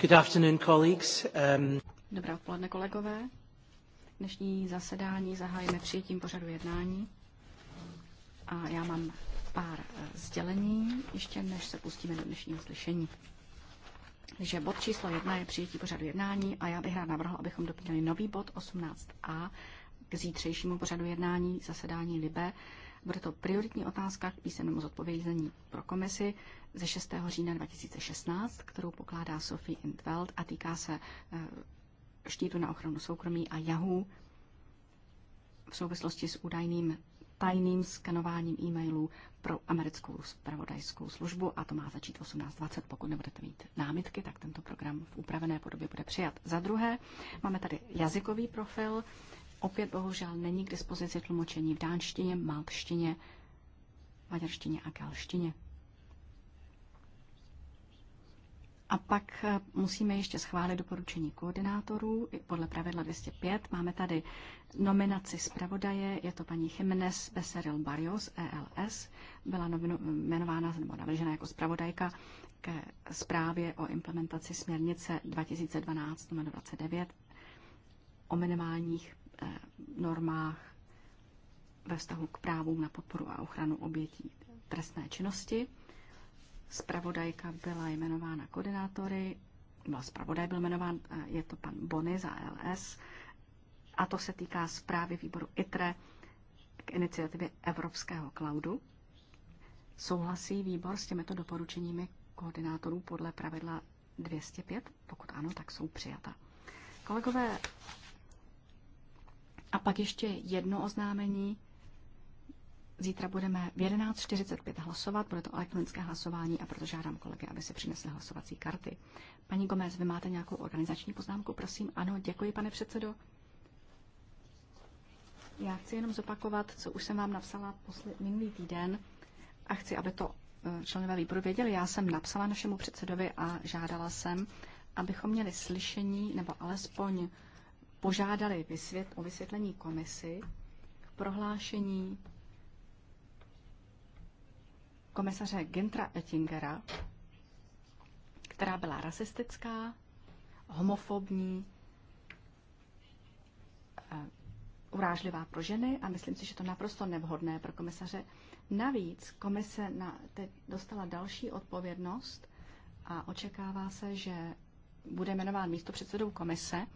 Good afternoon, colleagues. Um... Dobré odpoledne, kolegové. Dnešní zasedání zahájíme přijetím pořadu jednání. A já mám pár eh, sdělení, ještě než se pustíme do dnešního slyšení. Takže bod číslo jedna je přijetí pořadu jednání a já bych rád navrhl, abychom doplnili nový bod 18a k zítřejšímu pořadu jednání zasedání LIBE, bude to prioritní otázka k písemnému zodpovězení pro komisi ze 6. října 2016, kterou pokládá Sophie Intveld a týká se eh, štítu na ochranu soukromí a Yahoo v souvislosti s údajným tajným skanováním e-mailů pro americkou spravodajskou službu a to má začít 18.20. Pokud nebudete mít námitky, tak tento program v upravené podobě bude přijat. Za druhé, máme tady jazykový profil opět bohužel není k dispozici tlumočení v dánštině, maltštině, maďarštině a galštině. A pak eh, musíme ještě schválit doporučení koordinátorů. Podle pravidla 205 máme tady nominaci zpravodaje. Je to paní Jiménez Beseril Barrios, ELS. Byla jmenována nebo navržena jako zpravodajka ke zprávě o implementaci směrnice 2012-29 o minimálních Eh, normách ve vztahu k právům na podporu a ochranu obětí trestné činnosti. Spravodajka byla jmenována koordinátory, byl no, zpravodaj byl jmenován, eh, je to pan Bony za LS, a to se týká zprávy výboru ITRE k iniciativě Evropského cloudu. Souhlasí výbor s těmito doporučeními koordinátorů podle pravidla 205? Pokud ano, tak jsou přijata. Kolegové, a pak ještě jedno oznámení. Zítra budeme v 11.45 hlasovat, bude to elektronické hlasování a proto žádám kolegy, aby si přinesli hlasovací karty. Paní Gomez, vy máte nějakou organizační poznámku, prosím? Ano, děkuji, pane předsedo. Já chci jenom zopakovat, co už jsem vám napsala posled, minulý týden a chci, aby to eh, členové výboru věděli. Já jsem napsala našemu předsedovi a žádala jsem, abychom měli slyšení nebo alespoň požádali vysvět, o vysvětlení komisi k prohlášení komisaře Gentra Ettingera, která byla rasistická, homofobní, eh, urážlivá pro ženy a myslím si, že to naprosto nevhodné pro komisaře. Navíc komise na, teď dostala další odpovědnost a očekává se, že bude jmenován místo předsedou komise.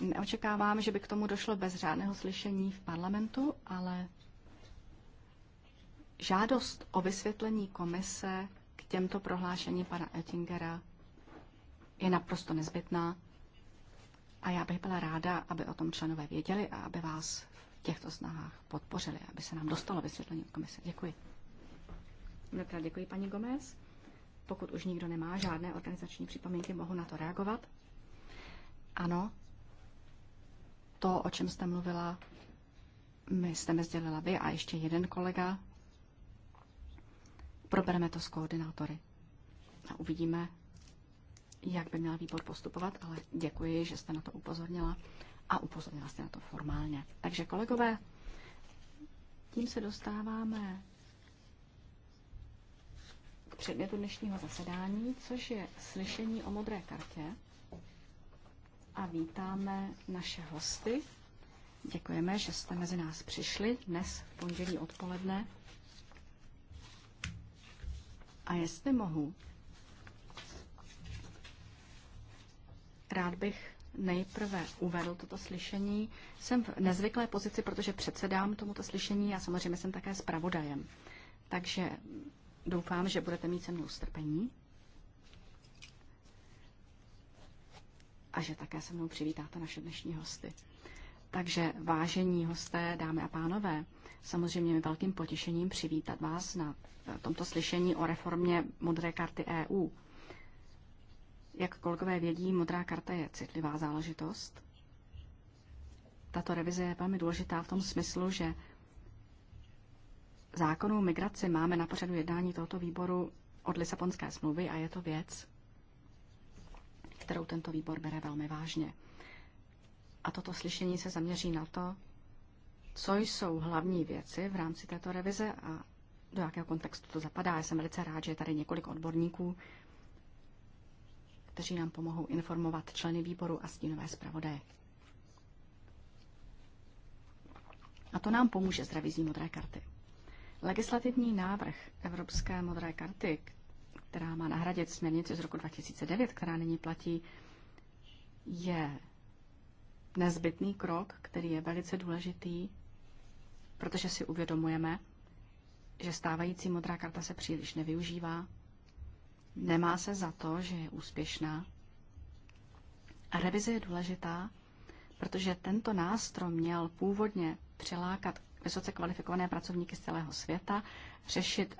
Neočekávám, že by k tomu došlo bez řádného slyšení v parlamentu, ale žádost o vysvětlení komise k těmto prohlášení pana Ettingera je naprosto nezbytná a já bych byla ráda, aby o tom členové věděli a aby vás v těchto snahách podpořili, aby se nám dostalo vysvětlení od komise. Děkuji. Mnohokrát děkuji, paní Gomez. Pokud už nikdo nemá žádné organizační připomínky, mohu na to reagovat. Ano, to, o čem jste mluvila, my jste mi sdělila vy a ještě jeden kolega. Probereme to s koordinátory a uvidíme, jak by měl výbor postupovat, ale děkuji, že jste na to upozornila a upozornila jste na to formálně. Takže kolegové, tím se dostáváme k předmětu dnešního zasedání, což je slyšení o modré kartě a vítáme naše hosty. Děkujeme, že jste mezi nás přišli dnes v pondělí odpoledne. A jestli mohu, rád bych nejprve uvedl toto slyšení. Jsem v nezvyklé pozici, protože předsedám tomuto slyšení a samozřejmě jsem také zpravodajem. Takže doufám, že budete mít se mnou strpení. a že také se mnou přivítáte naše dnešní hosty. Takže vážení hosté, dámy a pánové, samozřejmě mi velkým potěšením přivítat vás na tomto slyšení o reformě modré karty EU. Jak kolegové vědí, modrá karta je citlivá záležitost. Tato revize je velmi důležitá v tom smyslu, že zákonu migraci máme na pořadu jednání tohoto výboru od Lisabonské smlouvy a je to věc, kterou tento výbor bere velmi vážně. A toto slyšení se zaměří na to, co jsou hlavní věci v rámci této revize a do jakého kontextu to zapadá. Já jsem velice rád, že je tady několik odborníků, kteří nám pomohou informovat členy výboru a stínové zpravodaje. A to nám pomůže s revizí modré karty. Legislativní návrh Evropské modré karty, která má nahradit směrnici z roku 2009, která nyní platí, je nezbytný krok, který je velice důležitý, protože si uvědomujeme, že stávající modrá karta se příliš nevyužívá, nemá se za to, že je úspěšná. A revize je důležitá, protože tento nástroj měl původně přilákat vysoce kvalifikované pracovníky z celého světa, řešit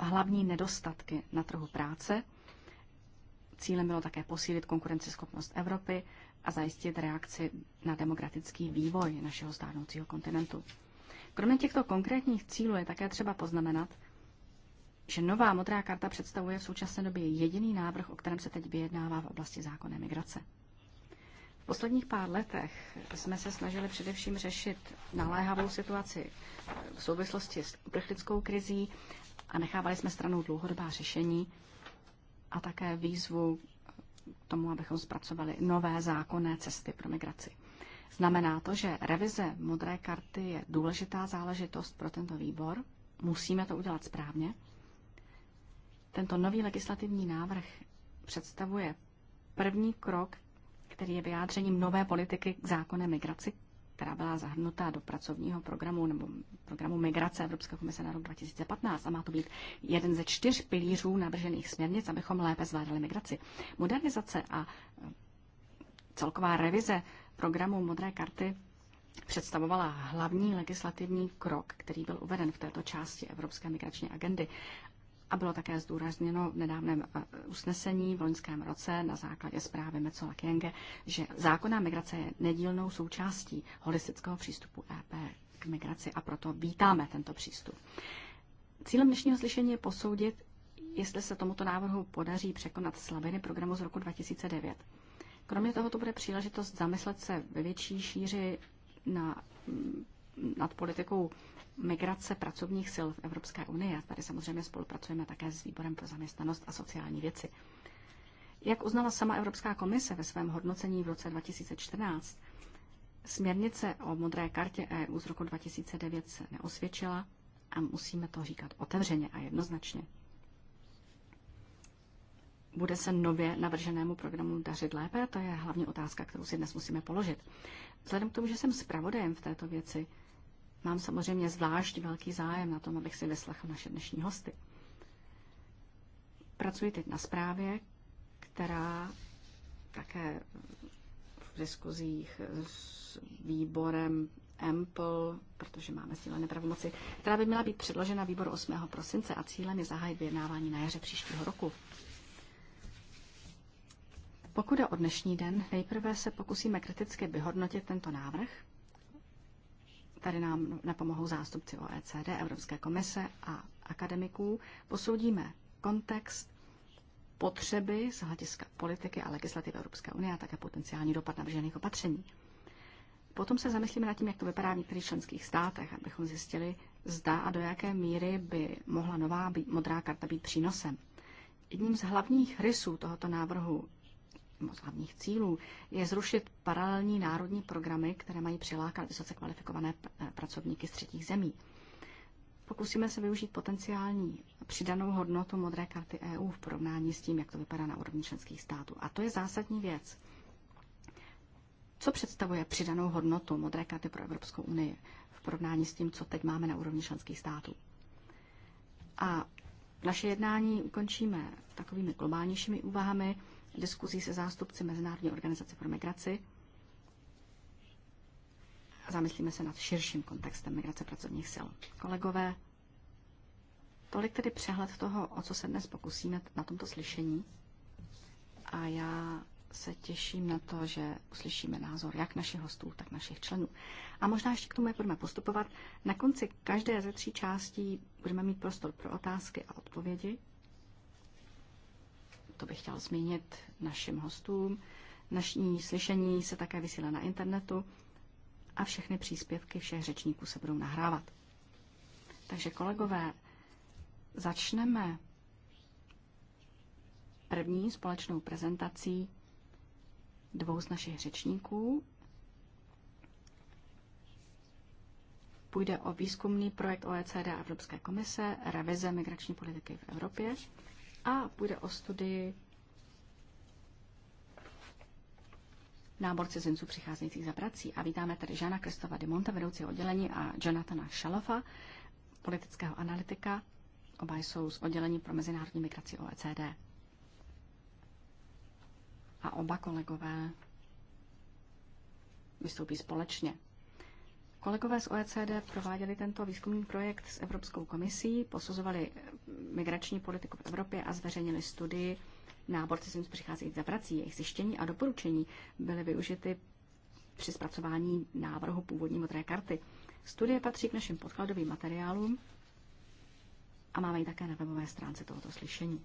hlavní nedostatky na trhu práce. Cílem bylo také posílit konkurenceschopnost Evropy a zajistit reakci na demokratický vývoj našeho stárnoucího kontinentu. Kromě těchto konkrétních cílů je také třeba poznamenat, že nová modrá karta představuje v současné době jediný návrh, o kterém se teď vyjednává v oblasti zákonné migrace. V posledních pár letech jsme se snažili především řešit naléhavou situaci v souvislosti s uprchlickou krizí a nechávali jsme stranou dlouhodobá řešení a také výzvu k tomu, abychom zpracovali nové zákonné cesty pro migraci. Znamená to, že revize modré karty je důležitá záležitost pro tento výbor. Musíme to udělat správně. Tento nový legislativní návrh představuje první krok, který je vyjádřením nové politiky k zákonné migraci, která byla zahrnutá do pracovního programu nebo programu migrace Evropské komise na rok 2015 a má to být jeden ze čtyř pilířů navržených směrnic, abychom lépe zvládali migraci. Modernizace a e, celková revize programu Modré karty představovala hlavní legislativní krok, který byl uveden v této části Evropské migrační agendy a bylo také zdůrazněno v nedávném eh, usnesení v loňském roce na základě zprávy Mecola Kienge, že zákonná migrace je nedílnou součástí holistického přístupu EP k migraci a proto vítáme tento přístup. Cílem dnešního slyšení je posoudit, jestli se tomuto návrhu podaří překonat slabiny programu z roku 2009. Kromě toho to bude příležitost zamyslet se ve větší šíři na, mm, nad politikou migrace pracovních sil v Evropské unii. Tady samozřejmě spolupracujeme také s Výborem pro zaměstnanost a sociální věci. Jak uznala sama Evropská komise ve svém hodnocení v roce 2014, směrnice o modré kartě EU z roku 2009 se neosvědčila a musíme to říkat otevřeně a jednoznačně. Bude se nově navrženému programu dařit lépe? To je hlavní otázka, kterou si dnes musíme položit. Vzhledem k tomu, že jsem zpravodajem v této věci, Mám samozřejmě zvlášť velký zájem na tom, abych si vyslechl naše dnešní hosty. Pracuji teď na zprávě, která také v diskuzích s výborem EMPL, protože máme sílené pravomoci, která by měla být předložena výboru 8. prosince a cílem je zahájit vyjednávání na jaře příštího roku. Pokud je o dnešní den, nejprve se pokusíme kriticky vyhodnotit tento návrh tady nám napomohou zástupci OECD, Evropské komise a akademiků. Posoudíme kontext, potřeby z hlediska politiky a legislativy Evropské unie a také potenciální dopad navržených opatření. Potom se zamyslíme nad tím, jak to vypadá v některých členských státech, abychom zjistili, zda a do jaké míry by mohla nová být, modrá karta být přínosem. Jedním z hlavních rysů tohoto návrhu z hlavních cílů je zrušit paralelní národní programy, které mají přilákat vysoce kvalifikované eh, pracovníky z třetích zemí. Pokusíme se využít potenciální přidanou hodnotu modré karty EU v porovnání s tím, jak to vypadá na úrovni členských států. A to je zásadní věc. Co představuje přidanou hodnotu modré karty pro Evropskou unii v porovnání s tím, co teď máme na úrovni členských států? A naše jednání ukončíme takovými globálnějšími úvahami diskuzí se zástupci Mezinárodní organizace pro migraci a zamyslíme se nad širším kontextem migrace pracovních sil. Kolegové, tolik tedy přehled toho, o co se dnes pokusíme na tomto slyšení. A já se těším na to, že uslyšíme názor jak našich hostů, tak našich členů. A možná ještě k tomu, jak budeme postupovat. Na konci každé ze tří částí budeme mít prostor pro otázky a odpovědi. To bych chtěl zmínit našim hostům. Naší slyšení se také vysílá na internetu a všechny příspěvky všech řečníků se budou nahrávat. Takže kolegové, začneme první společnou prezentací dvou z našich řečníků. Půjde o výzkumný projekt OECD a Evropské komise revize migrační politiky v Evropě a půjde o studii nábor cizinců přicházejících za prací. A vítáme tady Žana Kristova Dimonta, vedoucí oddělení, a Jonathana Šalofa, politického analytika. Oba jsou z oddělení pro mezinárodní migraci OECD. A oba kolegové vystoupí společně. Kolegové z OECD prováděli tento výzkumný projekt s Evropskou komisí, posuzovali migrační politiku v Evropě a zveřejnili studii nábor sem přicházejí za prací. Jejich zjištění a doporučení byly využity při zpracování návrhu původní modré karty. Studie patří k našim podkladovým materiálům a máme ji také na webové stránce tohoto slyšení.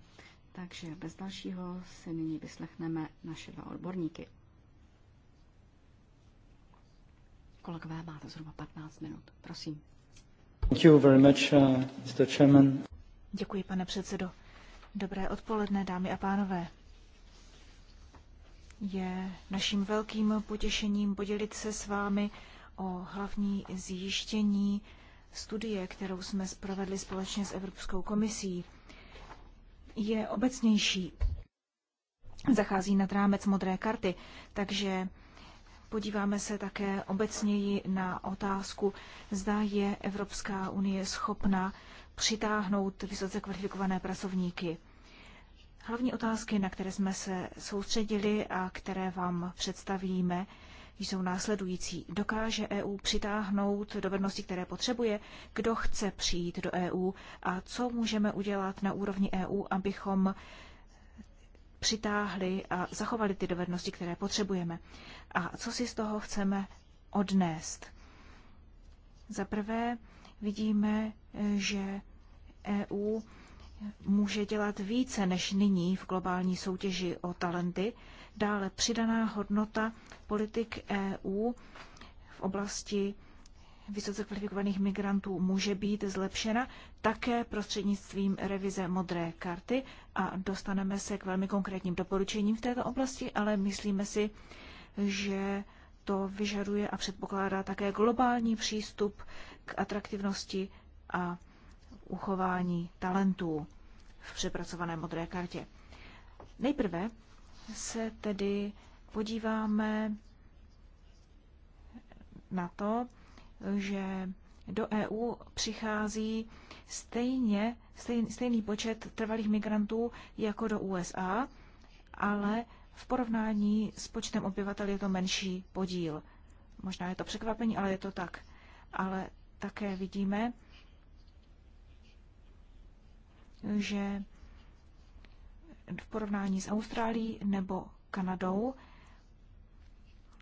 Takže bez dalšího si nyní vyslechneme naše dva odborníky. Kolegové, máte zhruba 15 minut. Prosím. Thank you very much, uh, Mr. Chairman. Děkuji, pane předsedo. Dobré odpoledne, dámy a pánové. Je naším velkým potěšením podělit se s vámi o hlavní zjištění studie, kterou jsme zprovedli společně s Evropskou komisí. Je obecnější. Zachází nad rámec modré karty, takže Podíváme se také obecněji na otázku, zda je Evropská unie schopna přitáhnout vysoce kvalifikované pracovníky. Hlavní otázky, na které jsme se soustředili a které vám představíme, jsou následující. Dokáže EU přitáhnout dovednosti, které potřebuje? Kdo chce přijít do EU? A co můžeme udělat na úrovni EU, abychom přitáhli a zachovali ty dovednosti, které potřebujeme. A co si z toho chceme odnést? Za prvé vidíme, že EU může dělat více než nyní v globální soutěži o talenty. Dále přidaná hodnota politik EU v oblasti vysoce kvalifikovaných migrantů může být zlepšena také prostřednictvím revize modré karty a dostaneme se k velmi konkrétním doporučením v této oblasti, ale myslíme si, že to vyžaduje a předpokládá také globální přístup k atraktivnosti a uchování talentů v přepracované modré kartě. Nejprve se tedy podíváme na to, že do EU přichází stejně, stejný, stejný počet trvalých migrantů jako do USA, ale v porovnání s počtem obyvatel je to menší podíl. Možná je to překvapení, ale je to tak. Ale také vidíme, že v porovnání s Austrálií nebo Kanadou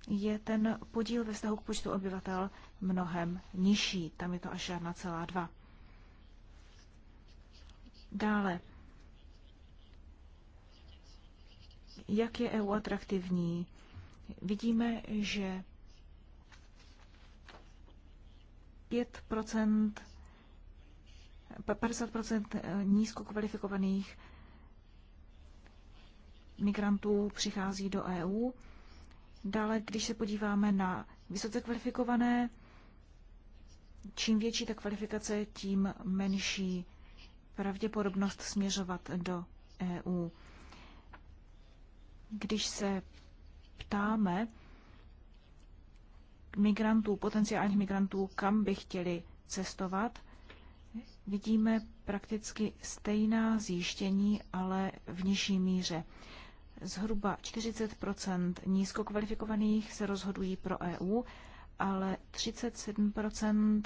je ten podíl ve vztahu k počtu obyvatel mnohem nižší. Tam je to až 1,2. Dále. Jak je EU atraktivní? Vidíme, že 5 50 nízko kvalifikovaných migrantů přichází do EU. Dále, když se podíváme na vysoce kvalifikované čím větší ta kvalifikace, tím menší pravděpodobnost směřovat do EU. Když se ptáme migrantů, potenciálních migrantů, kam by chtěli cestovat, vidíme prakticky stejná zjištění, ale v nižší míře. Zhruba 40 nízkokvalifikovaných se rozhodují pro EU ale 37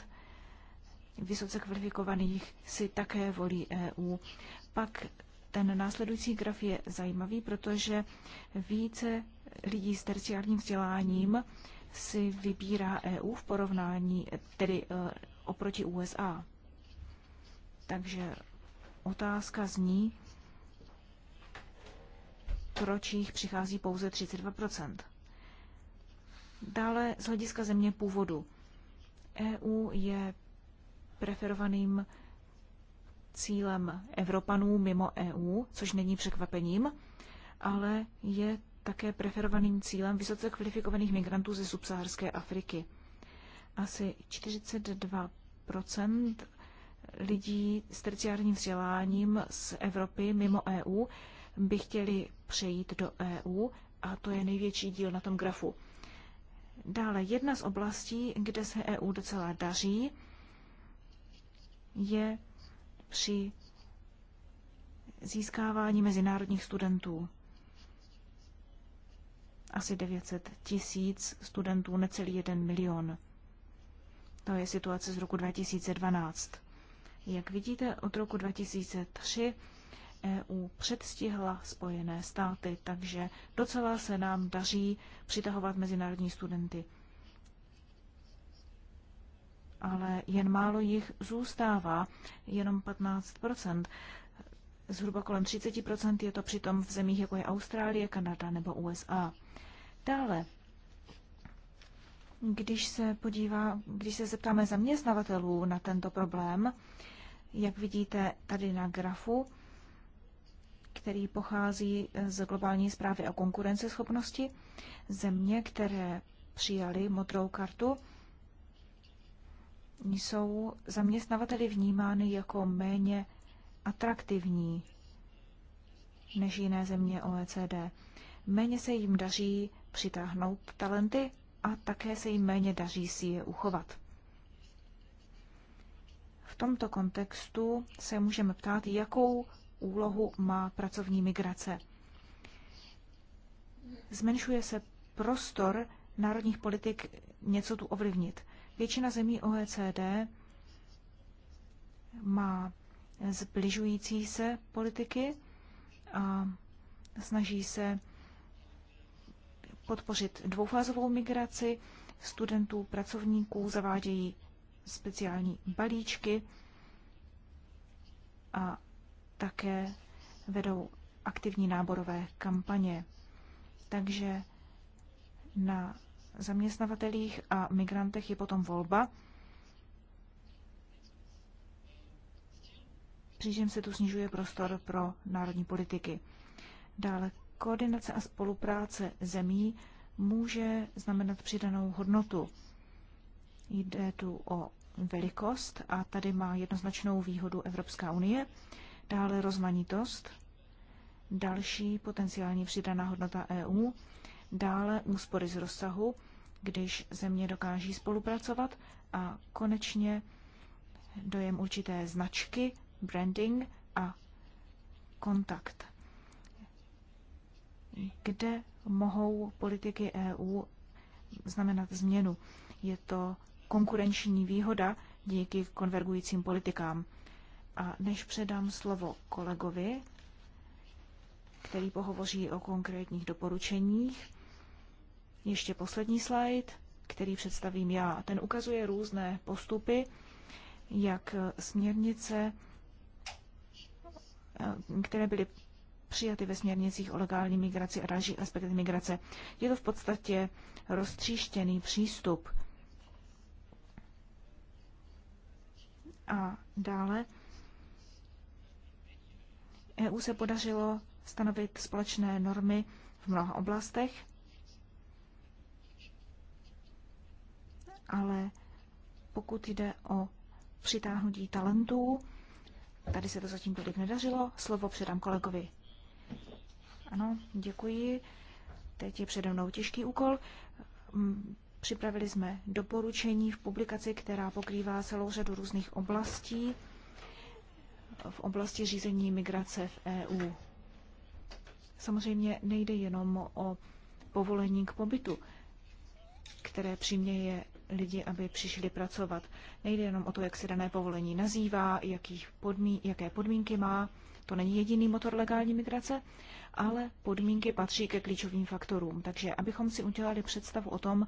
vysoce kvalifikovaných si také volí EU. Pak ten následující graf je zajímavý, protože více lidí s terciárním vzděláním si vybírá EU v porovnání, tedy e, oproti USA. Takže otázka zní, proč jich přichází pouze 32 Dále z hlediska země původu. EU je preferovaným cílem Evropanů mimo EU, což není překvapením, ale je také preferovaným cílem vysoce kvalifikovaných migrantů ze subsaharské Afriky. Asi 42 lidí s terciárním vzděláním z Evropy mimo EU by chtěli přejít do EU a to je největší díl na tom grafu. Dále jedna z oblastí, kde se EU docela daří, je při získávání mezinárodních studentů. Asi 900 tisíc studentů, necelý 1 milion. To je situace z roku 2012. Jak vidíte, od roku 2003 EU předstihla Spojené státy, takže docela se nám daří přitahovat mezinárodní studenty. Ale jen málo jich zůstává, jenom 15 Zhruba kolem 30 je to přitom v zemích jako je Austrálie, Kanada nebo USA. Dále, když se podívá, když se zeptáme zaměstnavatelů na tento problém, jak vidíte tady na grafu, který pochází eh, z globální zprávy o konkurenceschopnosti. Země, které přijali modrou kartu, jsou zaměstnavateli vnímány jako méně atraktivní než jiné země OECD. Méně se jim daří přitáhnout talenty a také se jim méně daří si je uchovat. V tomto kontextu se můžeme ptát, jakou úlohu má pracovní migrace. Zmenšuje se prostor národních politik něco tu ovlivnit. Většina zemí OECD má zbližující se politiky a snaží se podpořit dvoufázovou migraci studentů, pracovníků, zavádějí speciální balíčky a také vedou aktivní náborové kampaně. Takže na zaměstnavatelích a migrantech je potom volba. Přičem se tu snižuje prostor pro národní politiky. Dále koordinace a spolupráce zemí může znamenat přidanou hodnotu. Jde tu o velikost a tady má jednoznačnou výhodu Evropská unie. Dále rozmanitost, další potenciální přidaná hodnota EU, dále úspory z rozsahu, když země dokáží spolupracovat a konečně dojem určité značky, branding a kontakt, kde mohou politiky EU znamenat změnu. Je to konkurenční výhoda díky konvergujícím politikám. A než předám slovo kolegovi, který pohovoří o konkrétních doporučeních, ještě poslední slide, který představím já. Ten ukazuje různé postupy, jak směrnice, které byly přijaty ve směrnicích o legální migraci a další aspekty migrace. Je to v podstatě roztříštěný přístup. A dále EU se podařilo stanovit společné normy v mnoha oblastech, ale pokud jde o přitáhnutí talentů, tady se to zatím tolik nedařilo. Slovo předám kolegovi. Ano, děkuji. Teď je přede mnou těžký úkol. Mm, připravili jsme doporučení v publikaci, která pokrývá celou řadu různých oblastí v oblasti řízení migrace v EU. Samozřejmě nejde jenom o povolení k pobytu, které přiměje lidi, aby přišli pracovat. Nejde jenom o to, jak se dané povolení nazývá, jakých podmí jaké podmínky má. To není jediný motor legální migrace, ale podmínky patří ke klíčovým faktorům. Takže abychom si udělali představu o tom,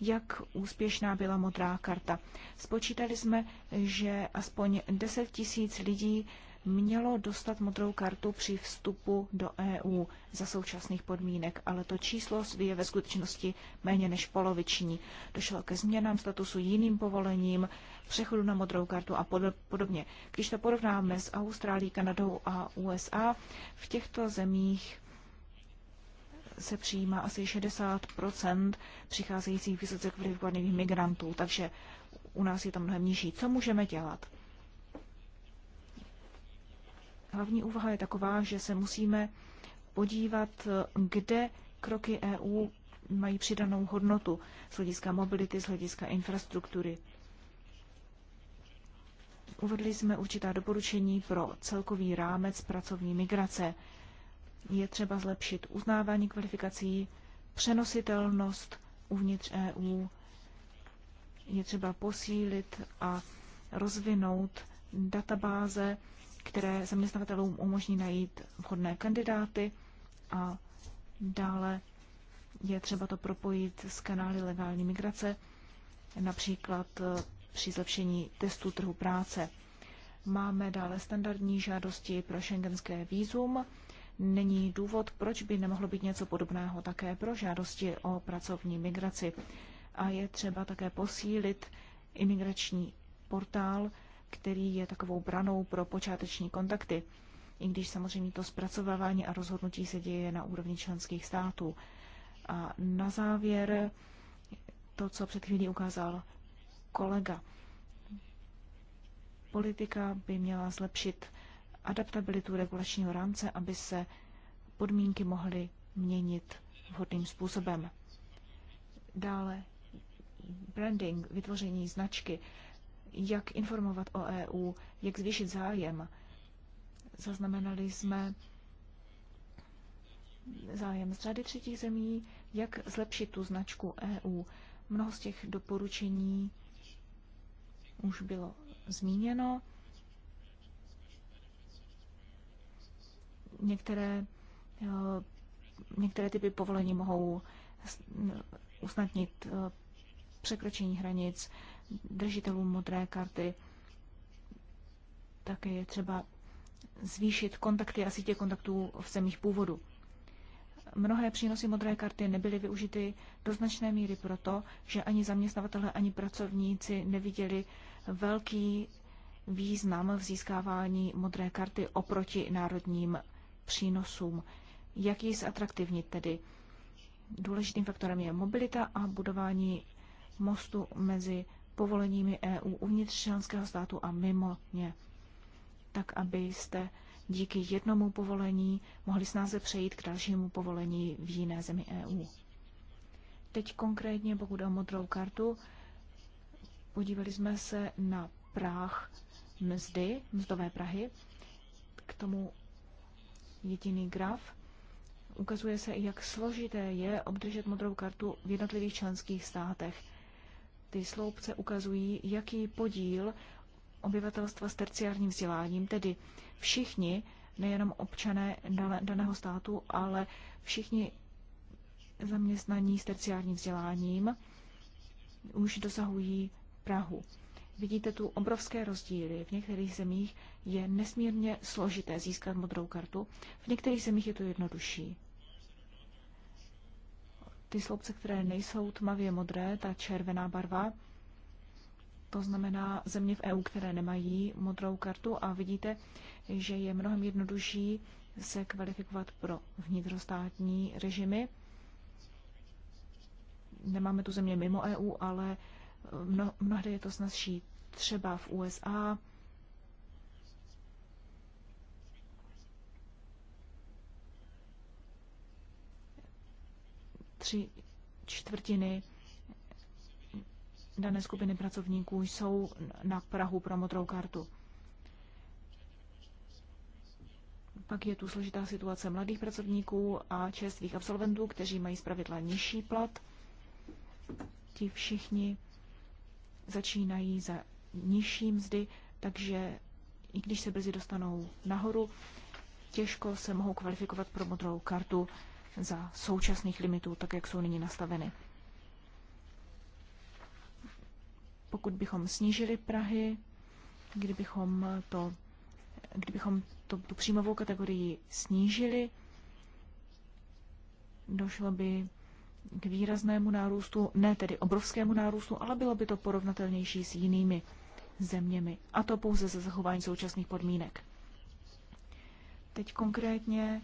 jak úspěšná byla modrá karta. Spočítali jsme, že aspoň 10 tisíc lidí mělo dostat modrou kartu při vstupu do EU za současných podmínek, ale to číslo je ve skutečnosti méně než poloviční. Došlo ke změnám statusu jiným povolením, přechodu na modrou kartu a podobně. Když to porovnáme s Austrálií, Kanadou a USA, v těchto zemích se přijímá asi 60 přicházejících vysoce kvalifikovaných migrantů, takže u nás je to mnohem nižší. Co můžeme dělat? Hlavní úvaha je taková, že se musíme podívat, kde kroky EU mají přidanou hodnotu z hlediska mobility, z hlediska infrastruktury. Uvedli jsme určitá doporučení pro celkový rámec pracovní migrace. Je třeba zlepšit uznávání kvalifikací, přenositelnost uvnitř EU. Je třeba posílit a rozvinout databáze, které zaměstnavatelům umožní najít vhodné kandidáty a dále je třeba to propojit s kanály legální migrace, například eh, při zlepšení testů trhu práce. Máme dále standardní žádosti pro šengenské výzum není důvod, proč by nemohlo být něco podobného také pro žádosti o pracovní migraci. A je třeba také posílit imigrační portál, který je takovou branou pro počáteční kontakty, i když samozřejmě to zpracovávání a rozhodnutí se děje na úrovni členských států. A na závěr to, co před chvílí ukázal kolega. Politika by měla zlepšit adaptabilitu regulačního rámce, aby se podmínky mohly měnit vhodným způsobem. Dále branding, vytvoření značky, jak informovat o EU, jak zvýšit zájem. Zaznamenali jsme zájem z řady třetích zemí, jak zlepšit tu značku EU. Mnoho z těch doporučení už bylo zmíněno. některé, eh, některé typy povolení mohou usnadnit eh, překročení hranic držitelům modré karty. Také je třeba zvýšit kontakty a sítě kontaktů v zemích původu. Mnohé přínosy modré karty nebyly využity do značné míry proto, že ani zaměstnavatele, ani pracovníci neviděli velký význam v získávání modré karty oproti národním přínosům. Jak ji zatraktivnit tedy? Důležitým faktorem je mobilita a budování mostu mezi povoleními EU uvnitř členského státu a mimo ně, tak abyste díky jednomu povolení mohli snáze přejít k dalšímu povolení v jiné zemi EU. Teď konkrétně, pokud o modrou kartu, podívali jsme se na práh mzdy, mzdové Prahy. K tomu jediný graf. Ukazuje se, jak složité je obdržet modrou kartu v jednotlivých členských státech. Ty sloupce ukazují, jaký podíl obyvatelstva s terciárním vzděláním, tedy všichni, nejenom občané daného státu, ale všichni zaměstnaní s terciárním vzděláním už dosahují Prahu. Vidíte tu obrovské rozdíly. V některých zemích je nesmírně složité získat modrou kartu, v některých zemích je to jednodušší. Ty sloupce, které nejsou tmavě modré, ta červená barva, to znamená země v EU, které nemají modrou kartu a vidíte, že je mnohem jednodušší se kvalifikovat pro vnitrostátní režimy. Nemáme tu země mimo EU, ale Mnohdy je to snazší třeba v USA. Tři čtvrtiny dané skupiny pracovníků jsou na Prahu pro modrou kartu. Pak je tu složitá situace mladých pracovníků a čerstvých absolventů, kteří mají zpravidla nižší plat. Ti všichni začínají za nižší mzdy, takže i když se brzy dostanou nahoru, těžko se mohou kvalifikovat pro modrou kartu za současných limitů, tak jak jsou nyní nastaveny. Pokud bychom snížili Prahy, kdybychom, to, kdybychom to, tu příjmovou kategorii snížili, došlo by k výraznému nárůstu, ne tedy obrovskému nárůstu, ale bylo by to porovnatelnější s jinými zeměmi. A to pouze za zachování současných podmínek. Teď konkrétně,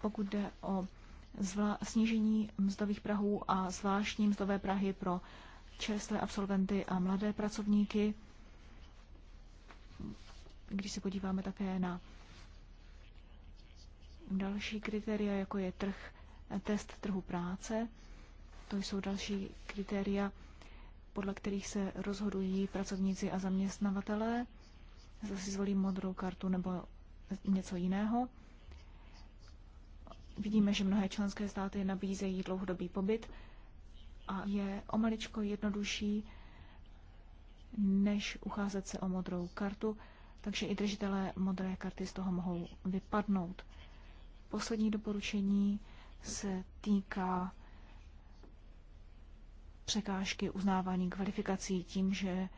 pokud jde o snížení mzdových prahů a zvláštní mzdové prahy pro čerstvé absolventy a mladé pracovníky, když se podíváme také na Další kritéria, jako je trh, test trhu práce, to jsou další kritéria, podle kterých se rozhodují pracovníci a zaměstnavatelé. Zase zvolí modrou kartu nebo něco jiného. Vidíme, že mnohé členské státy nabízejí dlouhodobý pobyt a je o maličko jednodušší, než ucházet se o modrou kartu, takže i držitelé modré karty z toho mohou vypadnout. Poslední doporučení se týká překážky uznávání kvalifikací tím, že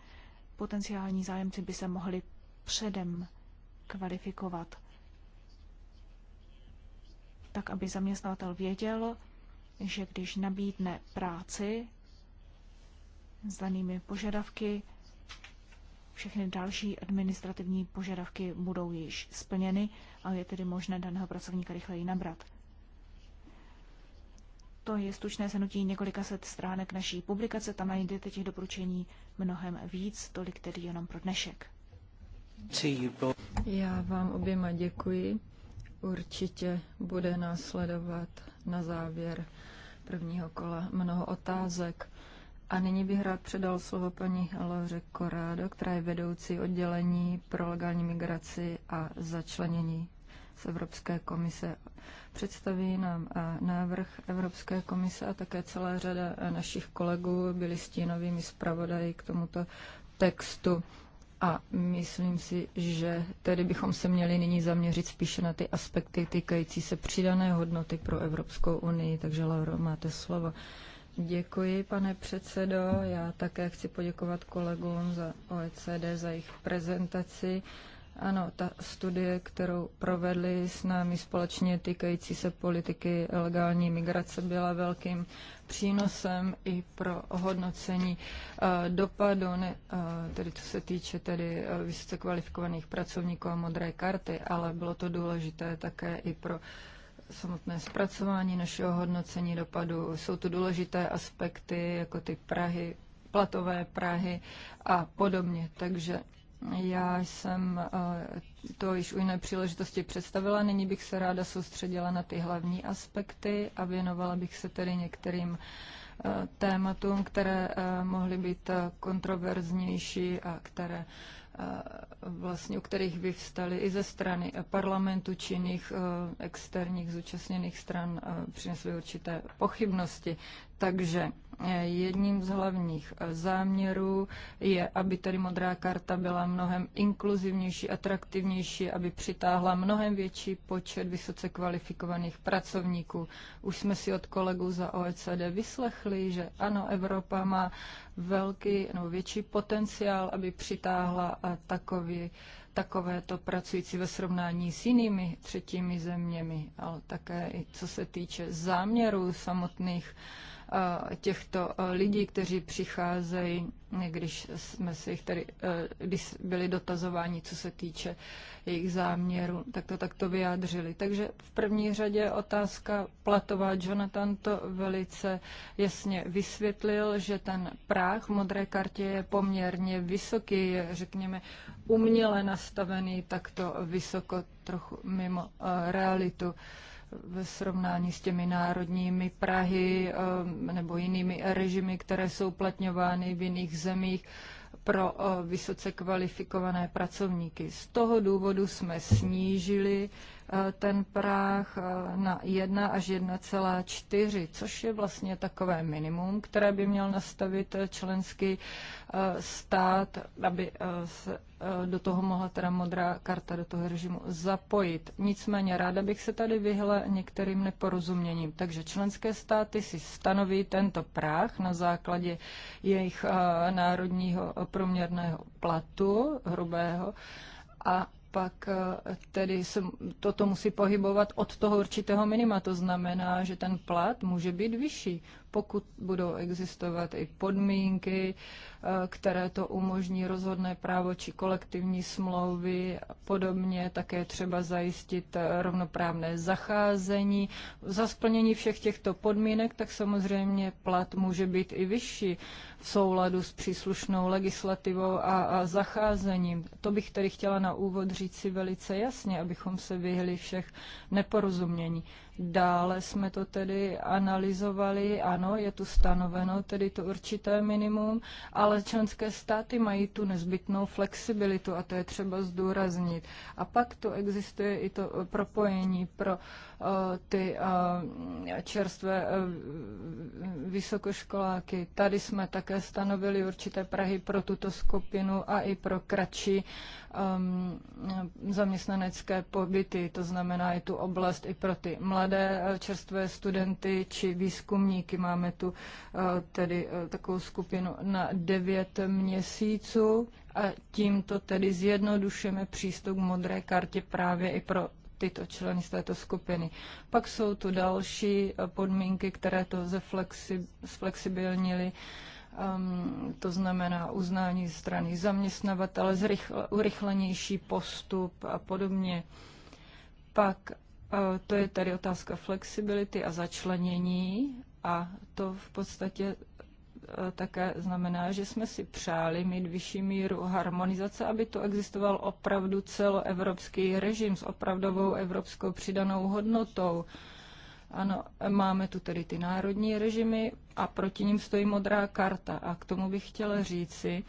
potenciální zájemci by se mohli předem kvalifikovat, tak aby zaměstnatel věděl, že když nabídne práci s danými požadavky, všechny další administrativní požadavky budou již splněny a je tedy možné daného pracovníka rychleji nabrat. To je stučné shrnutí několika set stránek naší publikace. Tam najdete těch doporučení mnohem víc, tolik tedy jenom pro dnešek. Já vám oběma děkuji. Určitě bude následovat na závěr prvního kola mnoho otázek. A nyní bych rád předal slovo paní Lauře Korádo, která je vedoucí oddělení pro legální migraci a začlenění z Evropské komise. Představí nám eh, návrh Evropské komise a také celá řada eh, našich kolegů byli stínovými zpravodaji k tomuto textu. A myslím si, že tedy bychom se měli nyní zaměřit spíše na ty aspekty týkající se přidané hodnoty pro Evropskou unii. Takže, Lauro, máte slovo. Děkuji, pane předsedo. Já také chci poděkovat kolegům za OECD za jejich prezentaci. Ano, ta studie, kterou provedli s námi společně týkající se politiky legální migrace, byla velkým přínosem i pro hodnocení eh, dopadu, ne, eh, tedy co se týče tedy eh, vysoce kvalifikovaných pracovníků a modré karty, ale bylo to důležité také i pro samotné zpracování našeho hodnocení dopadu. Jsou tu důležité aspekty, jako ty Prahy, platové Prahy a podobně. Takže já jsem eh, to již u jiné příležitosti představila, nyní bych se ráda soustředila na ty hlavní aspekty a věnovala bych se tedy některým eh, tématům, které eh, mohly být kontroverznější a které Eh, vlastně, u kterých vyvstaly i ze strany parlamentu či jiných eh, externích zúčastněných stran, eh, přinesly určité pochybnosti. Takže eh, jedním z hlavních eh, záměrů je, aby tady modrá karta byla mnohem inkluzivnější, atraktivnější, aby přitáhla mnohem větší počet vysoce kvalifikovaných pracovníků. Už jsme si od kolegů za OECD vyslechli, že ano, Evropa má velký nebo větší potenciál, aby přitáhla eh, takový takovéto pracující ve srovnání s jinými třetími zeměmi, ale také i co se týče záměrů samotných těchto lidí, kteří přicházejí, když jsme se jich tady, když byli dotazováni, co se týče jejich záměru, tak to takto vyjádřili. Takže v první řadě otázka platová. Jonathan to velice jasně vysvětlil, že ten práh v modré kartě je poměrně vysoký, je, řekněme, uměle nastavený takto vysoko, trochu mimo realitu ve srovnání s těmi národními Prahy eh, nebo jinými režimy, které jsou platňovány v jiných zemích pro eh, vysoce kvalifikované pracovníky. Z toho důvodu jsme snížili Eh, ten práh eh, na 1 až 1,4, což je vlastně takové minimum, které by měl nastavit eh, členský stát, aby se do toho mohla teda modrá karta do toho režimu zapojit. Nicméně ráda bych se tady vyhla některým neporozuměním. Takže členské státy si stanoví tento práh na základě jejich národního průměrného platu hrubého a pak eh, tedy se toto musí pohybovat od toho určitého minima. To znamená, že ten plat může být vyšší pokud budou existovat i podmínky, eh, které to umožní rozhodné právo či kolektivní smlouvy a podobně, také třeba zajistit eh, rovnoprávné zacházení. Za splnění všech těchto podmínek, tak samozřejmě plat může být i vyšší v souladu s příslušnou legislativou a, a zacházením. To bych tedy chtěla na úvod říct si velice jasně, abychom se vyhli všech neporozumění. Dále jsme to tedy analyzovali, ano, je tu stanoveno tedy to určité minimum, ale členské státy mají tu nezbytnou flexibilitu a to je třeba zdůraznit. A pak tu existuje i to eh, propojení pro uh, ty uh, čerstvé uh, vysokoškoláky. Tady jsme také stanovili určité Prahy pro tuto skupinu a i pro kratší um, zaměstnanecké pobyty, to znamená je tu oblast i pro ty mladé mladé eh, čerstvé studenty či výzkumníky. Máme tu eh, tedy eh, takovou skupinu na 9 měsíců a tímto tedy zjednodušujeme přístup k modré kartě právě i pro tyto členy z této skupiny. Pak jsou tu další podmínky, které to zeflexi, zflexibilnili. Um, ehm, to znamená uznání strany zaměstnavatele, zrychl, urychlenější postup a podobně. Pak to je tady otázka flexibility a začlenění a to v podstatě e, také znamená, že jsme si přáli mít vyšší míru harmonizace, aby to existoval opravdu celoevropský režim s opravdovou evropskou přidanou hodnotou. Ano, máme tu tedy ty národní režimy a proti ním stojí modrá karta. A k tomu bych chtěla říci, si,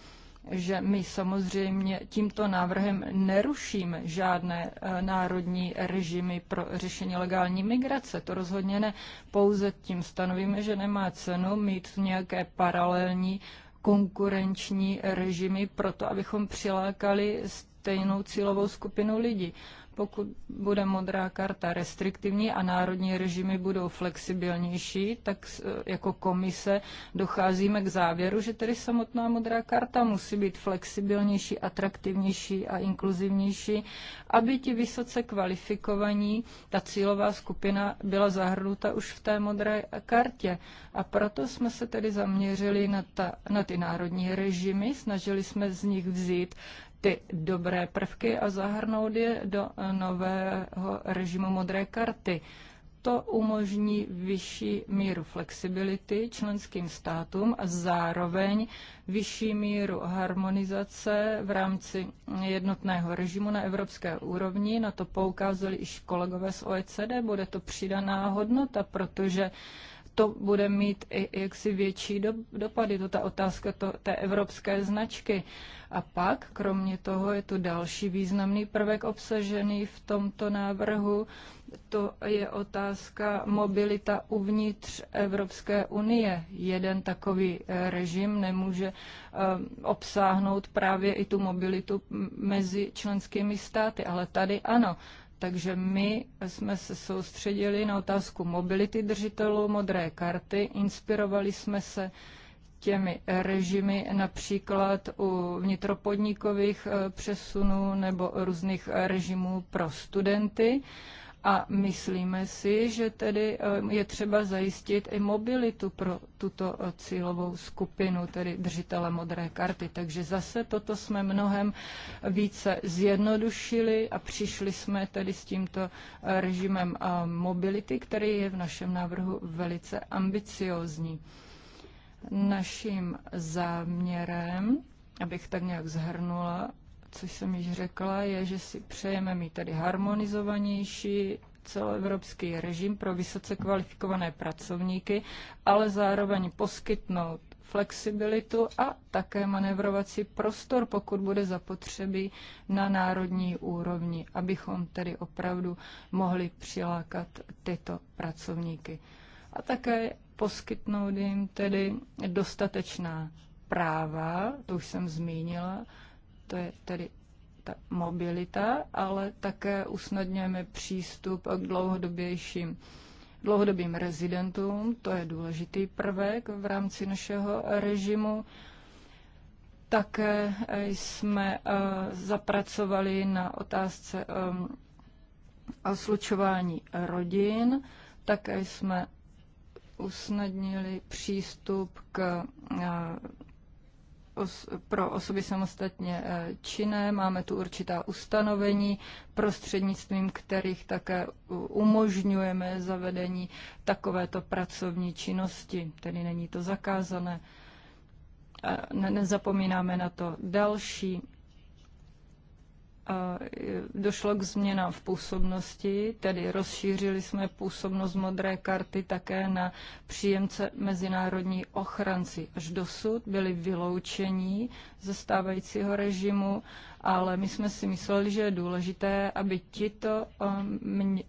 že my samozřejmě tímto návrhem nerušíme žádné eh, národní režimy pro řešení legální migrace. To rozhodně ne. Pouze tím stanovíme, že nemá cenu mít nějaké paralelní konkurenční režimy pro to, abychom přilákali stejnou cílovou skupinu lidí. Pokud bude modrá karta restriktivní a národní režimy budou flexibilnější, tak e, jako komise docházíme k závěru, že tedy samotná modrá karta musí být flexibilnější, atraktivnější a inkluzivnější, aby ti vysoce kvalifikovaní, ta cílová skupina byla zahrnuta už v té modré kartě. A proto jsme se tedy zaměřili na, ta, na ty národní režimy, snažili jsme z nich vzít ty dobré prvky a zahrnout je do nového režimu modré karty. To umožní vyšší míru flexibility členským státům a zároveň vyšší míru harmonizace v rámci jednotného režimu na evropské úrovni. Na to poukázali již kolegové z OECD. Bude to přidaná hodnota, protože to bude mít i jaksi větší do, dopady, to ta otázka to, té evropské značky. A pak, kromě toho, je tu další významný prvek obsažený v tomto návrhu, to je otázka mobilita uvnitř Evropské unie. Jeden takový eh, režim nemůže eh, obsáhnout právě i tu mobilitu mezi členskými státy, ale tady ano. Takže my jsme se soustředili na otázku mobility držitelů modré karty, inspirovali jsme se těmi režimy, například u vnitropodnikových eh, přesunů nebo různých režimů pro studenty. A myslíme si, že tedy eh, je třeba zajistit i mobilitu pro tuto eh, cílovou skupinu, tedy držitele modré karty. Takže zase toto jsme mnohem více zjednodušili a přišli jsme tedy s tímto eh, režimem mobility, který je v našem návrhu velice ambiciozní. Naším záměrem, abych tak nějak zhrnula, co jsem již řekla, je, že si přejeme mít tady harmonizovanější celoevropský režim pro vysoce kvalifikované pracovníky, ale zároveň poskytnout flexibilitu a také manevrovací prostor, pokud bude zapotřebí na národní úrovni, abychom tedy opravdu mohli přilákat tyto pracovníky. A také poskytnout jim tedy dostatečná práva, to už jsem zmínila, to je tedy ta mobilita, ale také usnadňujeme přístup k dlouhodobějším dlouhodobým rezidentům, to je důležitý prvek v rámci našeho režimu. Také jsme eh, zapracovali na otázce eh, o slučování rodin, také jsme usnadnili přístup k eh, os, pro osoby samostatně eh, činné. Máme tu určitá ustanovení, prostřednictvím kterých také umožňujeme zavedení takovéto pracovní činnosti, tedy není to zakázané. Ne, nezapomínáme na to další E, došlo k změnám v působnosti, tedy rozšířili jsme působnost modré karty také na příjemce mezinárodní ochranci. Až dosud byli vyloučení ze stávajícího režimu, ale my jsme si mysleli, že je důležité, aby tito e,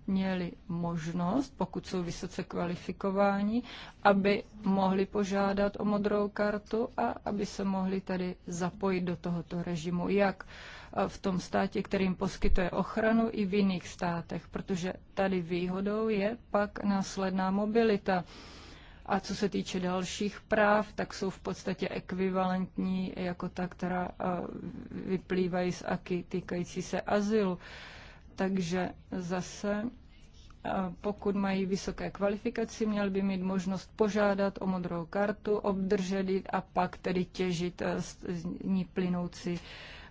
měli možnost, pokud jsou vysoce kvalifikováni, aby mohli požádat o modrou kartu a aby se mohli tedy zapojit do tohoto režimu. Jak v tom státě, kterým poskytuje ochranu i v jiných státech, protože tady výhodou je pak následná mobilita. A co se týče dalších práv, tak jsou v podstatě ekvivalentní jako ta, která eh, vyplývají z AKY týkající se azylu. Takže zase eh, pokud mají vysoké kvalifikaci, měl by mít možnost požádat o modrou kartu, obdržet a pak tedy těžit eh, z ní plynoucí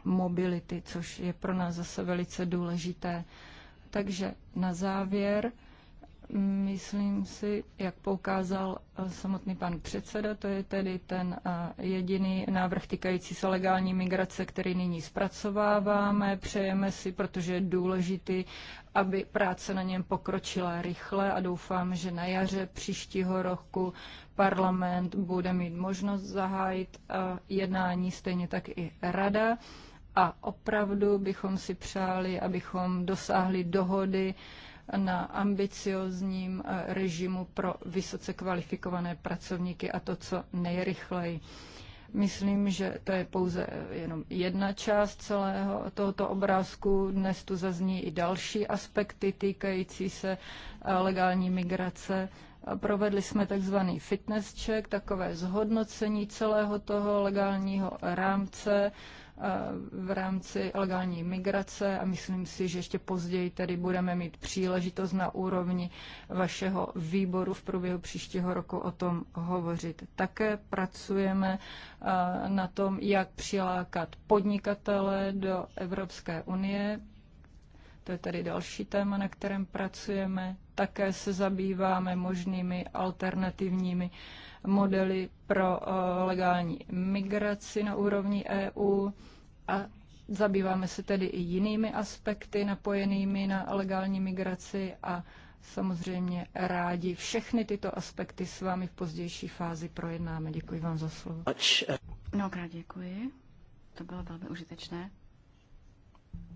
mobility, což je pro nás zase velice důležité. Takže na závěr, myslím si, jak poukázal eh, samotný pan předseda, to je tedy ten eh, jediný návrh týkající se legální migrace, který nyní zpracováváme, přejeme si, protože je důležitý, aby práce na něm pokročila rychle a doufám, že na jaře příštího roku parlament bude mít možnost zahájit eh, jednání, stejně tak i rada a opravdu bychom si přáli, abychom dosáhli dohody na ambiciozním eh, režimu pro vysoce kvalifikované pracovníky a to, co nejrychleji. Myslím, že to je pouze eh, jenom jedna část celého tohoto obrázku. Dnes tu zazní i další aspekty týkající se eh, legální migrace. Provedli jsme takzvaný fitness check, takové zhodnocení celého toho legálního rámce v rámci legální migrace a myslím si, že ještě později tedy budeme mít příležitost na úrovni vašeho výboru v průběhu příštího roku o tom hovořit. Také pracujeme eh, na tom, jak přilákat podnikatele do Evropské unie. To je tedy další téma, na kterém pracujeme. Také se zabýváme možnými alternativními uh, modely pro eh, legální migraci na úrovni EU a zabýváme se tedy i jinými aspekty napojenými na legální migraci a samozřejmě rádi všechny tyto aspekty s vámi v pozdější fázi projednáme. Děkuji vám za slovo. Mnohokrát děkuji. To bylo velmi užitečné.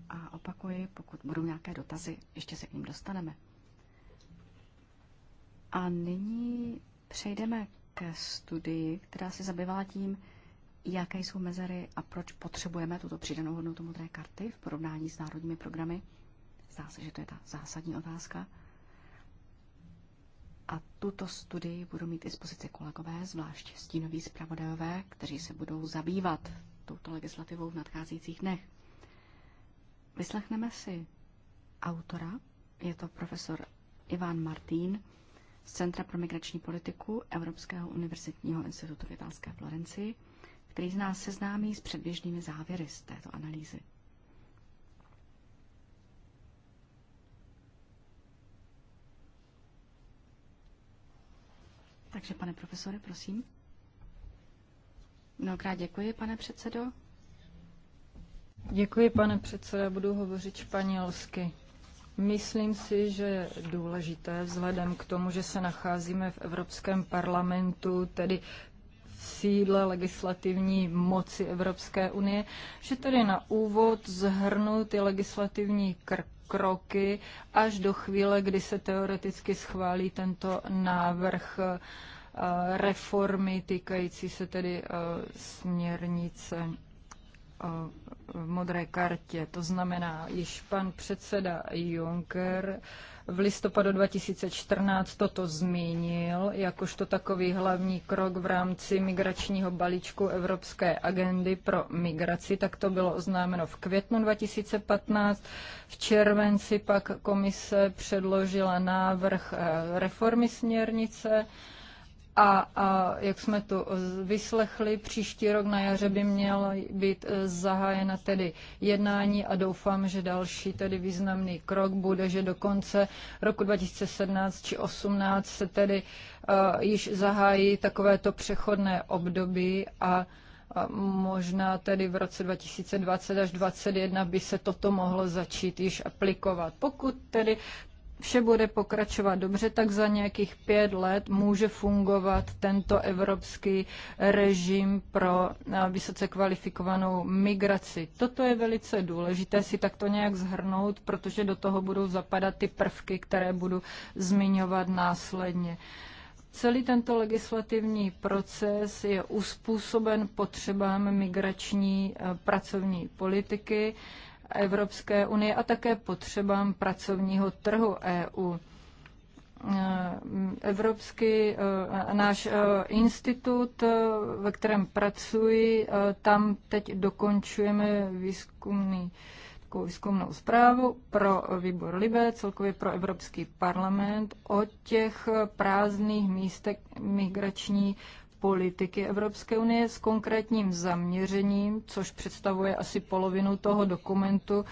A opakuji, pokud budou nějaké dotazy, ještě se k ním dostaneme. A nyní přejdeme ke studii, která se zabývala tím, jaké jsou mezery a proč potřebujeme tuto přidanou hodnotu modré karty v porovnání s národními programy. Zdá se, že to je ta zásadní otázka. A tuto studii budou mít dispozici kolegové, zvlášť stínoví zpravodajové, kteří se budou zabývat touto legislativou v nadcházejících dnech. Vyslechneme si autora, je to profesor Ivan Martín, z Centra pro migrační politiku Evropského univerzitního institutu v italské Florenci, který z nás seznámí s předběžnými závěry z této analýzy. Takže, pane profesore, prosím. Mnohokrát děkuji, pane předsedo. Děkuji, pane předsedo, budu hovořit španělsky. Myslím si, že je důležité vzhledem k tomu, že se nacházíme v Evropském parlamentu, tedy v sídle legislativní moci Evropské unie, že tedy na úvod zhrnu ty legislativní kroky až do chvíle, kdy se teoreticky schválí tento návrh eh, reformy týkající se tedy eh, směrnice v modré kartě. To znamená, již pan předseda Juncker v listopadu 2014 toto zmínil, jakožto takový hlavní krok v rámci migračního balíčku Evropské agendy pro migraci, tak to bylo oznámeno v květnu 2015. V červenci pak komise předložila návrh eh, reformy směrnice a, a jak jsme to eh, vyslechli, příští rok na jaře by měla být eh, zahájena tedy jednání a doufám, že další tedy významný krok bude, že do konce roku 2017 či 2018 se tedy uh, již zahájí takovéto přechodné období a a možná tedy v roce 2020 až 2021 by se toto mohlo začít již aplikovat. Pokud tedy vše bude pokračovat dobře, tak za nějakých pět let může fungovat tento evropský režim pro eh, vysoce kvalifikovanou migraci. Toto je velice důležité si takto nějak zhrnout, protože do toho budou zapadat ty prvky, které budu zmiňovat následně. Celý tento legislativní proces je uspůsoben potřebám migrační eh, pracovní politiky. Evropské unie a také potřebám pracovního trhu EU. Eh, Evropský eh, náš eh, institut, ve kterém pracuji, tam teď dokončujeme výzkumný takovou výzkumnou zprávu pro výbor Libe, celkově pro Evropský parlament o těch prázdných místech migrační politiky Evropské unie s konkrétním zaměřením, což představuje asi polovinu toho dokumentu,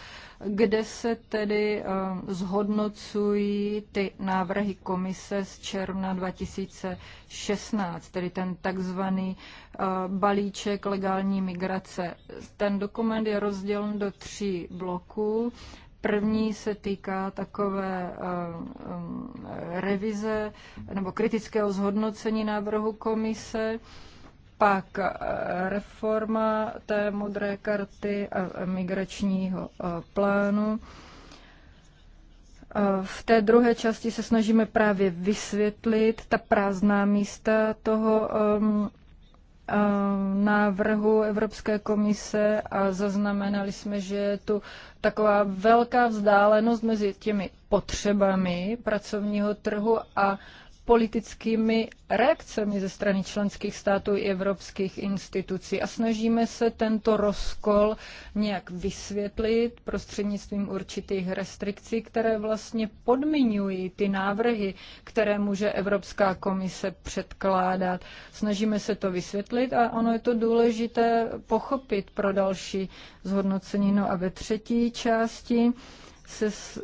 kde se tedy eh, zhodnocují ty návrhy komise z června 2016, tedy ten takzvaný eh, balíček legální migrace. Ten dokument je rozdělen do tří bloků. První se týká takové eh, eh, revize nebo kritického zhodnocení návrhu komise, pak eh, reforma té modré karty a migračního plánu. V té druhé části se snažíme právě vysvětlit ta prázdná místa toho Eh, návrhu Evropské komise a zaznamenali jsme, že je tu taková velká vzdálenost mezi těmi potřebami pracovního trhu a politickými reakcemi ze strany členských států i evropských institucí a snažíme se tento rozkol nějak vysvětlit prostřednictvím určitých restrikcí, které vlastně podmiňují ty návrhy, které může Evropská komise předkládat. Snažíme se to vysvětlit a ono je to důležité pochopit pro další zhodnocení. No a ve třetí části se s,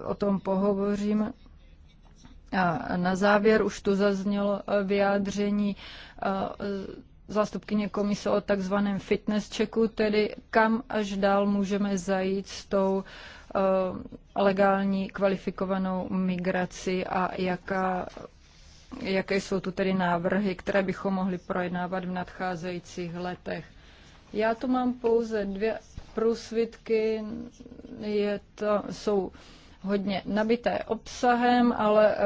eh, o tom pohovořím a na závěr už tu zaznělo eh, vyjádření eh, zástupkyně komise o takzvaném fitness checku, tedy kam až dál můžeme zajít s tou eh, legální kvalifikovanou migraci a jaká, jaké jsou tu tedy návrhy, které bychom mohli projednávat v nadcházejících letech. Já tu mám pouze dvě průsvitky, je to, jsou hodně nabité obsahem, ale eh,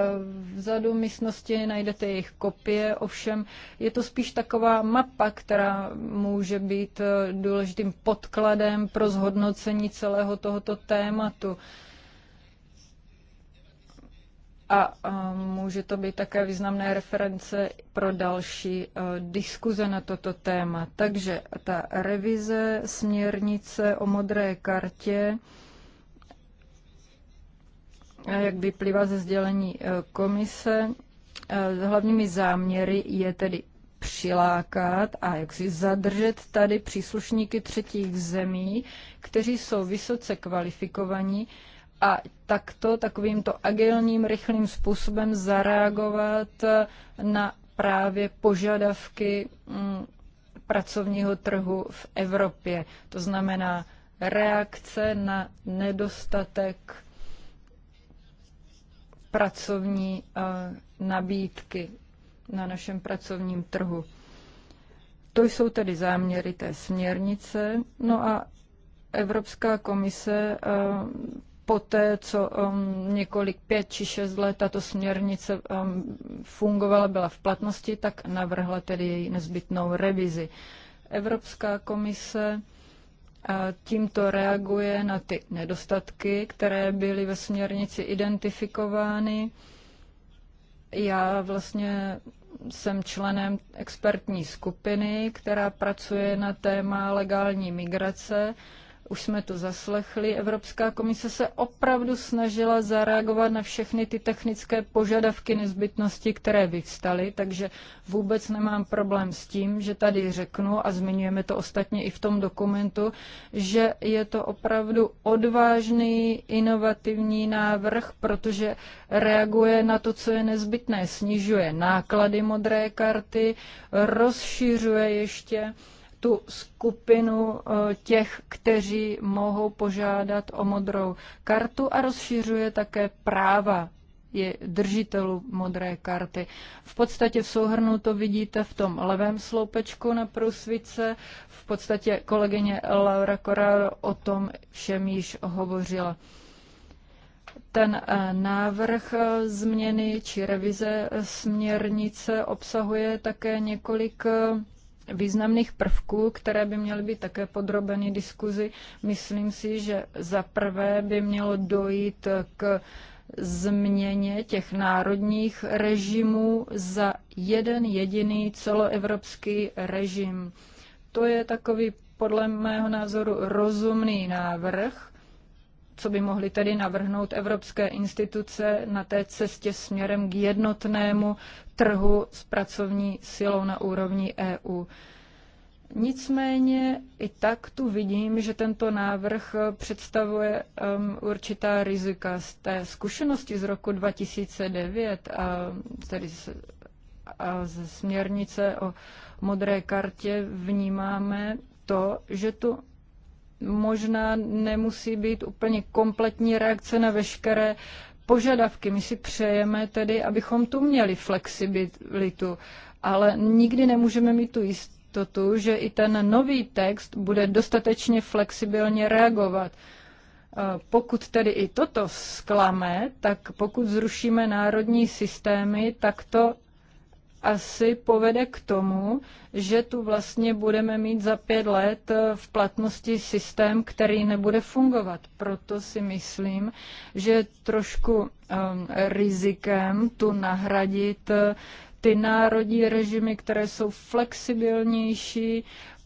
vzadu místnosti najdete jejich kopie, ovšem je to spíš taková mapa, která může být eh, důležitým podkladem pro zhodnocení celého tohoto tématu. A může to být také významné reference pro další eh, diskuze na toto téma. Takže ta revize směrnice o modré kartě jak vyplývá ze sdělení e, komise, e, hlavními záměry je tedy přilákat a jak si zadržet tady příslušníky třetích zemí, kteří jsou vysoce kvalifikovaní a takto takovýmto agilním, rychlým způsobem zareagovat e, na právě požadavky mm, pracovního trhu v Evropě. To znamená reakce na nedostatek pracovní eh, nabídky na našem pracovním trhu. To jsou tedy záměry té směrnice. No a Evropská komise eh, poté, co eh, několik pět či šest let tato směrnice fungovala, byla v platnosti, tak navrhla tedy její nezbytnou revizi. Evropská komise tímto reaguje na ty nedostatky, které byly ve směrnici identifikovány. Já vlastně jsem členem expertní skupiny, která pracuje na téma legální migrace už jsme to zaslechli, Evropská komise se opravdu snažila zareagovat na všechny ty technické požadavky nezbytnosti, které vyvstaly, takže vůbec nemám problém s tím, že tady řeknu, a zmiňujeme to ostatně i v tom dokumentu, že je to opravdu odvážný, inovativní návrh, protože reaguje na to, co je nezbytné, snižuje náklady modré karty, rozšířuje ještě tu skupinu eh, těch, kteří mohou požádat o modrou kartu a rozšiřuje také práva je držitelů modré karty. V podstatě v souhrnu to vidíte v tom levém sloupečku na průsvice. V podstatě kolegyně Laura Korál o tom všem již hovořila. Ten eh, návrh eh, změny či revize směrnice obsahuje také několik významných prvků, které by měly být také podrobeny diskuzi. Myslím si, že za prvé by mělo dojít k změně těch národních režimů za jeden jediný celoevropský režim. To je takový podle mého názoru rozumný návrh, co by mohly tedy navrhnout evropské instituce na té cestě směrem k jednotnému trhu s pracovní silou na úrovni EU. Nicméně i tak tu vidím, že tento návrh představuje um, určitá rizika z té zkušenosti z roku 2009, a, tedy z, a ze směrnice o modré kartě vnímáme to, že tu možná nemusí být úplně kompletní reakce na veškeré požadavky. My si přejeme tedy, abychom tu měli flexibilitu, ale nikdy nemůžeme mít tu jistotu, že i ten nový text bude dostatečně flexibilně reagovat. Pokud tedy i toto zklame, tak pokud zrušíme národní systémy, tak to asi povede k tomu, že tu vlastně budeme mít za pět let eh, v platnosti systém, který nebude fungovat. Proto si myslím, že trošku um, rizikem tu nahradit eh, ty národní režimy, které jsou flexibilnější,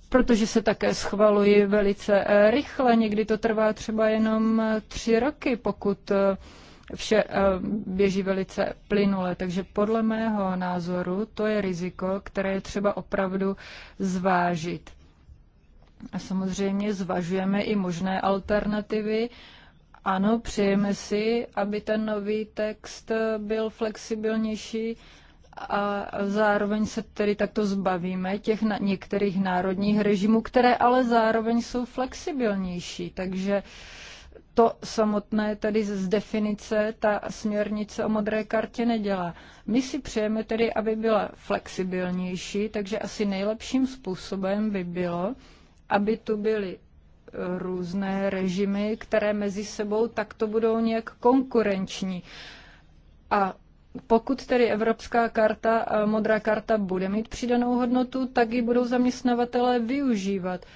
protože se také schvalují velice eh, rychle. Někdy to trvá třeba jenom tři roky, pokud uh, vše eh, běží velice plynule. Takže podle mého názoru to je riziko, které je třeba opravdu zvážit. A samozřejmě zvažujeme i možné alternativy. Ano, přejeme si, aby ten nový text byl flexibilnější a zároveň se tedy takto zbavíme těch na, některých národních režimů, které ale zároveň jsou flexibilnější. Takže uh, to samotné tedy z definice ta směrnice o modré kartě nedělá. My si přejeme tedy, aby byla flexibilnější, takže asi nejlepším způsobem by bylo, aby tu byly e, různé režimy, které mezi sebou takto budou nějak konkurenční. A pokud tedy evropská karta, modrá karta bude mít přidanou hodnotu, tak ji budou zaměstnavatelé využívat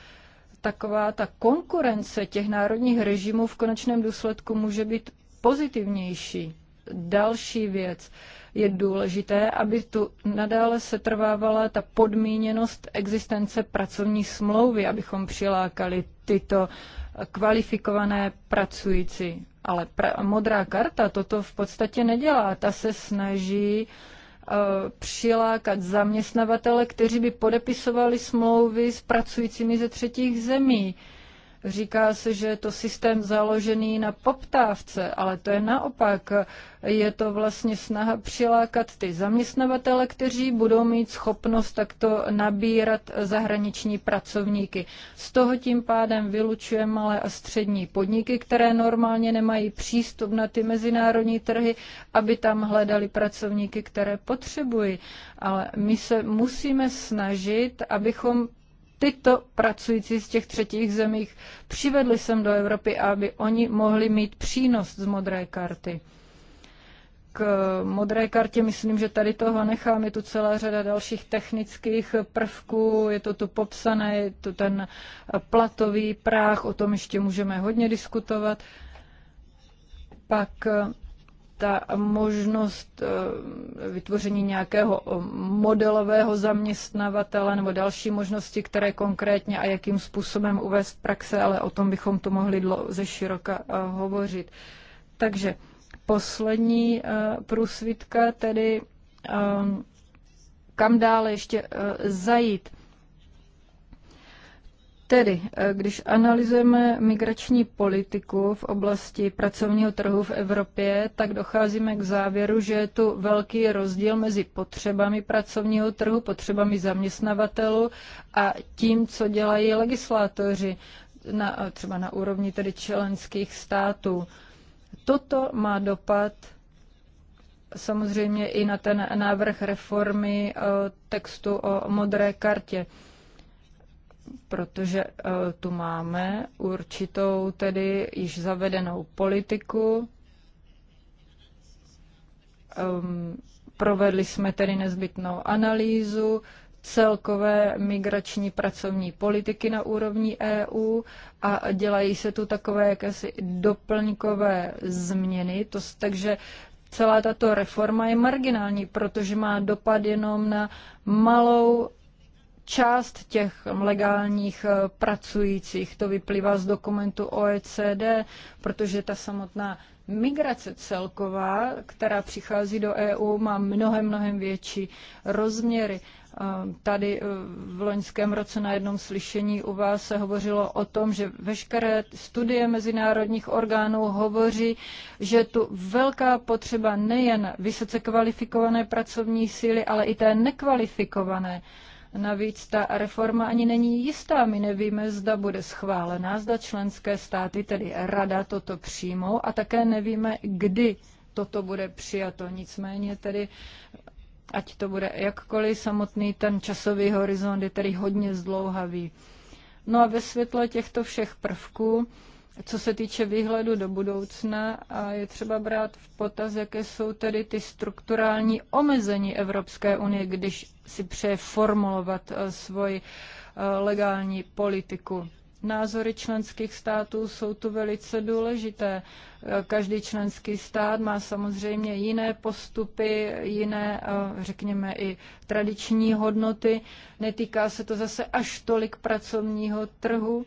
taková ta konkurence těch národních režimů v konečném důsledku může být pozitivnější. Další věc je důležité, aby tu nadále se trvávala ta podmíněnost existence pracovní smlouvy, abychom přilákali tyto kvalifikované pracující. Ale pra- modrá karta toto v podstatě nedělá. Ta se snaží uh, Eh, přilákat zaměstnavatele, kteří by podepisovali smlouvy s pracujícími ze třetích zemí. Říká se, že je to systém založený na poptávce, ale to je naopak. Je to vlastně snaha přilákat ty zaměstnavatele, kteří budou mít schopnost takto nabírat zahraniční pracovníky. Z toho tím pádem vylučuje malé a střední podniky, které normálně nemají přístup na ty mezinárodní trhy, aby tam hledali pracovníky, které potřebují. Ale my se musíme snažit, abychom tyto pracující z těch třetích zemích přivedli sem do Evropy, aby oni mohli mít přínos z modré karty. K modré kartě myslím, že tady toho nechám. Je tu celá řada dalších technických prvků, je to tu popsané, je tu ten platový práh, o tom ještě můžeme hodně diskutovat. Pak ta možnost eh, vytvoření nějakého eh, modelového zaměstnavatele nebo další možnosti, které konkrétně a jakým způsobem uvést praxe, ale o tom bychom to mohli ze široka eh, hovořit. Takže poslední průsvitka tedy, kam dále ještě zajít. Tedy, eh, když analyzujeme migrační politiku v oblasti pracovního trhu v Evropě, tak docházíme k závěru, že je tu velký rozdíl mezi potřebami pracovního trhu, potřebami zaměstnavatelů a tím, co dělají legislátoři, na, eh, třeba na úrovni tedy členských států. Toto má dopad samozřejmě i na ten návrh reformy eh, textu o modré kartě protože eh, tu máme určitou tedy již zavedenou politiku. Ehm, provedli jsme tedy nezbytnou analýzu celkové migrační pracovní politiky na úrovni EU a dělají se tu takové jakési doplňkové změny, to, takže celá tato reforma je marginální, protože má dopad jenom na malou část těch legálních eh, pracujících. To vyplývá z dokumentu OECD, protože ta samotná migrace celková, která přichází do EU, má mnohem, mnohem větší rozměry. Eh, tady eh, v loňském roce na jednom slyšení u vás se hovořilo o tom, že veškeré studie mezinárodních orgánů hovoří, že tu velká potřeba nejen vysoce kvalifikované pracovní síly, ale i té nekvalifikované. Navíc ta reforma ani není jistá. My nevíme, zda bude schválená, zda členské státy, tedy rada, toto přijmou a také nevíme, kdy toto bude přijato. Nicméně tedy ať to bude jakkoliv, samotný ten časový horizont je tedy hodně zdlouhavý. No a ve světle těchto všech prvků co se týče výhledu do budoucna a je třeba brát v potaz, jaké jsou tedy ty strukturální omezení Evropské unie, když si přeje formulovat eh, svoji eh, legální politiku. Názory členských států jsou tu velice důležité. Eh, každý členský stát má samozřejmě jiné postupy, jiné, řekněme, i tradiční hodnoty. Netýká se to zase až tolik pracovního trhu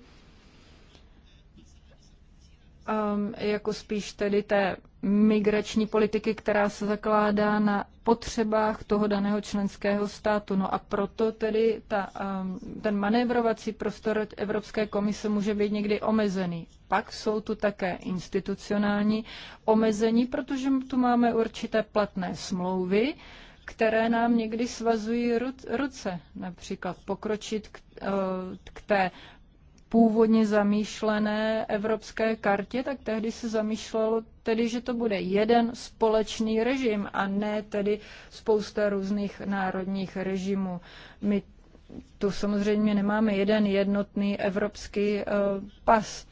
Um, jako spíš tedy té migrační politiky, která se zakládá na potřebách toho daného členského státu. No a proto tedy ta, um, ten manévrovací prostor Evropské komise může být někdy omezený. Pak jsou tu také institucionální omezení, protože tu máme určité platné smlouvy, které nám někdy svazují ruce, například pokročit k, uh, k té původně zamýšlené evropské kartě, tak tehdy se zamýšlelo tedy, že to bude jeden společný režim a ne tedy spousta různých národních režimů. My tu samozřejmě nemáme jeden jednotný evropský eh, pas,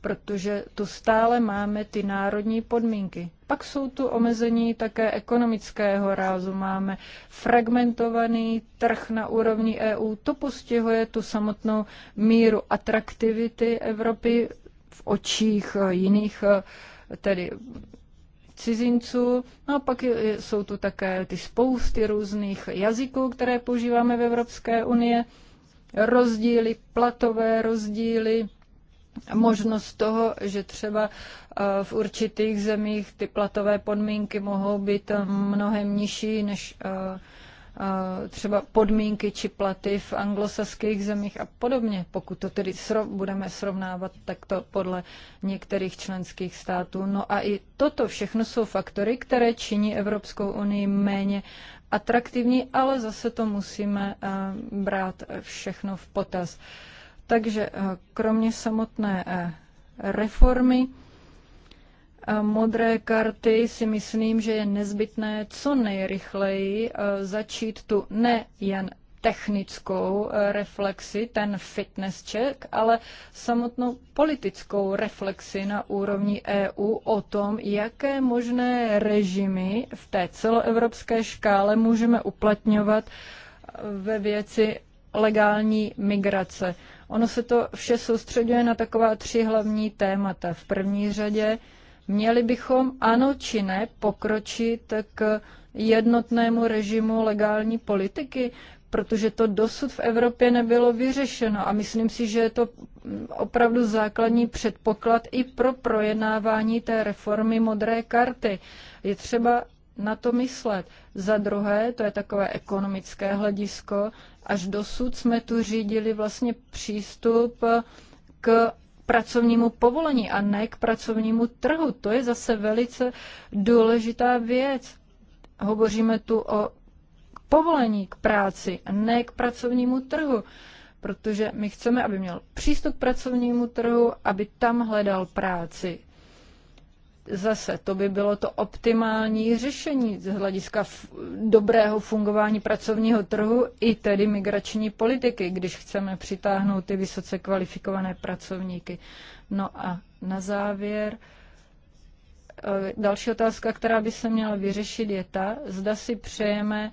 protože tu stále máme ty národní podmínky. Pak jsou tu omezení také ekonomického rázu. Máme fragmentovaný trh na úrovni EU. To postihuje tu samotnou míru atraktivity Evropy v očích eh, jiných eh, tedy cizinců. No a pak jsou tu také ty spousty různých jazyků, které používáme v Evropské unii, rozdíly, platové rozdíly, možnost toho, že třeba eh, v určitých zemích ty platové podmínky mohou být eh, mnohem nižší než eh, třeba podmínky či platy v anglosaských zemích a podobně, pokud to tedy srov, budeme srovnávat takto podle některých členských států. No a i toto všechno jsou faktory, které činí Evropskou unii méně atraktivní, ale zase to musíme brát všechno v potaz. Uh, takže eh, kromě samotné eh, reformy eh, modré karty si myslím, že je nezbytné co nejrychleji začít tu ne jen technickou reflexi, ten fitness check, ale samotnou politickou reflexi na úrovni EU o tom, jaké možné režimy v té celoevropské škále můžeme uplatňovat ve věci legální migrace. Ono se to vše soustředuje na taková tři hlavní témata. V první řadě měli bychom ano či ne pokročit k jednotnému režimu legální politiky, protože to dosud v Evropě nebylo vyřešeno a myslím si, že je to opravdu základní předpoklad i pro projednávání té reformy modré karty. Je třeba na to myslet. Za druhé, to je takové ekonomické hledisko, až dosud jsme tu řídili vlastně přístup k pracovnímu povolení a ne k pracovnímu trhu. To je zase velice důležitá věc. Hovoříme tu o povolení k práci, ne k pracovnímu trhu, protože my chceme, aby měl přístup k pracovnímu trhu, aby tam hledal práci. Zase to by bylo to optimální řešení z hlediska dobrého fungování pracovního trhu i tedy migrační politiky, když chceme přitáhnout ty vysoce kvalifikované pracovníky. No a na závěr. Eh, další otázka, která by se měla vyřešit, je ta, zda si přejeme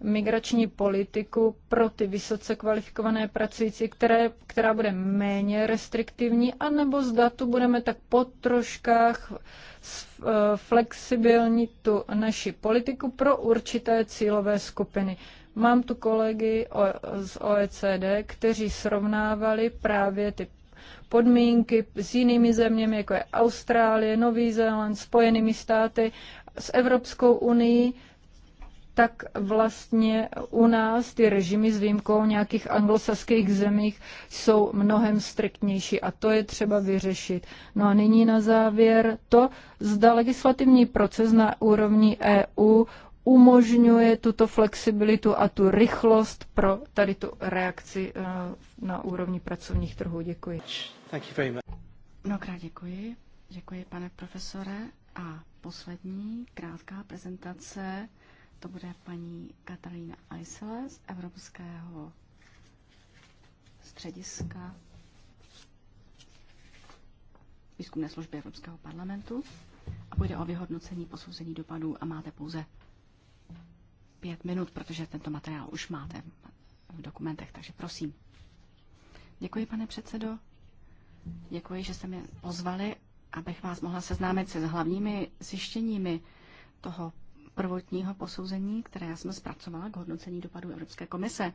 migrační politiku pro ty vysoce kvalifikované pracující, které, která bude méně restriktivní, anebo zda tu budeme tak po troškách eh, flexibilní tu naši politiku pro určité cílové skupiny. Mám tu kolegy z OECD, kteří srovnávali právě ty podmínky s jinými zeměmi, jako je Austrálie, Nový Zéland, Spojenými státy, s Evropskou unii tak vlastně u nás ty režimy s výjimkou nějakých anglosaských zemích jsou mnohem striktnější a to je třeba vyřešit. No a nyní na závěr to, zda legislativní proces na úrovni EU umožňuje tuto flexibilitu a tu rychlost pro tady tu reakci eh, na úrovni pracovních trhů. Děkuji. Mnohokrát děkuji. Děkuji, pane profesore. A poslední krátká prezentace to bude paní Katarína Aysele z Evropského střediska výzkumné služby Evropského parlamentu a bude o vyhodnocení posouzení dopadů a máte pouze pět minut, protože tento materiál už máte v dokumentech, takže prosím. Děkuji, pane předsedo. Děkuji, že jste mě pozvali, abych vás mohla seznámit se s hlavními zjištěními toho prvotního posouzení, které já jsem zpracovala k hodnocení dopadu Evropské komise.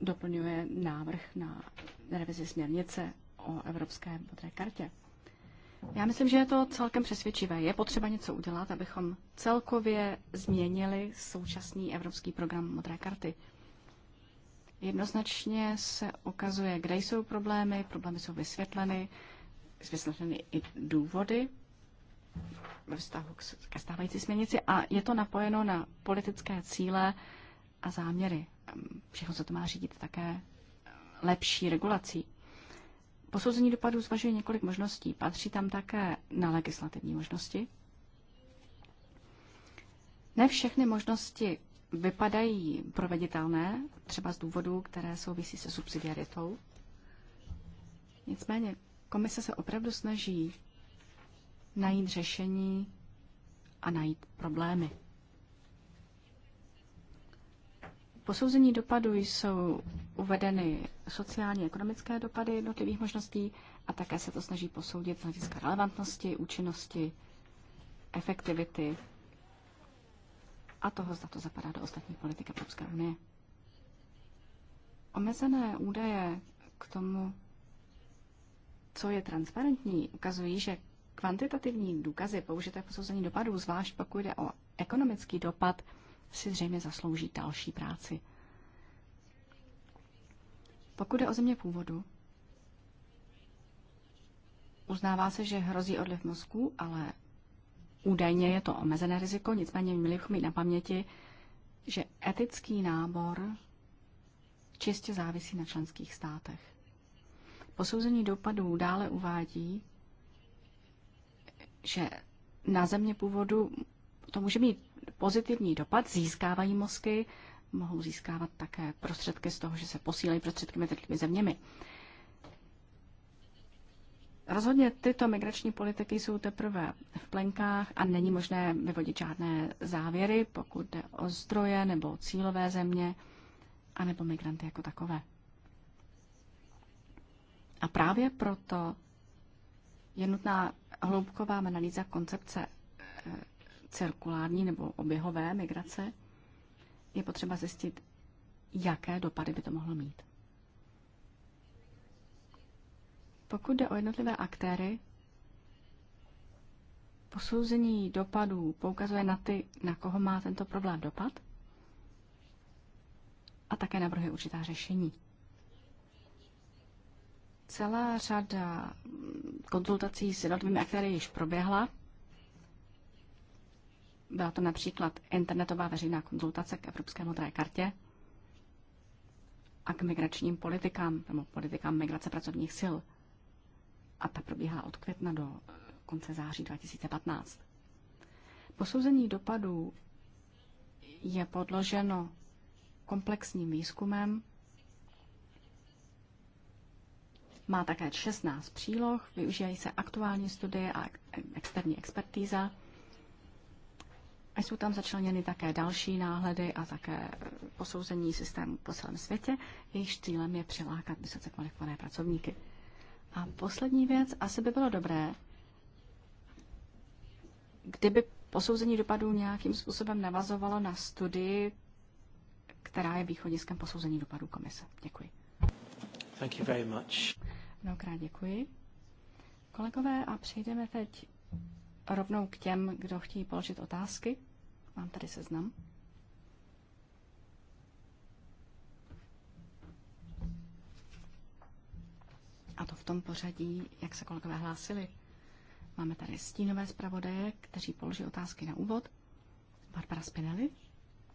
Doplňuje návrh na revizi směrnice o Evropské modré kartě. Já myslím, že je to celkem přesvědčivé. Je potřeba něco udělat, abychom celkově změnili současný evropský program modré karty. Jednoznačně se ukazuje, kde jsou problémy, problémy jsou vysvětleny, vysvětleny i důvody ve vztahu ke stávající směrnici a je to napojeno na politické cíle a záměry. Ehm, všechno se to má řídit také ehm, lepší regulací. Posouzení dopadů zvažuje několik možností. Patří tam také na legislativní možnosti. Ne všechny možnosti vypadají proveditelné, třeba z důvodů, které souvisí se subsidiaritou. Nicméně komise se opravdu snaží najít řešení a najít problémy. Posouzení dopadů jsou uvedeny sociálně ekonomické dopady jednotlivých možností a také se to snaží posoudit z hlediska relevantnosti, účinnosti, efektivity a toho, zda to zapadá do ostatních politik Evropské unie. Omezené údaje k tomu, co je transparentní, ukazují, že Kvantitativní důkazy použité v posouzení dopadů, zvlášť pokud jde o ekonomický dopad, si zřejmě zaslouží další práci. Pokud jde o země původu, uznává se, že hrozí odliv mozku, ale údajně je to omezené riziko, nicméně měli bychom mít na paměti, že etický nábor čistě závisí na členských státech. Posouzení dopadů dále uvádí, že na země původu to může mít pozitivní dopad, získávají mozky, mohou získávat také prostředky z toho, že se posílají prostředky mezi těmi zeměmi. Rozhodně tyto migrační politiky jsou teprve v plenkách a není možné vyvodit žádné závěry, pokud jde o zdroje nebo cílové země, anebo migranty jako takové. A právě proto je nutná hloubková analýza koncepce eh, cirkulární nebo oběhové migrace, je potřeba zjistit, jaké dopady by to mohlo mít. Pokud jde o jednotlivé aktéry, posouzení dopadů poukazuje na ty, na koho má tento problém dopad, a také navrhuje určitá řešení. Celá řada konzultací s jednotlivými aktéry již proběhla. Byla to například internetová veřejná konzultace k Evropské modré kartě a k migračním politikám, nebo politikám migrace pracovních sil. A ta probíhá od května do eh, konce září 2015. Posouzení dopadů je podloženo komplexním výzkumem Má také 16 příloh, využívají se aktuální studie a externí expertíza. A jsou tam začleněny také další náhledy a také posouzení systému po celém světě. Jejich cílem je přilákat vysoce kvalifikované pracovníky. A poslední věc, asi by bylo dobré, kdyby posouzení dopadů nějakým způsobem navazovalo na studii, která je východiskem posouzení dopadů komise. Děkuji. Thank you very much. Mnohokrát děkuji. Kolegové, a přejdeme teď rovnou k těm, kdo chtějí položit otázky. Mám tady seznam. A to v tom pořadí, jak se kolegové hlásili. Máme tady stínové zpravodaje, kteří položí otázky na úvod. Barbara Spinelli,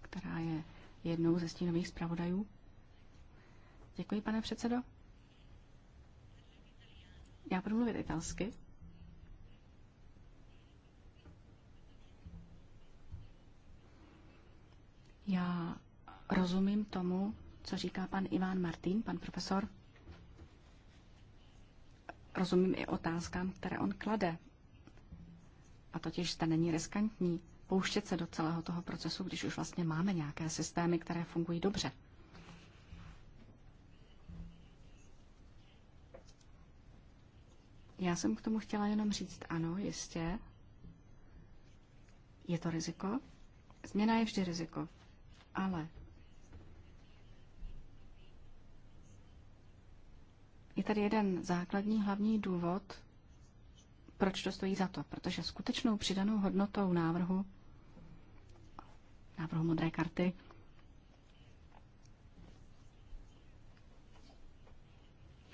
která je jednou ze stínových zpravodajů. Děkuji, pane předsedo. Já budu mluvit italsky. Já rozumím tomu, co říká pan Iván Martin, pan profesor. Rozumím i otázkám, které on klade. A totiž zda není riskantní pouštět se do celého toho procesu, když už vlastně máme nějaké systémy, které fungují dobře. Já jsem k tomu chtěla jenom říct ano, jistě. Je to riziko. Změna je vždy riziko. Ale je tady jeden základní hlavní důvod, proč to stojí za to. Protože skutečnou přidanou hodnotou návrhu, návrhu modré karty,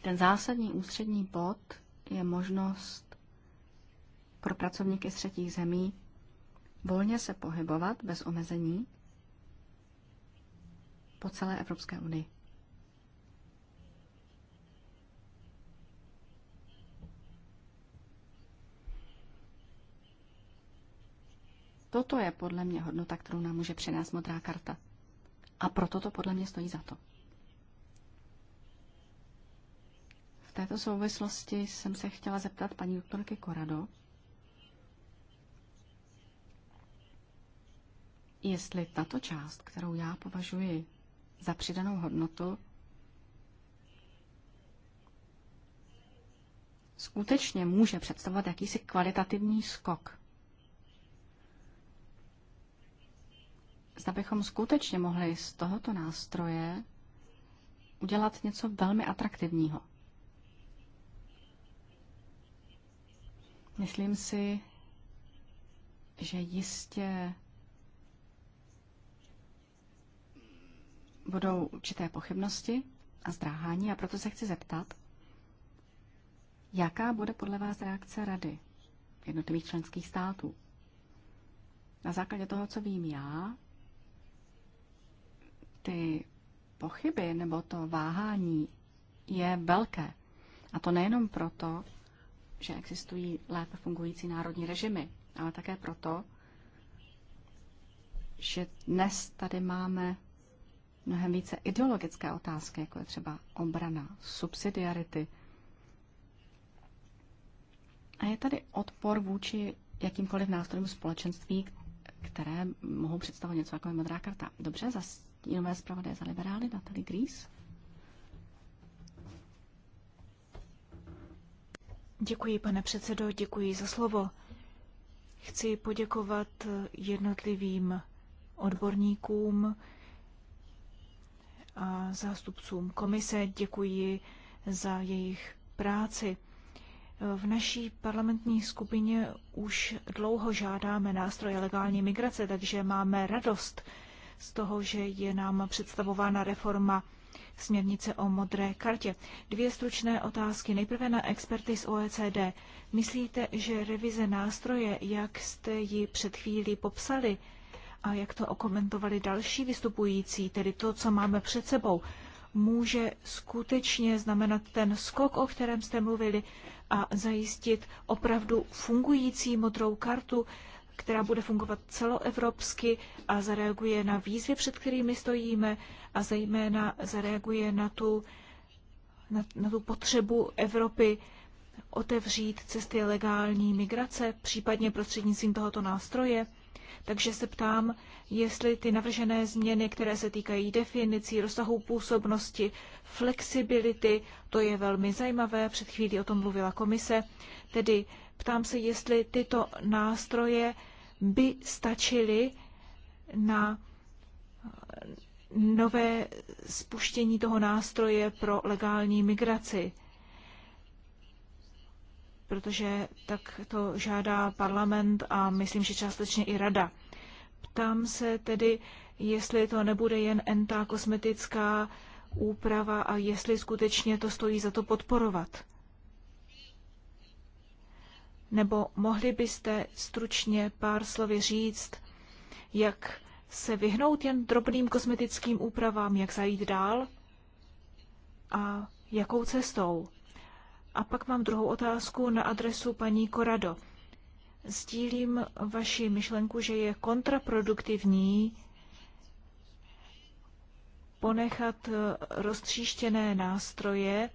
ten zásadní ústřední bod je možnost pro pracovníky z třetích zemí volně se pohybovat bez omezení po celé Evropské unii. Toto je podle mě hodnota, kterou nám může přinést modrá karta. A proto to podle mě stojí za to. této souvislosti jsem se chtěla zeptat paní doktorky Korado, jestli tato část, kterou já považuji za přidanou hodnotu, skutečně může představovat jakýsi kvalitativní skok. Zda bychom skutečně mohli z tohoto nástroje udělat něco velmi atraktivního. Myslím si, že jistě budou určité pochybnosti a zdráhání a proto se chci zeptat, jaká bude podle vás reakce rady jednotlivých členských států. Na základě toho, co vím já, ty pochyby nebo to váhání je velké. A to nejenom proto, že existují lépe fungující národní režimy, ale také proto, že dnes tady máme mnohem více ideologické otázky, jako je třeba obrana, subsidiarity. A je tady odpor vůči jakýmkoliv nástrojům společenství, které mohou představovat něco jako modrá karta. Dobře, za stínové zpravodaje za liberály Natalie Gries. Děkuji, pane předsedo, děkuji za slovo. Chci poděkovat jednotlivým odborníkům a zástupcům komise. Děkuji za jejich práci. V naší parlamentní skupině už dlouho žádáme nástroje legální migrace, takže máme radost z toho, že je nám představována reforma směrnice o modré kartě. Dvě stručné otázky. Nejprve na experty z OECD. Myslíte, že revize nástroje, jak jste ji před chvílí popsali a jak to okomentovali další vystupující, tedy to, co máme před sebou, může skutečně znamenat ten skok, o kterém jste mluvili, a zajistit opravdu fungující modrou kartu, která bude fungovat celoevropsky a zareaguje na výzvy, před kterými stojíme a zejména zareaguje na tu, na, na tu potřebu Evropy otevřít cesty legální migrace, případně prostřednictvím tohoto nástroje. Takže se ptám, jestli ty navržené změny, které se týkají definicí, rozsahu působnosti, flexibility, to je velmi zajímavé, před chvílí o tom mluvila komise, tedy Ptám se, jestli tyto nástroje by stačily na eh, nové spuštění toho nástroje pro legální migraci, protože tak to žádá parlament a myslím, že částečně i rada. Ptám se tedy, jestli to nebude jen entá kosmetická úprava a jestli skutečně to stojí za to podporovat nebo mohli byste stručně pár slovy říct, jak se vyhnout jen drobným kosmetickým úpravám, jak zajít dál a jakou cestou. A pak mám druhou otázku na adresu paní Korado. Sdílím vaši myšlenku, že je kontraproduktivní ponechat roztříštěné nástroje,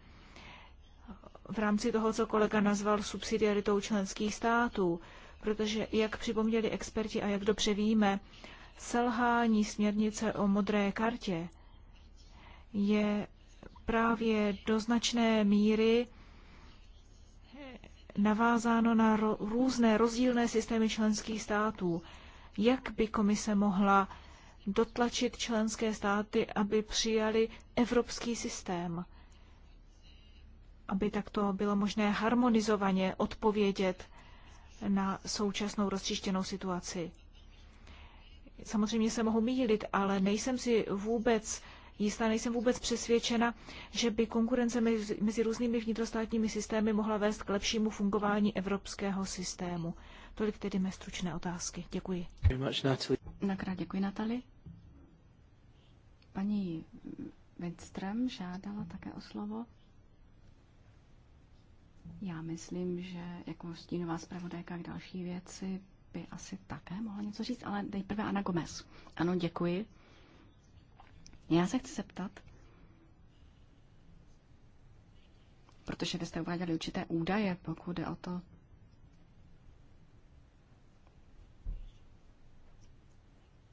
v rámci toho, co kolega nazval subsidiaritou členských států, protože, jak připomněli experti a jak dobře víme, selhání směrnice o modré kartě je právě do značné míry navázáno na různé rozdílné systémy členských států. Jak by komise mohla dotlačit členské státy, aby přijali evropský systém? aby takto bylo možné harmonizovaně odpovědět na současnou roztříštěnou situaci. Samozřejmě se mohu mýlit, ale nejsem si vůbec jistá, nejsem vůbec přesvědčena, že by konkurence mezi, mezi různými vnitrostátními systémy mohla vést k lepšímu fungování evropského systému. Tolik tedy mé stručné otázky. Děkuji. Nakrát děkuji, Natali. Paní Winström žádala také o slovo. Já myslím, že jako stínová zpravodajka k další věci by asi také mohla něco říct, ale nejprve Ana Gomez. Ano, děkuji. Já se chci zeptat, protože vy jste uváděli určité údaje, pokud je o to,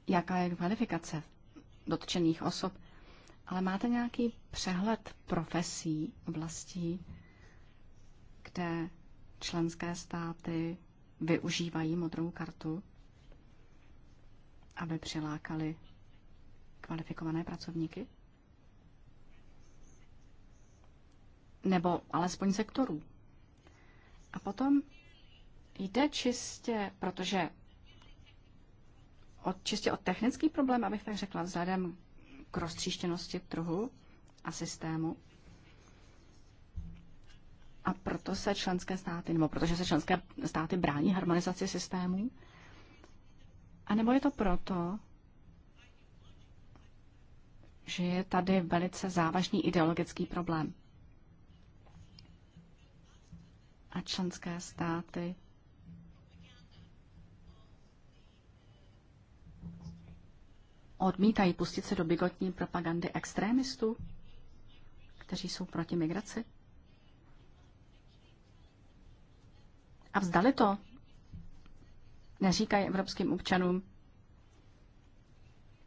jaká je kvalifikace dotčených osob, ale máte nějaký přehled profesí, oblastí, kde členské státy využívají modrou kartu, aby přilákali kvalifikované pracovníky? Nebo alespoň sektorů? A potom jde čistě, protože od, čistě od technický problém, abych tak řekla, vzhledem k roztříštěnosti trhu a systému. A proto se členské státy, nebo protože se členské státy brání harmonizaci systémů? A nebo je to proto, že je tady velice závažný ideologický problém? A členské státy odmítají pustit se do bigotní propagandy extrémistů, kteří jsou proti migraci? A vzdali to. Neříkají evropským občanům,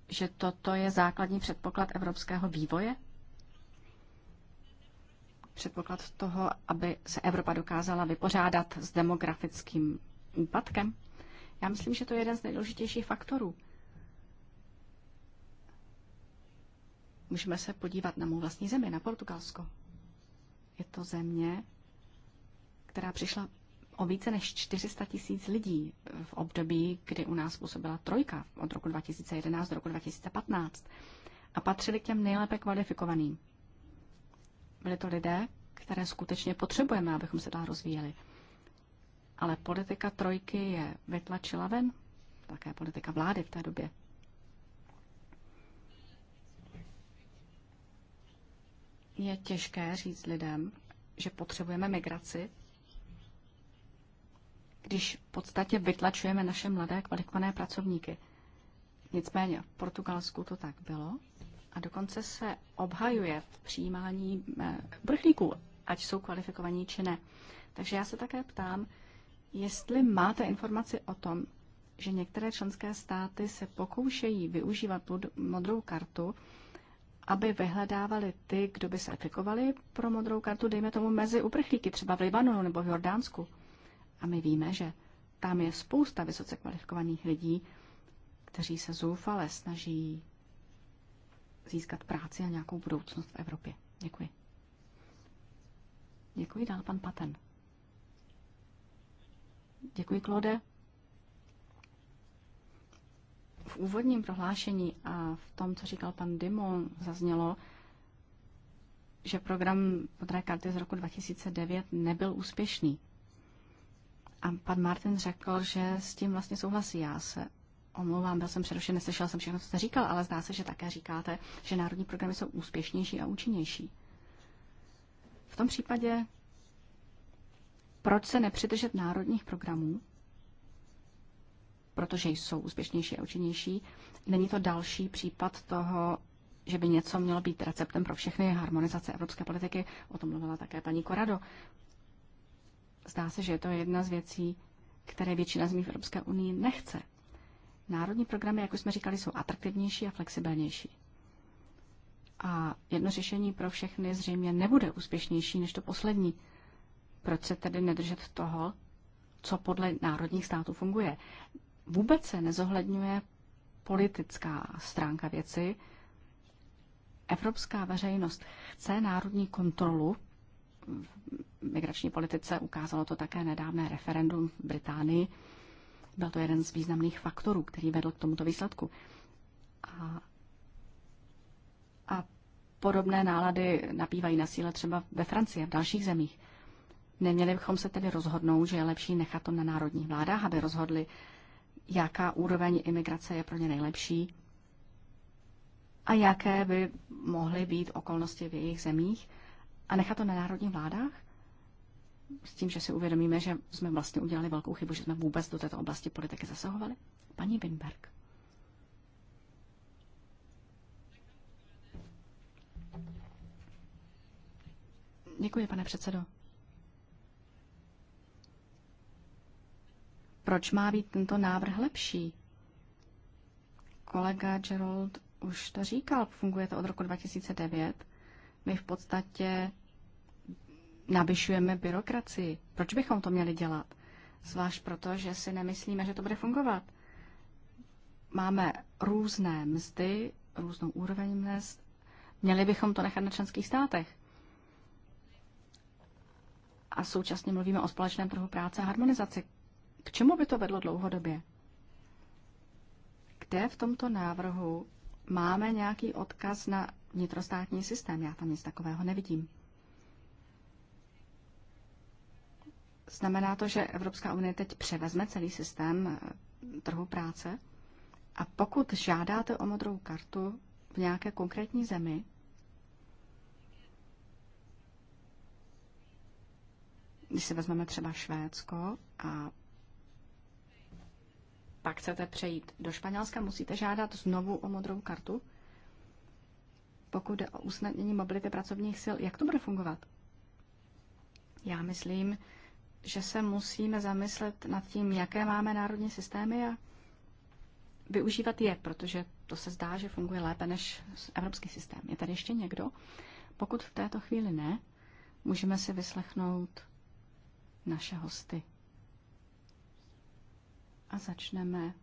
že toto je základní předpoklad evropského vývoje? Předpoklad toho, aby se Evropa dokázala vypořádat s demografickým úpadkem? Já myslím, že to je jeden z nejdůležitějších faktorů. Můžeme se podívat na mou vlastní zemi, na Portugalsko. Je to země, která přišla o více než 400 tisíc lidí v období, kdy u nás působila trojka od roku 2011 do roku 2015 a patřili k těm nejlépe kvalifikovaným. Byli to lidé, které skutečně potřebujeme, abychom se dál rozvíjeli. Ale politika trojky je vytlačila ven, také politika vlády v té době. Je těžké říct lidem, že potřebujeme migraci, když v podstatě vytlačujeme naše mladé kvalifikované pracovníky. Nicméně v Portugalsku to tak bylo a dokonce se obhajuje v přijímání eh, uprchlíků, ať jsou kvalifikovaní či ne. Takže já se také ptám, jestli máte informaci o tom, že některé členské státy se pokoušejí využívat modrou kartu, aby vyhledávali ty, kdo by se aplikovali pro modrou kartu, dejme tomu mezi uprchlíky, třeba v Libanonu nebo v Jordánsku. A my víme, že tam je spousta vysoce kvalifikovaných lidí, kteří se zoufale snaží získat práci a nějakou budoucnost v Evropě. Děkuji. Děkuji dál pan Paten. Děkuji, Klode. V úvodním prohlášení a v tom, co říkal pan Dimon, zaznělo, že program modré karty z roku 2009 nebyl úspěšný. A pan Martin řekl, že s tím vlastně souhlasí. Já se omlouvám, byl jsem přerušen, neslyšel jsem všechno, co jste říkal, ale zdá se, že také říkáte, že národní programy jsou úspěšnější a účinnější. V tom případě, proč se nepřidržet národních programů, protože jsou úspěšnější a účinnější, není to další případ toho, že by něco mělo být receptem pro všechny harmonizace evropské politiky, o tom mluvila také paní Korado. Zdá se, že je to jedna z věcí, které většina zemí v Evropské unii nechce. Národní programy, jak už jsme říkali, jsou atraktivnější a flexibilnější. A jedno řešení pro všechny zřejmě nebude úspěšnější než to poslední. Proč se tedy nedržet toho, co podle národních států funguje? Vůbec se nezohledňuje politická stránka věci. Evropská veřejnost chce národní kontrolu migrační politice ukázalo to také nedávné referendum v Británii. Byl to jeden z významných faktorů, který vedl k tomuto výsledku. A, a podobné nálady nabývají na síle třeba ve Francii a v dalších zemích. Neměli bychom se tedy rozhodnout, že je lepší nechat to na národních vládách, aby rozhodli, jaká úroveň imigrace je pro ně nejlepší a jaké by mohly být okolnosti v jejich zemích a nechat to na národních vládách? s tím, že si uvědomíme, že jsme vlastně udělali velkou chybu, že jsme vůbec do této oblasti politiky zasahovali? Paní Winberg. Děkuji, pane předsedo. Proč má být tento návrh lepší? Kolega Gerald už to říkal, funguje to od roku 2009. My v podstatě navyšujeme byrokracii. Proč bychom to měli dělat? Zvlášť proto, že si nemyslíme, že to bude fungovat. Máme různé mzdy, různou úroveň mzd. Měli bychom to nechat na členských státech. A současně mluvíme o společném trhu práce a harmonizaci. K čemu by to vedlo dlouhodobě? Kde v tomto návrhu máme nějaký odkaz na vnitrostátní systém? Já tam nic takového nevidím. Znamená to, že Evropská unie teď převezme celý systém eh, trhu práce? A pokud žádáte o modrou kartu v nějaké konkrétní zemi, když si vezmeme třeba Švédsko a pak chcete přejít do Španělska, musíte žádat znovu o modrou kartu? Pokud jde o usnadnění mobility pracovních sil, jak to bude fungovat? Já myslím, že se musíme zamyslet nad tím, jaké máme národní systémy a využívat je, protože to se zdá, že funguje lépe než evropský systém. Je tady ještě někdo? Pokud v této chvíli ne, můžeme si vyslechnout naše hosty. A začneme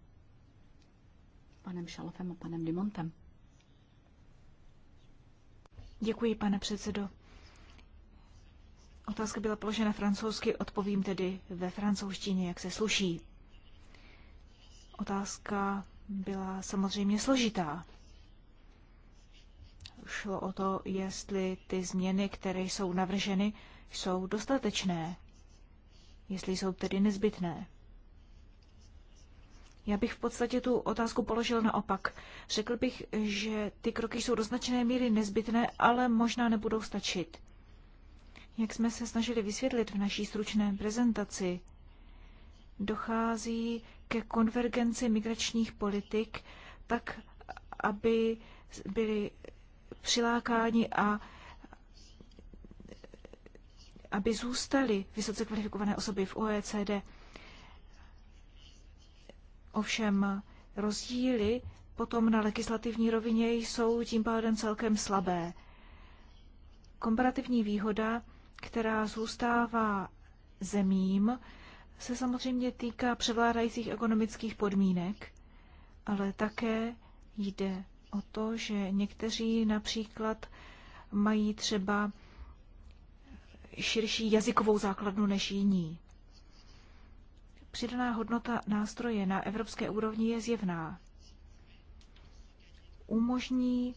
panem Šalofem a panem Dimontem. Děkuji, pane předsedo. Otázka byla položena francouzsky, odpovím tedy ve francouzštině, jak se sluší. Otázka byla samozřejmě složitá. Šlo o to, jestli ty změny, které jsou navrženy, jsou dostatečné, jestli jsou tedy nezbytné. Já bych v podstatě tu otázku položil naopak. Řekl bych, že ty kroky jsou do značné míry nezbytné, ale možná nebudou stačit. Jak jsme se snažili vysvětlit v naší stručné prezentaci, dochází ke konvergenci migračních politik tak, aby byly přilákáni a aby zůstaly vysoce kvalifikované osoby v OECD. Ovšem rozdíly potom na legislativní rovině jsou tím pádem celkem slabé. Komparativní výhoda která zůstává zemím, se samozřejmě týká převládajících ekonomických podmínek, ale také jde o to, že někteří například mají třeba širší jazykovou základnu než jiní. Přidaná hodnota nástroje na evropské úrovni je zjevná. Umožní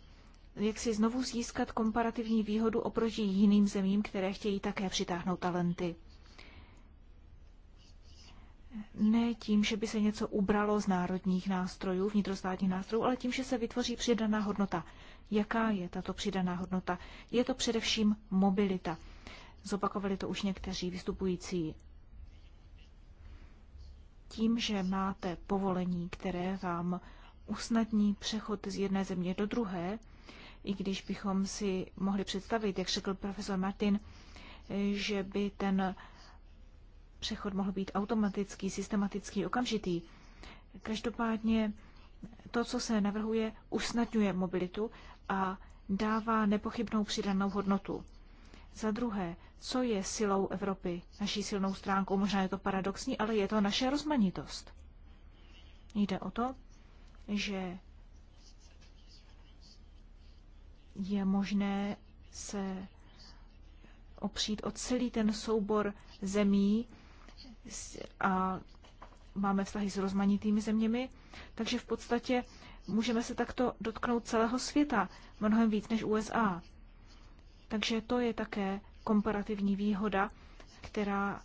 jak si znovu získat komparativní výhodu oproti jiným zemím, které chtějí také přitáhnout talenty. Ne tím, že by se něco ubralo z národních nástrojů, vnitrostátních nástrojů, ale tím, že se vytvoří přidaná hodnota. Jaká je tato přidaná hodnota? Je to především mobilita. Zopakovali to už někteří vystupující. Tím, že máte povolení, které vám usnadní přechod z jedné země do druhé, i když bychom si mohli představit, jak řekl profesor Martin, že by ten přechod mohl být automatický, systematický, okamžitý. Každopádně to, co se navrhuje, usnadňuje mobilitu a dává nepochybnou přidanou hodnotu. Za druhé, co je silou Evropy, naší silnou stránkou? Možná je to paradoxní, ale je to naše rozmanitost. Jde o to, že je možné se opřít o celý ten soubor zemí a máme vztahy s rozmanitými zeměmi, takže v podstatě můžeme se takto dotknout celého světa, mnohem víc než USA. Takže to je také komparativní výhoda, která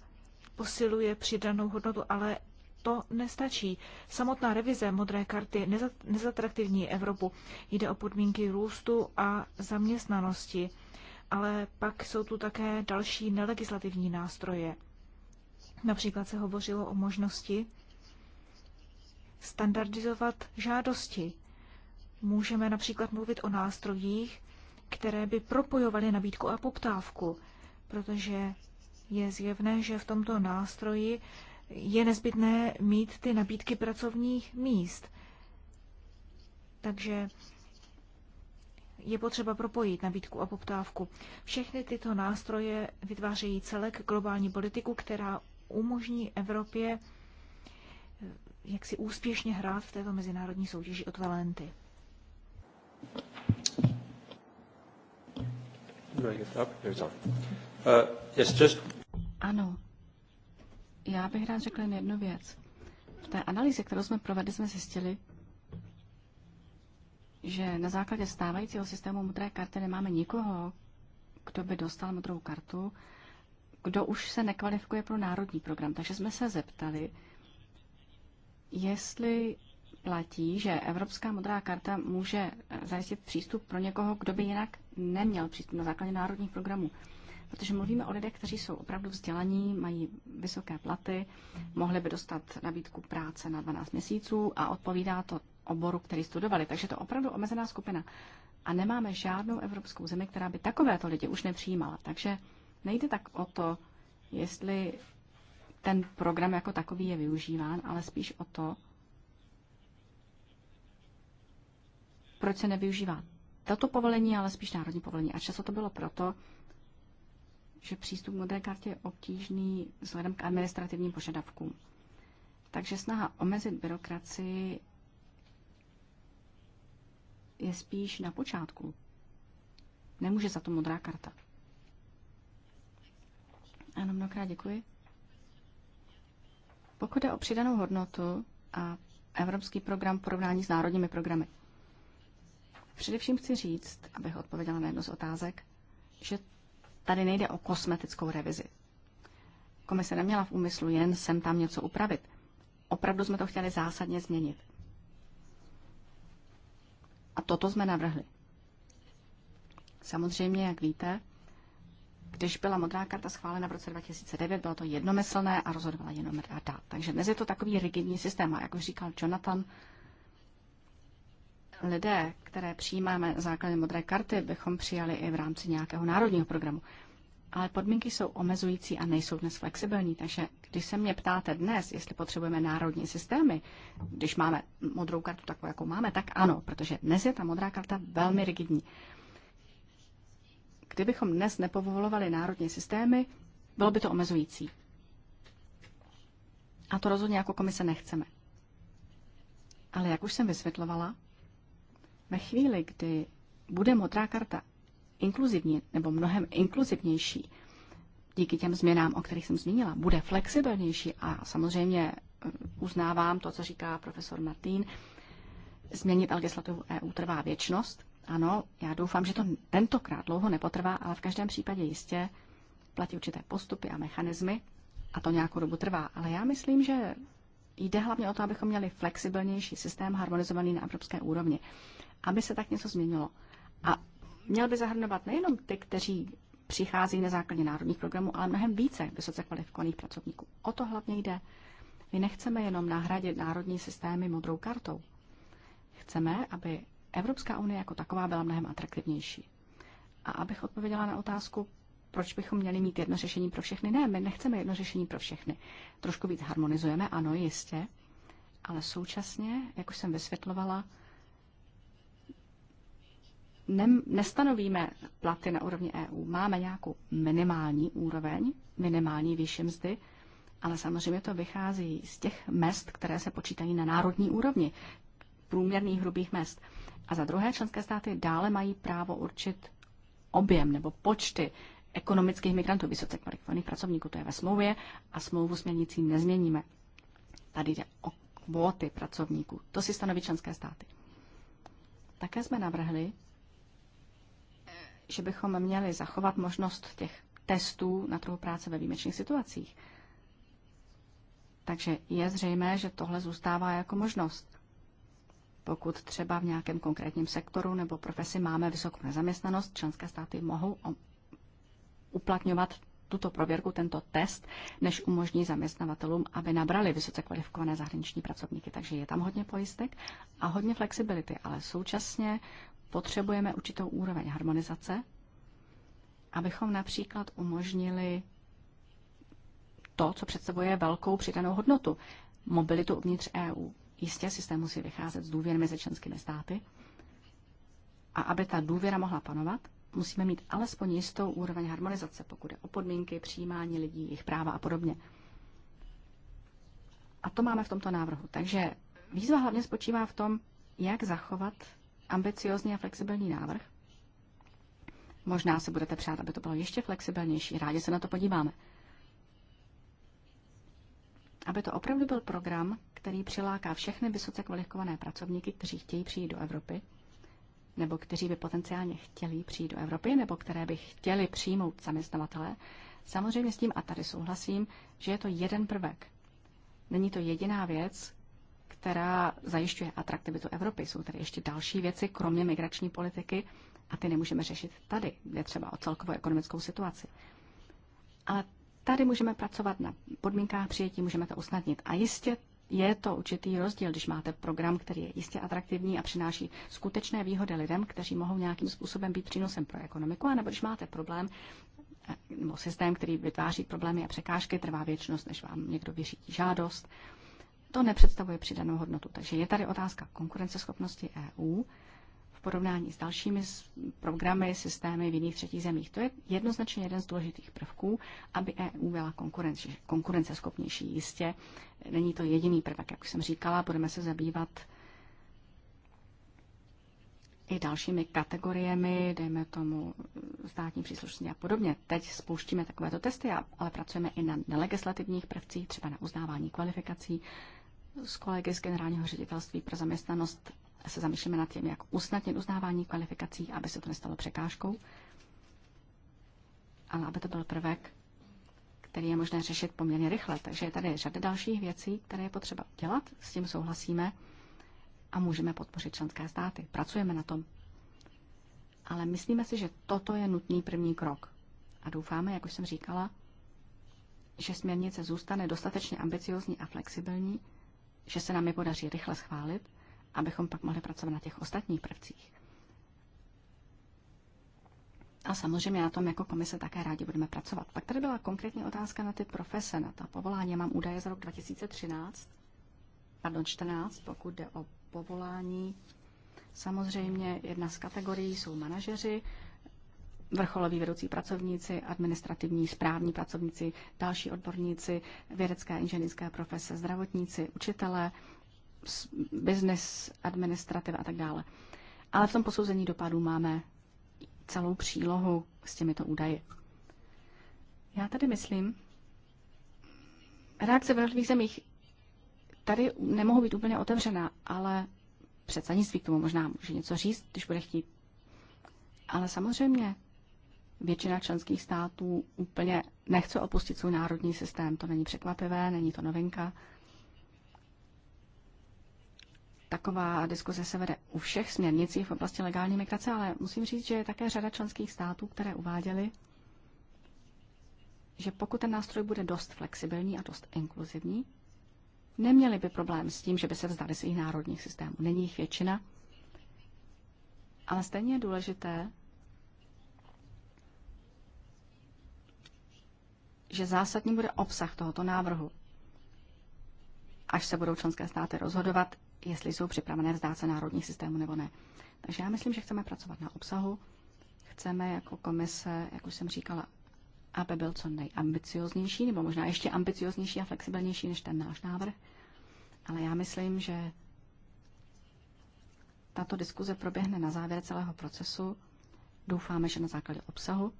posiluje přidanou hodnotu, ale to nestačí. Samotná revize modré karty nezatraktivní Evropu. Jde o podmínky růstu a zaměstnanosti, ale pak jsou tu také další nelegislativní nástroje. Například se hovořilo o možnosti standardizovat žádosti. Můžeme například mluvit o nástrojích, které by propojovaly nabídku a poptávku, protože je zjevné, že v tomto nástroji je nezbytné mít ty nabídky pracovních míst. Takže je potřeba propojit nabídku a poptávku. Všechny tyto nástroje vytvářejí celek globální politiku, která umožní Evropě eh, jak si úspěšně hrát v této mezinárodní soutěži od Valenty. Uh, ano, já bych rád řekla jen jednu věc. V té analýze, kterou jsme provedli, jsme zjistili, že na základě stávajícího systému modré karty nemáme nikoho, kdo by dostal modrou kartu, kdo už se nekvalifikuje pro národní program. Takže jsme se zeptali, jestli platí, že Evropská modrá karta může eh, zajistit přístup pro někoho, kdo by jinak neměl přístup na základě národních programů protože mluvíme o lidech, kteří jsou opravdu vzdělaní, mají vysoké platy, mohli by dostat nabídku práce na 12 měsíců a odpovídá to oboru, který studovali. Takže to opravdu omezená skupina. A nemáme žádnou evropskou zemi, která by takovéto lidi už nepřijímala. Takže nejde tak o to, jestli ten program jako takový je využíván, ale spíš o to, proč se nevyužívá toto povolení, ale spíš národní povolení. A často to bylo proto, že přístup k modré kartě je obtížný vzhledem k administrativním požadavkům. Takže snaha omezit byrokracii je spíš na počátku. Nemůže za to modrá karta. Ano, mnohokrát děkuji. Pokud je o přidanou hodnotu a Evropský program porovnání s národními programy. Především chci říct, abych odpověděla na jednu z otázek, že Tady nejde o kosmetickou revizi. Komise neměla v úmyslu jen sem tam něco upravit. Opravdu jsme to chtěli zásadně změnit. A toto jsme navrhli. Samozřejmě, jak víte, když byla modrá karta schválena v roce 2009, bylo to jednomyslné a rozhodovala jenom rada. Takže dnes je to takový rigidní systém. A jak už říkal Jonathan, lidé, které přijímáme základem modré karty, bychom přijali i v rámci nějakého národního programu. Ale podmínky jsou omezující a nejsou dnes flexibilní, takže když se mě ptáte dnes, jestli potřebujeme národní systémy, když máme modrou kartu takovou, jakou máme, tak ano, protože dnes je ta modrá karta velmi rigidní. Kdybychom dnes nepovolovali národní systémy, bylo by to omezující. A to rozhodně jako komise nechceme. Ale jak už jsem vysvětlovala, ve chvíli, kdy bude modrá karta inkluzivní nebo mnohem inkluzivnější, díky těm změnám, o kterých jsem zmínila, bude flexibilnější a samozřejmě eh, uznávám to, co říká profesor Martin, změnit legislativu EU trvá věčnost. Ano, já doufám, že to tentokrát dlouho nepotrvá, ale v každém případě jistě platí určité postupy a mechanismy a to nějakou dobu trvá. Ale já myslím, že jde hlavně o to, abychom měli flexibilnější systém harmonizovaný na evropské úrovni aby se tak něco změnilo. A měl by zahrnovat nejenom ty, kteří přichází na základě národních programů, ale mnohem více vysoce kvalifikovaných pracovníků. O to hlavně jde. My nechceme jenom nahradit národní systémy modrou kartou. Chceme, aby Evropská unie jako taková byla mnohem atraktivnější. A abych odpověděla na otázku, proč bychom měli mít jedno řešení pro všechny? Ne, my nechceme jedno řešení pro všechny. Trošku víc harmonizujeme, ano, jistě, ale současně, jak už jsem vysvětlovala, ne, nestanovíme platy na úrovni EU. Máme nějakou minimální úroveň, minimální výši mzdy, ale samozřejmě to vychází z těch mest, které se počítají na národní úrovni, průměrných hrubých mest. A za druhé, členské státy dále mají právo určit objem nebo počty ekonomických migrantů, vysoce kvalifikovaných pracovníků, to je ve smlouvě a smlouvu směrnicí nezměníme. Tady jde o kvóty pracovníků. To si stanoví členské státy. Také jsme navrhli, že bychom měli zachovat možnost těch testů na trhu práce ve výjimečných situacích. Takže je zřejmé, že tohle zůstává jako možnost. Pokud třeba v nějakém konkrétním sektoru nebo profesi máme vysokou nezaměstnanost, členské státy mohou uplatňovat tuto prověrku, tento test, než umožní zaměstnavatelům, aby nabrali vysoce kvalifikované zahraniční pracovníky. Takže je tam hodně pojistek a hodně flexibility, ale současně potřebujeme určitou úroveň harmonizace, abychom například umožnili to, co představuje velkou přidanou hodnotu, mobilitu uvnitř EU. Jistě systém musí vycházet z důvěry mezi členskými státy. A aby ta důvěra mohla panovat, musíme mít alespoň jistou úroveň harmonizace, pokud je o podmínky, přijímání lidí, jejich práva a podobně. A to máme v tomto návrhu. Takže výzva hlavně spočívá v tom, jak zachovat ambiciozní a flexibilní návrh. Možná se budete přát, aby to bylo ještě flexibilnější. Rádi se na to podíváme. Aby to opravdu byl program, který přiláká všechny vysoce kvalifikované pracovníky, kteří chtějí přijít do Evropy, nebo kteří by potenciálně chtěli přijít do Evropy, nebo které by chtěli přijmout zaměstnavatele, samozřejmě s tím, a tady souhlasím, že je to jeden prvek. Není to jediná věc, která zajišťuje atraktivitu Evropy. Jsou tady ještě další věci, kromě migrační politiky, a ty nemůžeme řešit tady, kde třeba o celkovou ekonomickou situaci. Ale tady můžeme pracovat na podmínkách přijetí, můžeme to usnadnit. A jistě je to určitý rozdíl, když máte program, který je jistě atraktivní a přináší skutečné výhody lidem, kteří mohou nějakým způsobem být přínosem pro ekonomiku, anebo když máte problém eh, nebo systém, který vytváří problémy a překážky, trvá věčnost, než vám někdo vyřídí žádost to nepředstavuje přidanou hodnotu. Takže je tady otázka konkurenceschopnosti EU v porovnání s dalšími programy, systémy v jiných třetích zemích. To je jednoznačně jeden z důležitých prvků, aby EU byla konkurence, konkurenceschopnější. Jistě není to jediný prvek, jak už jsem říkala, budeme se zabývat i dalšími kategoriemi, dejme tomu státní příslušnosti a podobně. Teď spouštíme takovéto testy, ale pracujeme i na nelegislativních prvcích, třeba na uznávání kvalifikací s kolegy z Generálního ředitelství pro zaměstnanost se zamýšlíme nad tím, jak usnadnit uznávání kvalifikací, aby se to nestalo překážkou, ale aby to byl prvek, který je možné řešit poměrně rychle. Takže je tady řada dalších věcí, které je potřeba dělat, s tím souhlasíme a můžeme podpořit členské státy. Pracujeme na tom. Ale myslíme si, že toto je nutný první krok. A doufáme, jak už jsem říkala, že směrnice zůstane dostatečně ambiciozní a flexibilní, že se nám je podaří rychle schválit, abychom pak mohli pracovat na těch ostatních prvcích. A samozřejmě na tom jako komise také rádi budeme pracovat. Pak tady byla konkrétní otázka na ty profese, na ta povolání. Mám údaje za rok 2013, pardon, 14, pokud jde o povolání. Samozřejmě jedna z kategorií jsou manažeři vrcholoví vedoucí pracovníci, administrativní, správní pracovníci, další odborníci, vědecké inženýrské profese, zdravotníci, učitelé, business, administrativa a tak dále. Ale v tom posouzení dopadů máme celou přílohu s těmito údaji. Já tady myslím, reakce v jednotlivých zemích tady nemohou být úplně otevřená, ale nic k tomu možná může něco říct, když bude chtít. Ale samozřejmě většina členských států úplně nechce opustit svůj národní systém. To není překvapivé, není to novinka. Taková diskuze se vede u všech směrnicí v oblasti legální migrace, ale musím říct, že je také řada členských států, které uváděly, že pokud ten nástroj bude dost flexibilní a dost inkluzivní, neměli by problém s tím, že by se vzdali svých národních systémů. Není jich většina, ale stejně je důležité, že zásadní bude obsah tohoto návrhu, až se budou členské státy rozhodovat, jestli jsou připravené vzdát se národních systémů nebo ne. Takže já myslím, že chceme pracovat na obsahu, chceme jako komise, jak už jsem říkala, aby byl co nejambicioznější, nebo možná ještě ambicioznější a flexibilnější než ten náš návrh. Ale já myslím, že tato diskuze proběhne na závěr celého procesu. Doufáme, že na základě obsahu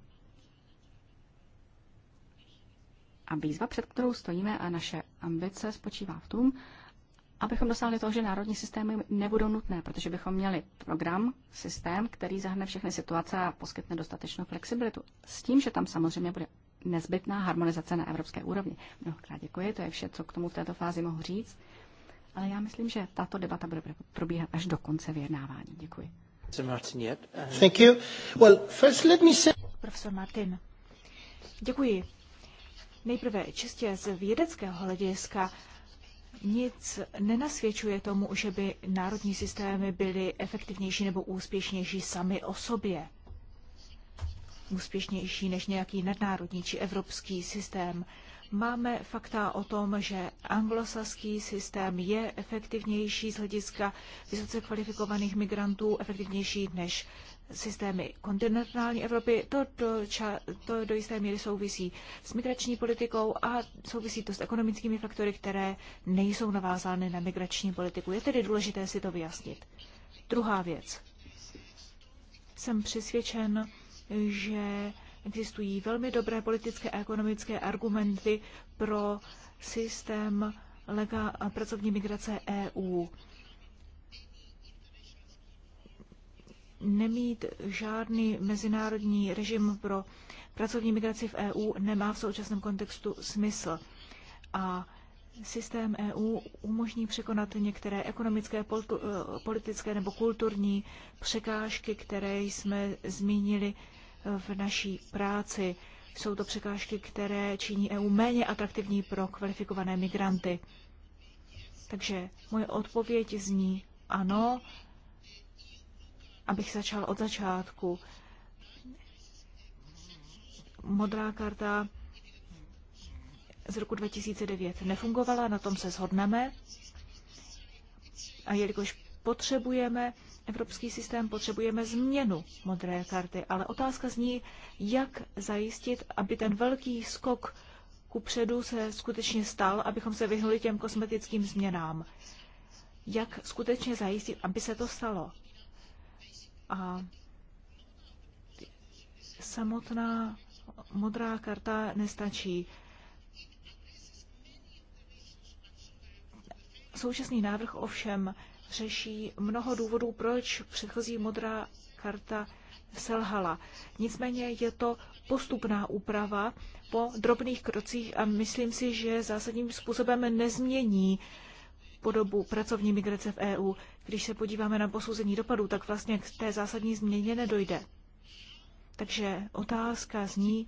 A výzva, před kterou stojíme a naše ambice spočívá v tom, abychom dosáhli toho, že národní systémy nebudou nutné, protože bychom měli program, systém, který zahrne všechny situace a poskytne dostatečnou flexibilitu. S tím, že tam samozřejmě bude nezbytná harmonizace na evropské úrovni. Mnohokrát děkuji, to je vše, co k tomu v této fázi mohu říct. Ale já myslím, že tato debata bude probíhat až do konce vyjednávání. Děkuji. Uh, Thank you. Well, first let me say... Profesor Martin, děkuji. Nejprve čistě z vědeckého hlediska nic nenasvědčuje tomu, že by národní systémy byly efektivnější nebo úspěšnější sami o sobě. Úspěšnější než nějaký nadnárodní či evropský systém. Máme fakta o tom, že anglosaský systém je efektivnější z hlediska vysoce kvalifikovaných migrantů, efektivnější než systémy kontinentální Evropy. To do, ča, to do jisté míry souvisí s migrační politikou a souvisí to s ekonomickými faktory, které nejsou navázány na migrační politiku. Je tedy důležité si to vyjasnit. Druhá věc. Jsem přesvědčen, že Existují velmi dobré politické a ekonomické argumenty pro systém lega- a pracovní migrace EU. Nemít žádný mezinárodní režim pro pracovní migraci v EU nemá v současném kontextu smysl. A systém EU umožní překonat některé ekonomické, eh, politické nebo kulturní překážky, které jsme zmínili v naší práci. Jsou to překážky, které činí EU méně atraktivní pro kvalifikované migranty. Takže moje odpověď zní ano, abych začal od začátku. Modrá karta z roku 2009 nefungovala, na tom se shodneme. A jelikož potřebujeme evropský systém potřebujeme změnu modré karty, ale otázka zní, jak zajistit, aby ten velký skok předu se skutečně stal, abychom se vyhnuli těm kosmetickým změnám. Jak skutečně zajistit, aby se to stalo? A samotná modrá karta nestačí. Současný návrh ovšem řeší mnoho důvodů, proč předchozí modrá karta selhala. Nicméně je to postupná úprava po drobných krocích a myslím si, že zásadním způsobem nezmění podobu pracovní migrace v EU. Když se podíváme na posouzení dopadů, tak vlastně k té zásadní změně nedojde. Takže otázka zní,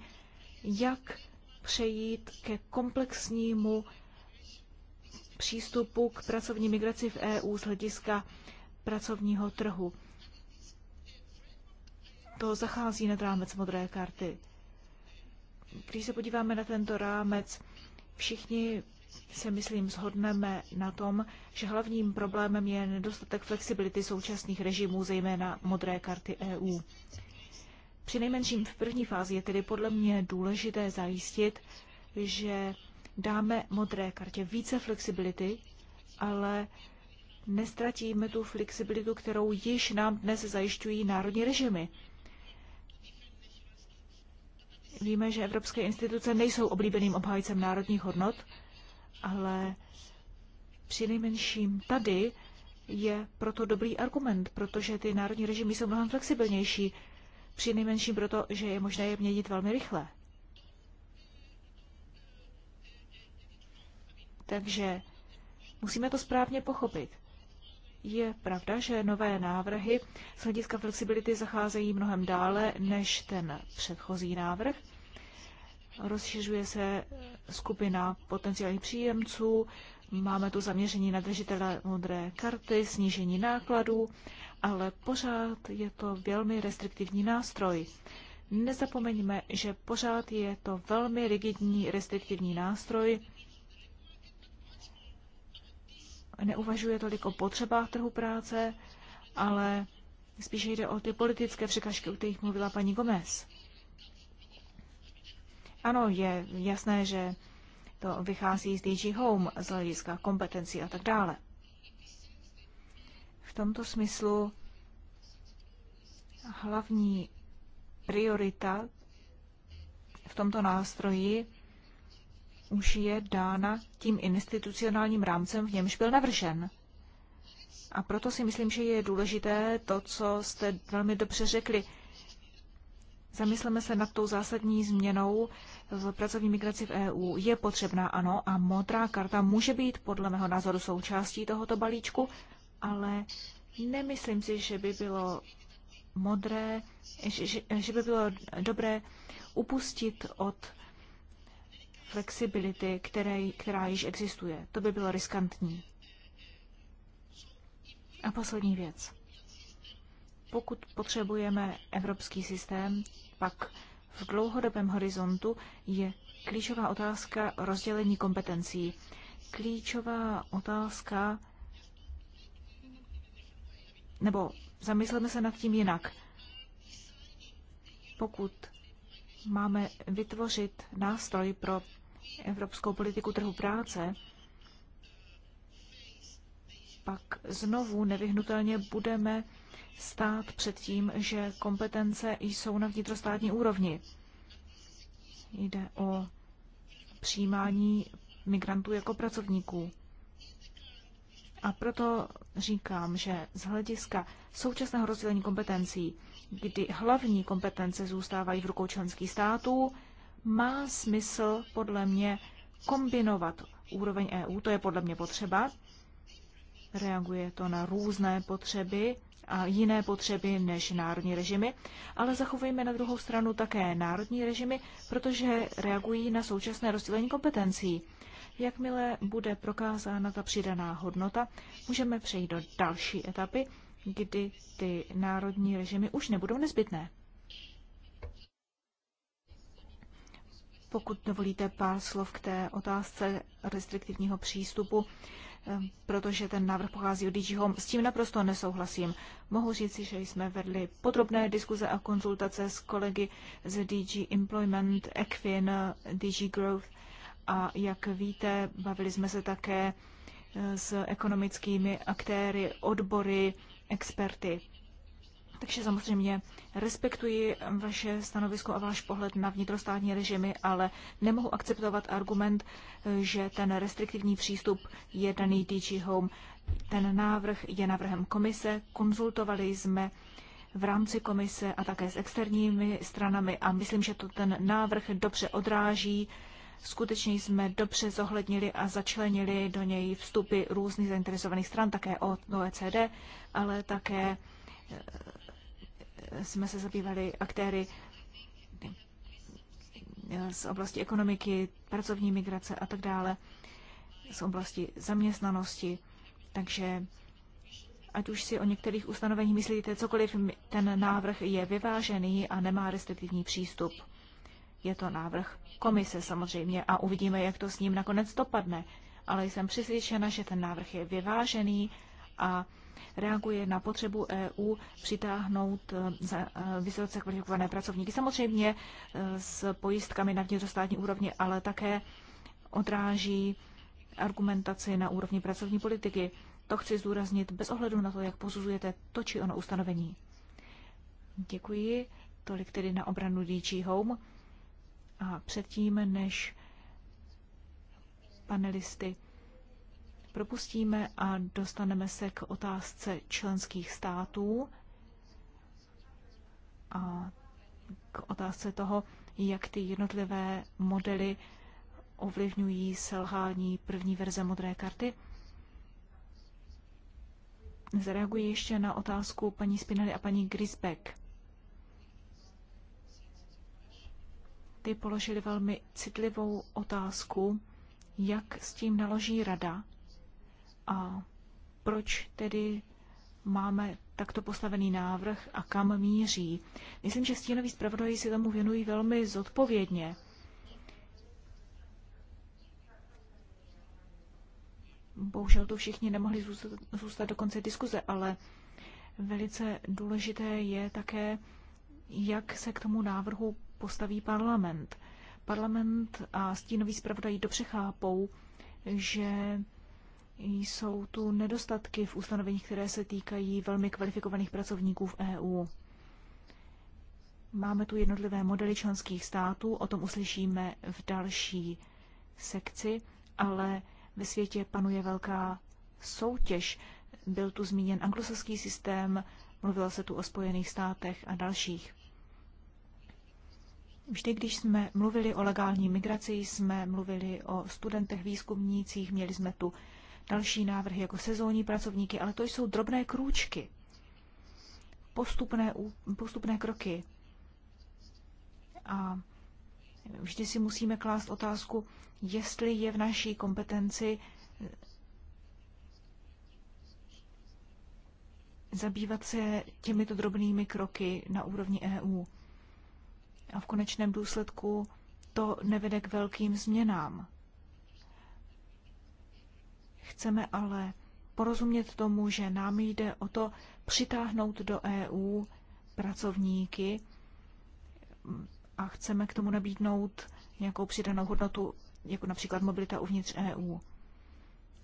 jak přejít ke komplexnímu přístupu k pracovní migraci v EU z hlediska pracovního trhu. To zachází nad rámec modré karty. Když se podíváme na tento rámec, všichni se, myslím, shodneme na tom, že hlavním problémem je nedostatek flexibility současných režimů, zejména modré karty EU. Při nejmenším v první fázi je tedy podle mě důležité zajistit, že dáme modré kartě více flexibility, ale nestratíme tu flexibilitu, kterou již nám dnes zajišťují národní režimy. Víme, že evropské instituce nejsou oblíbeným obhájcem národních hodnot, ale při nejmenším tady je proto dobrý argument, protože ty národní režimy jsou mnohem flexibilnější, při nejmenším proto, že je možné je měnit velmi rychle. Takže musíme to správně pochopit. Je pravda, že nové návrhy z hlediska flexibility zacházejí mnohem dále než ten předchozí návrh. Rozšiřuje se skupina potenciálních příjemců, máme tu zaměření na držitele modré karty, snížení nákladů, ale pořád je to velmi restriktivní nástroj. Nezapomeňme, že pořád je to velmi rigidní restriktivní nástroj, neuvažuje tolik o potřebách trhu práce, ale spíše jde o ty politické překážky, o kterých mluvila paní Gomez. Ano, je jasné, že to vychází z DG Home, z hlediska kompetencí a tak dále. V tomto smyslu hlavní priorita v tomto nástroji už je dána tím institucionálním rámcem, v němž byl navržen. A proto si myslím, že je důležité to, co jste velmi dobře řekli. Zamysleme se nad tou zásadní změnou v pracovní migraci v EU. Je potřebná, ano, a modrá karta může být podle mého názoru součástí tohoto balíčku, ale nemyslím si, že by bylo modré, že, že, že by bylo dobré upustit od flexibility, které, která již existuje. To by bylo riskantní. A poslední věc. Pokud potřebujeme evropský systém, pak v dlouhodobém horizontu je klíčová otázka rozdělení kompetencí. Klíčová otázka, nebo zamysleme se nad tím jinak. Pokud máme vytvořit nástroj pro evropskou politiku trhu práce, pak znovu nevyhnutelně budeme stát před tím, že kompetence jsou na vnitrostátní úrovni. Jde o přijímání migrantů jako pracovníků. A proto říkám, že z hlediska současného rozdělení kompetencí, kdy hlavní kompetence zůstávají v rukou členských států, má smysl podle mě kombinovat úroveň EU, to je podle mě potřeba, reaguje to na různé potřeby a jiné potřeby než národní režimy, ale zachovejme na druhou stranu také národní režimy, protože reagují na současné rozdělení kompetencí. Jakmile bude prokázána ta přidaná hodnota, můžeme přejít do další etapy, kdy ty národní režimy už nebudou nezbytné. Pokud dovolíte pár slov k té otázce restriktivního přístupu, eh, protože ten návrh pochází od DG Home. S tím naprosto nesouhlasím. Mohu říci, že jsme vedli podrobné diskuze a konzultace s kolegy z DG Employment, Equin, DG Growth a jak víte, bavili jsme se také eh, s ekonomickými aktéry, odbory, experty. Takže samozřejmě respektuji vaše stanovisko a váš pohled na vnitrostátní režimy, ale nemohu akceptovat argument, že ten restriktivní přístup je daný DG Home. Ten návrh je návrhem komise, konzultovali jsme v rámci komise a také s externími stranami a myslím, že to ten návrh dobře odráží. Skutečně jsme dobře zohlednili a začlenili do něj vstupy různých zainteresovaných stran, také od e OECD, ale také jsme se zabývali aktéry z oblasti ekonomiky, pracovní migrace a tak dále, z oblasti zaměstnanosti. Takže ať už si o některých ustanoveních myslíte cokoliv, ten návrh je vyvážený a nemá restriktivní přístup. Je to návrh komise samozřejmě a uvidíme, jak to s ním nakonec dopadne. Ale jsem přesvědčena, že ten návrh je vyvážený a reaguje na potřebu EU přitáhnout eh, eh, vysoce kvalifikované pracovníky. Samozřejmě eh, s pojistkami na vnitrostátní úrovni, ale také odráží argumentaci na úrovni pracovní politiky. To chci zdůraznit bez ohledu na to, jak posuzujete to či ono ustanovení. Děkuji. Tolik tedy na obranu DG Home. A předtím, než panelisty propustíme a dostaneme se k otázce členských států a k otázce toho, jak ty jednotlivé modely ovlivňují selhání první verze modré karty. Zareaguji ještě na otázku paní Spinelli a paní Grisbeck. Ty položili velmi citlivou otázku, jak s tím naloží rada a proč tedy máme takto postavený návrh a kam míří? Myslím, že stínoví zpravodají se tomu věnují velmi zodpovědně. Bohužel tu všichni nemohli zůstat, zůstat do konce diskuze, ale velice důležité je také, jak se k tomu návrhu postaví parlament. Parlament a stínoví zpravodají dobře chápou, že jsou tu nedostatky v ustanoveních, které se týkají velmi kvalifikovaných pracovníků v EU. Máme tu jednotlivé modely členských států, o tom uslyšíme v další sekci, ale ve světě panuje velká soutěž. Byl tu zmíněn anglosaský systém, mluvilo se tu o Spojených státech a dalších. Vždy, když jsme mluvili o legální migraci, jsme mluvili o studentech, výzkumnících, měli jsme tu další návrhy jako sezónní pracovníky, ale to jsou drobné krůčky, postupné, postupné kroky. A vždy si musíme klást otázku, jestli je v naší kompetenci eh, zabývat se těmito drobnými kroky na úrovni EU. A v konečném důsledku to nevede k velkým změnám. Chceme ale porozumět tomu, že nám jde o to přitáhnout do EU pracovníky a chceme k tomu nabídnout nějakou přidanou hodnotu, jako například mobilita uvnitř EU.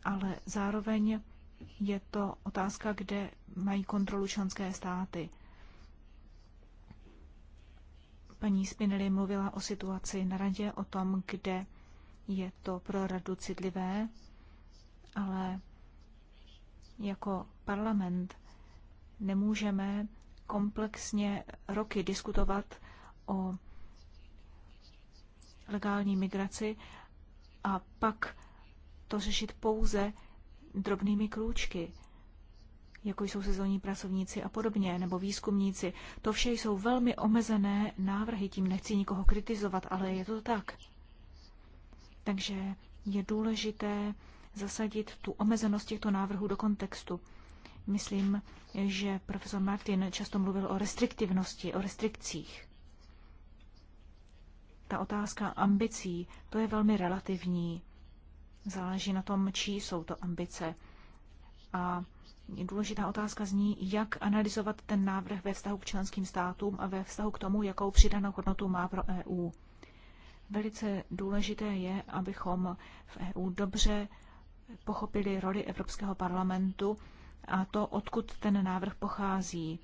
Ale zároveň je to otázka, kde mají kontrolu členské státy. Paní Spinelli mluvila o situaci na radě, o tom, kde je to pro radu citlivé, ale jako parlament nemůžeme komplexně roky diskutovat o legální migraci a pak to řešit pouze drobnými krůčky, jako jsou sezónní pracovníci a podobně, nebo výzkumníci. To vše jsou velmi omezené návrhy, tím nechci nikoho kritizovat, ale je to tak. Takže je důležité zasadit tu omezenost těchto návrhů do kontextu. Myslím, že profesor Martin často mluvil o restriktivnosti, o restrikcích. Ta otázka ambicí, to je velmi relativní. Záleží na tom, čí jsou to ambice. A důležitá otázka zní, jak analyzovat ten návrh ve vztahu k členským státům a ve vztahu k tomu, jakou přidanou hodnotu má pro EU. Velice důležité je, abychom v EU dobře pochopili roli Evropského parlamentu a to, odkud ten návrh pochází.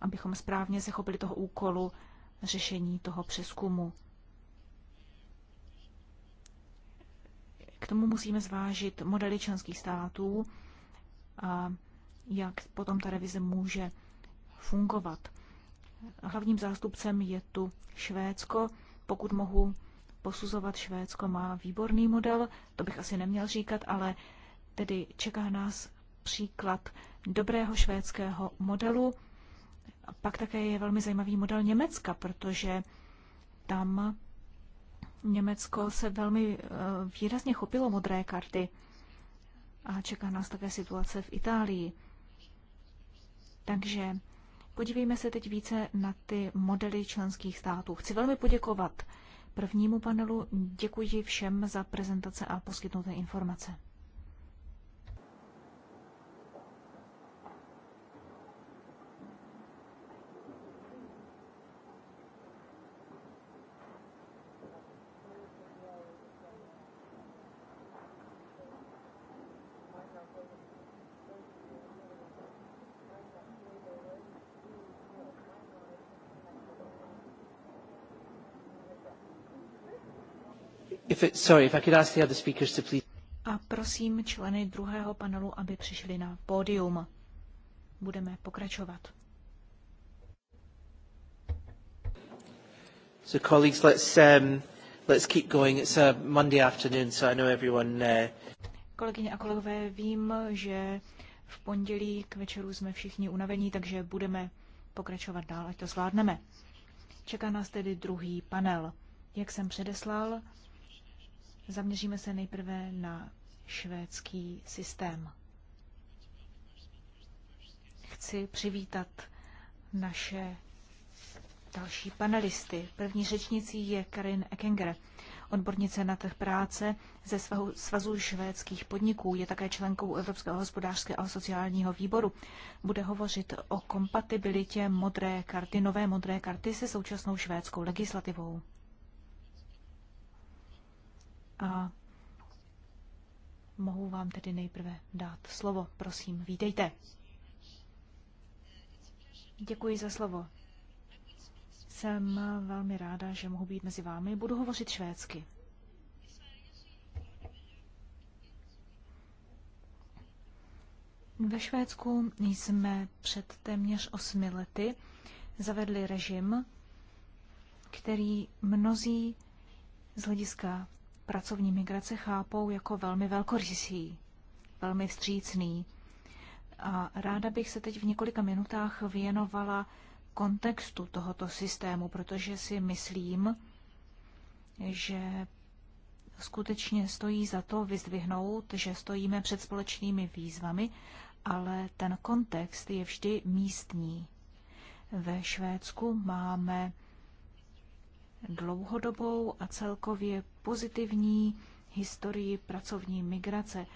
Abychom správně se chopili toho úkolu řešení toho přeskumu. K tomu musíme zvážit modely členských států a jak potom ta revize může fungovat. Hlavním zástupcem je tu Švédsko. Pokud mohu posuzovat Švédsko má výborný model, to bych asi neměl říkat, ale tedy čeká nás příklad dobrého švédského modelu. A pak také je velmi zajímavý model Německa, protože tam Německo se velmi eh, výrazně chopilo modré karty a čeká nás také situace v Itálii. Takže podívejme se teď více na ty modely členských států. Chci velmi poděkovat prvnímu panelu. Děkuji všem za prezentace a poskytnuté informace. A prosím členy druhého panelu, aby přišli na pódium. Budeme pokračovat. So colleagues, let's, um, let's keep going. It's a Monday afternoon, so I know everyone... Uh... Kolegyně a kolegové, vím, že v pondělí k večeru jsme všichni unavení, takže budeme pokračovat dál, ať to zvládneme. Čeká nás tedy druhý panel. Jak jsem předeslal, Zaměříme se nejprve na švédský systém. Chci přivítat naše další panelisty. První řečnicí je Karin Ekenger, odbornice na trh práce ze Svazu švédských podniků. Je také členkou Evropského hospodářského a sociálního výboru. Bude hovořit o kompatibilitě modré karty, nové modré karty se současnou švédskou legislativou. A mohu vám tedy nejprve dát slovo. Prosím, vítejte. Děkuji za slovo. Jsem velmi ráda, že mohu být mezi vámi. Budu hovořit švédsky. Ve Švédsku jsme před téměř osmi lety zavedli režim, který mnozí z hlediska pracovní migrace chápou jako velmi velkorysý, velmi vstřícný. A ráda bych se teď v několika minutách věnovala kontextu tohoto systému, protože si myslím, že skutečně stojí za to vyzdvihnout, že stojíme před společnými výzvami, ale ten kontext je vždy místní. Ve Švédsku máme dlouhodobou a celkově pozitivní historii pracovní migrace.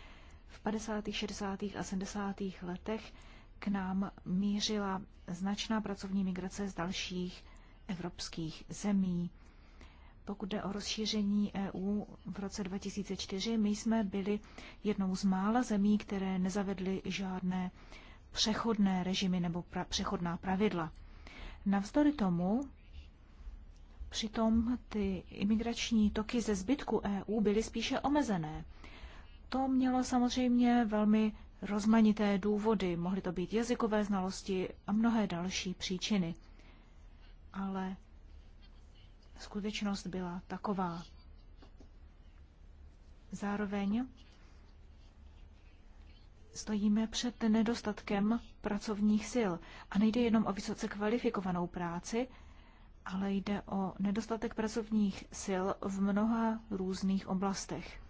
V 50., 60. a 70. letech k nám mířila značná pracovní migrace z dalších evropských zemí. Pokud jde o rozšíření EU v roce 2004, my jsme byli jednou z mála zemí, které nezavedly žádné přechodné režimy nebo pra- přechodná pravidla. Navzdory tomu Přitom ty imigrační toky ze zbytku EU byly spíše omezené. To mělo samozřejmě velmi rozmanité důvody, mohly to být jazykové znalosti a mnohé další příčiny. Ale skutečnost byla taková. Zároveň stojíme před nedostatkem pracovních sil a nejde jenom o vysoce kvalifikovanou práci, ale jde o nedostatek pracovních sil v mnoha různých oblastech.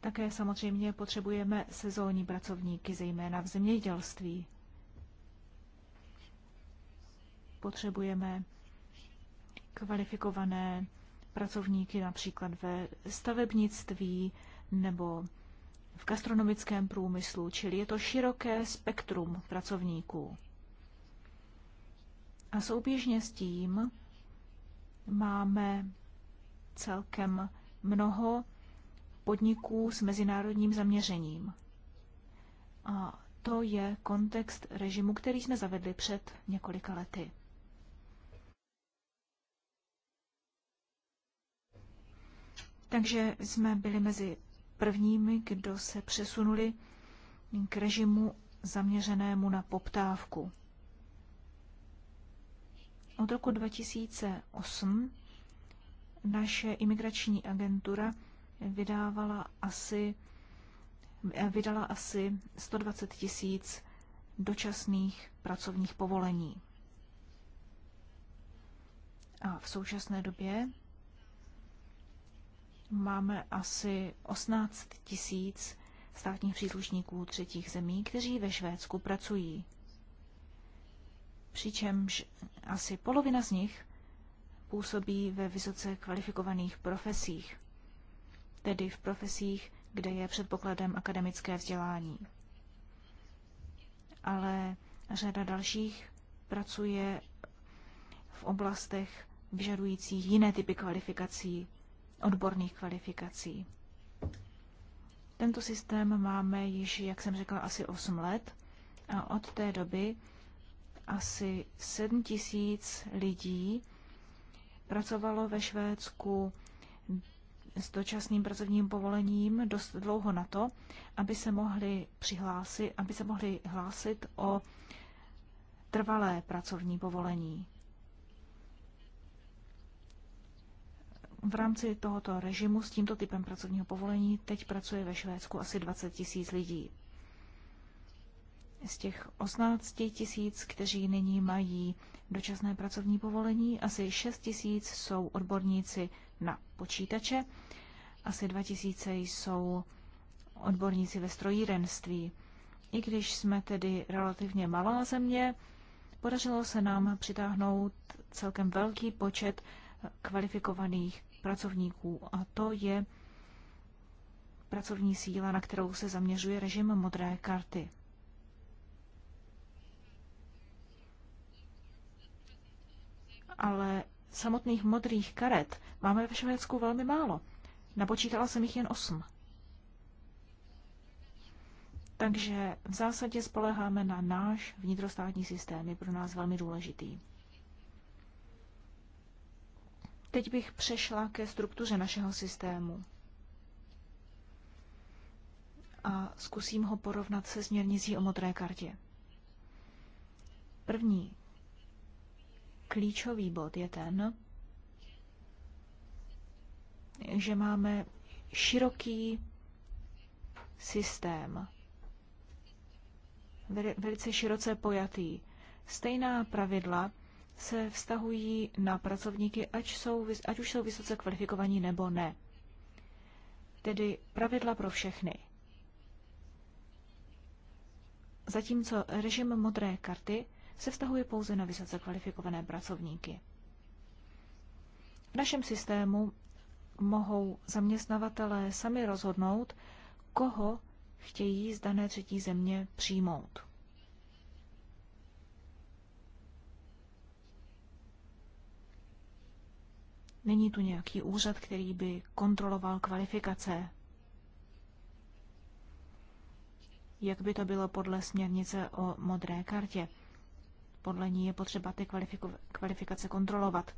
Také samozřejmě potřebujeme sezónní pracovníky, zejména v zemědělství. Potřebujeme kvalifikované pracovníky například ve stavebnictví nebo v gastronomickém průmyslu, čili je to široké spektrum pracovníků. A souběžně s tím máme celkem mnoho podniků s mezinárodním zaměřením. A to je kontext režimu, který jsme zavedli před několika lety. Takže jsme byli mezi prvními, kdo se přesunuli k režimu zaměřenému na poptávku. Od roku 2008 naše imigrační agentura vydávala asi, eh, vydala asi 120 tisíc dočasných pracovních povolení. A v současné době máme asi 18 tisíc státních příslušníků třetích zemí, kteří ve Švédsku pracují přičemž asi polovina z nich působí ve vysoce kvalifikovaných profesích, tedy v profesích, kde je předpokladem akademické vzdělání. Ale řada dalších pracuje v oblastech vyžadujících jiné typy kvalifikací, odborných kvalifikací. Tento systém máme již, jak jsem řekla, asi 8 let a od té doby asi 7 tisíc lidí pracovalo ve Švédsku s dočasným pracovním povolením dost dlouho na to, aby se mohli přihlásit, aby se mohli hlásit o trvalé pracovní povolení. V rámci tohoto režimu s tímto typem pracovního povolení teď pracuje ve Švédsku asi 20 tisíc lidí. Z těch 18 tisíc, kteří nyní mají dočasné pracovní povolení, asi 6 tisíc jsou odborníci na počítače, asi 2 tisíce jsou odborníci ve strojírenství. I když jsme tedy relativně malá země, podařilo se nám přitáhnout celkem velký počet kvalifikovaných pracovníků a to je pracovní síla, na kterou se zaměřuje režim modré karty. ale samotných modrých karet máme ve Švédsku velmi málo. Napočítala jsem jich jen osm. Takže v zásadě spoleháme na náš vnitrostátní systém, je pro nás velmi důležitý. Teď bych přešla ke struktuře našeho systému a zkusím ho porovnat se směrnicí o modré kartě. První klíčový bod je ten, že máme široký systém, velice široce pojatý. Stejná pravidla se vztahují na pracovníky, ať, jsou, ať už jsou vysoce kvalifikovaní nebo ne. Tedy pravidla pro všechny. Zatímco režim modré karty se vztahuje pouze na vysoce kvalifikované pracovníky. V našem systému mohou zaměstnavatelé sami rozhodnout, koho chtějí z dané třetí země přijmout. Není tu nějaký úřad, který by kontroloval kvalifikace. Jak by to bylo podle směrnice o modré kartě? podle ní je potřeba ty kvalifikace kontrolovat.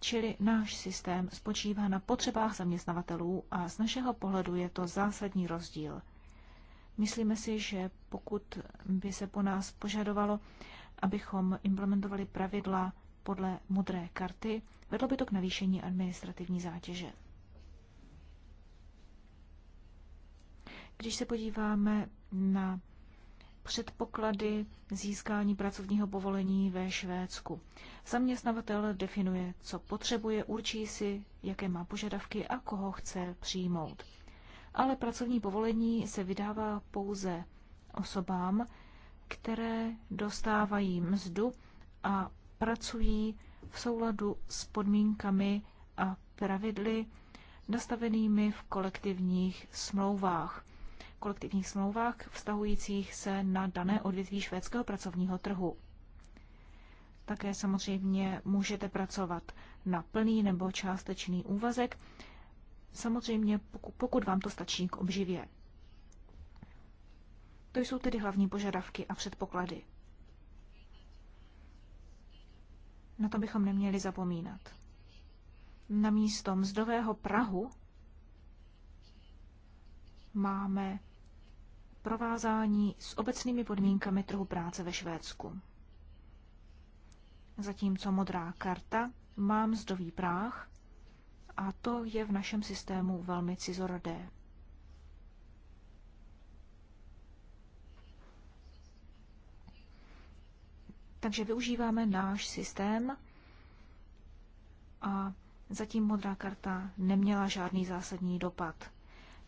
Čili náš systém spočívá na potřebách zaměstnavatelů a z našeho pohledu je to zásadní rozdíl. Myslíme si, že pokud by se po nás požadovalo, abychom implementovali pravidla podle modré karty, vedlo by to k navýšení administrativní zátěže. Když se podíváme na předpoklady získání pracovního povolení ve Švédsku. Zaměstnavatel definuje, co potřebuje, určí si, jaké má požadavky a koho chce přijmout. Ale pracovní povolení se vydává pouze osobám, které dostávají mzdu a pracují v souladu s podmínkami a pravidly nastavenými v kolektivních smlouvách kolektivních smlouvách vztahujících se na dané odvětví švédského pracovního trhu. Také samozřejmě můžete pracovat na plný nebo částečný úvazek, samozřejmě pokud vám to stačí k obživě. To jsou tedy hlavní požadavky a předpoklady. Na to bychom neměli zapomínat. Na místo mzdového Prahu máme provázání s obecnými podmínkami trhu práce ve Švédsku. Zatímco modrá karta má mzdový práh a to je v našem systému velmi cizorodé. Takže využíváme náš systém a zatím modrá karta neměla žádný zásadní dopad.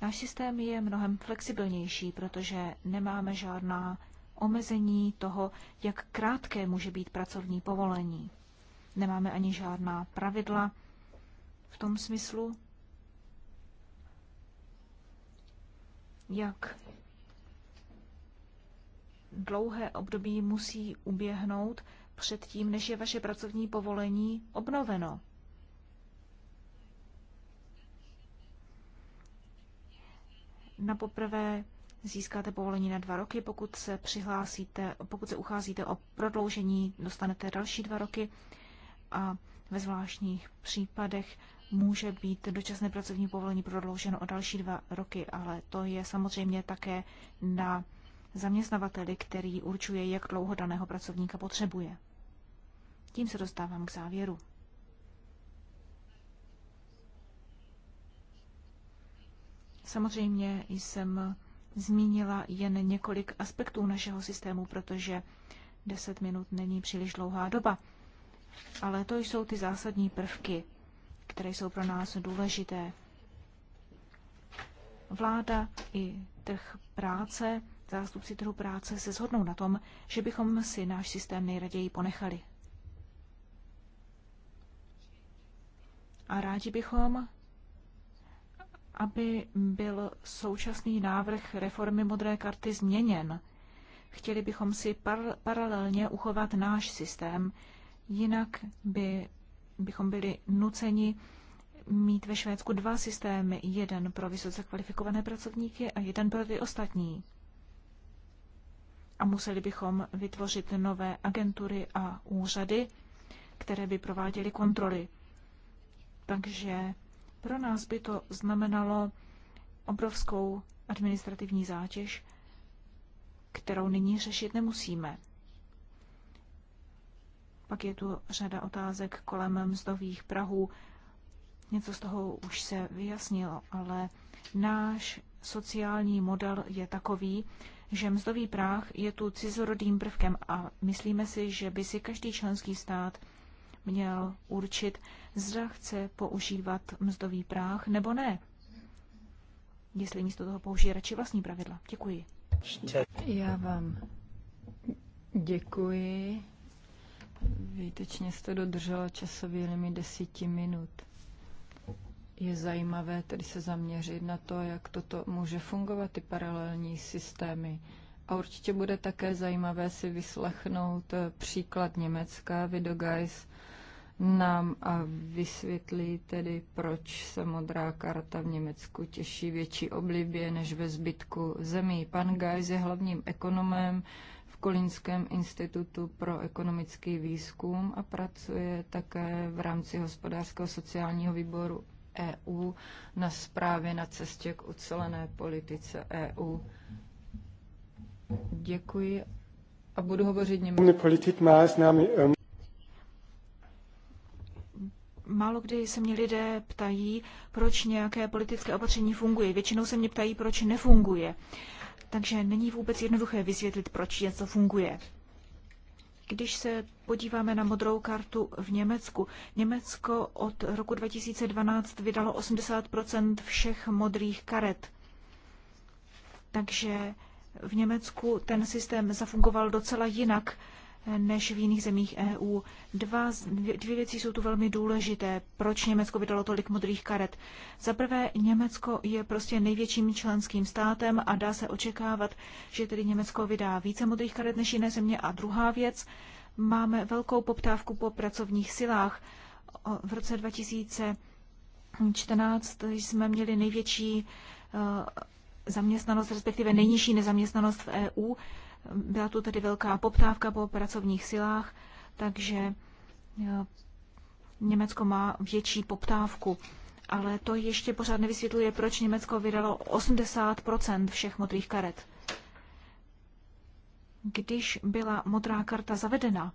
Náš systém je mnohem flexibilnější, protože nemáme žádná omezení toho, jak krátké může být pracovní povolení. Nemáme ani žádná pravidla v tom smyslu, jak dlouhé období musí uběhnout předtím, než je vaše pracovní povolení obnoveno. Na poprvé získáte povolení na dva roky, pokud se přihlásíte, pokud se ucházíte o prodloužení, dostanete další dva roky a ve zvláštních případech může být dočasné pracovní povolení prodlouženo o další dva roky, ale to je samozřejmě také na zaměstnavateli, který určuje, jak dlouho daného pracovníka potřebuje. Tím se dostávám k závěru. Samozřejmě jsem zmínila jen několik aspektů našeho systému, protože 10 minut není příliš dlouhá doba. Ale to jsou ty zásadní prvky, které jsou pro nás důležité. Vláda i trh práce, zástupci trhu práce se shodnou na tom, že bychom si náš systém nejraději ponechali. A rádi bychom, aby byl současný návrh reformy modré karty změněn. Chtěli bychom si par- paralelně uchovat náš systém, jinak by, bychom byli nuceni mít ve Švédsku dva systémy, jeden pro vysoce kvalifikované pracovníky a jeden pro ty ostatní. A museli bychom vytvořit nové agentury a úřady, které by prováděly kontroly. Takže pro nás by to znamenalo obrovskou administrativní zátěž, kterou nyní řešit nemusíme. Pak je tu řada otázek kolem mzdových prahů. Něco z toho už se vyjasnilo, ale náš sociální model je takový, že mzdový práh je tu cizorodým prvkem a myslíme si, že by si každý členský stát měl určit, zda chce používat mzdový práh nebo ne. Jestli místo toho použije radši vlastní pravidla. Děkuji. Já vám děkuji. Výtečně jste dodržela časový limit desíti minut. Je zajímavé tedy se zaměřit na to, jak toto může fungovat, ty paralelní systémy. A určitě bude také zajímavé si vyslechnout příklad Německa, Videoguys, nám a vysvětlí tedy, proč se modrá karta v Německu těší větší oblibě než ve zbytku zemí. Pan Geis je hlavním ekonomem v Kolínském institutu pro ekonomický výzkum a pracuje také v rámci hospodářského sociálního výboru EU na zprávě na cestě k ucelené politice EU. Děkuji a budu hovořit německy. Um, Málo kdy se mě lidé ptají, proč nějaké politické opatření funguje. Většinou se mě ptají, proč nefunguje. Takže není vůbec jednoduché vysvětlit, proč něco funguje. Když se podíváme na modrou kartu v Německu, Německo od roku 2012 vydalo 80 všech modrých karet. Takže v Německu ten systém zafungoval docela jinak než v jiných zemích EU. Dva, dvě věci jsou tu velmi důležité. Proč Německo vydalo tolik modrých karet? Za prvé, Německo je prostě největším členským státem a dá se očekávat, že tedy Německo vydá více modrých karet než jiné země. A druhá věc, máme velkou poptávku po pracovních silách. V roce 2014 jsme měli největší eh, zaměstnanost, respektive nejnižší nezaměstnanost v EU byla tu tedy velká poptávka po pracovních silách, takže eh, Německo má větší poptávku. Ale to ještě pořád nevysvětluje, proč Německo vydalo 80 všech modrých karet. Když byla modrá karta zavedena,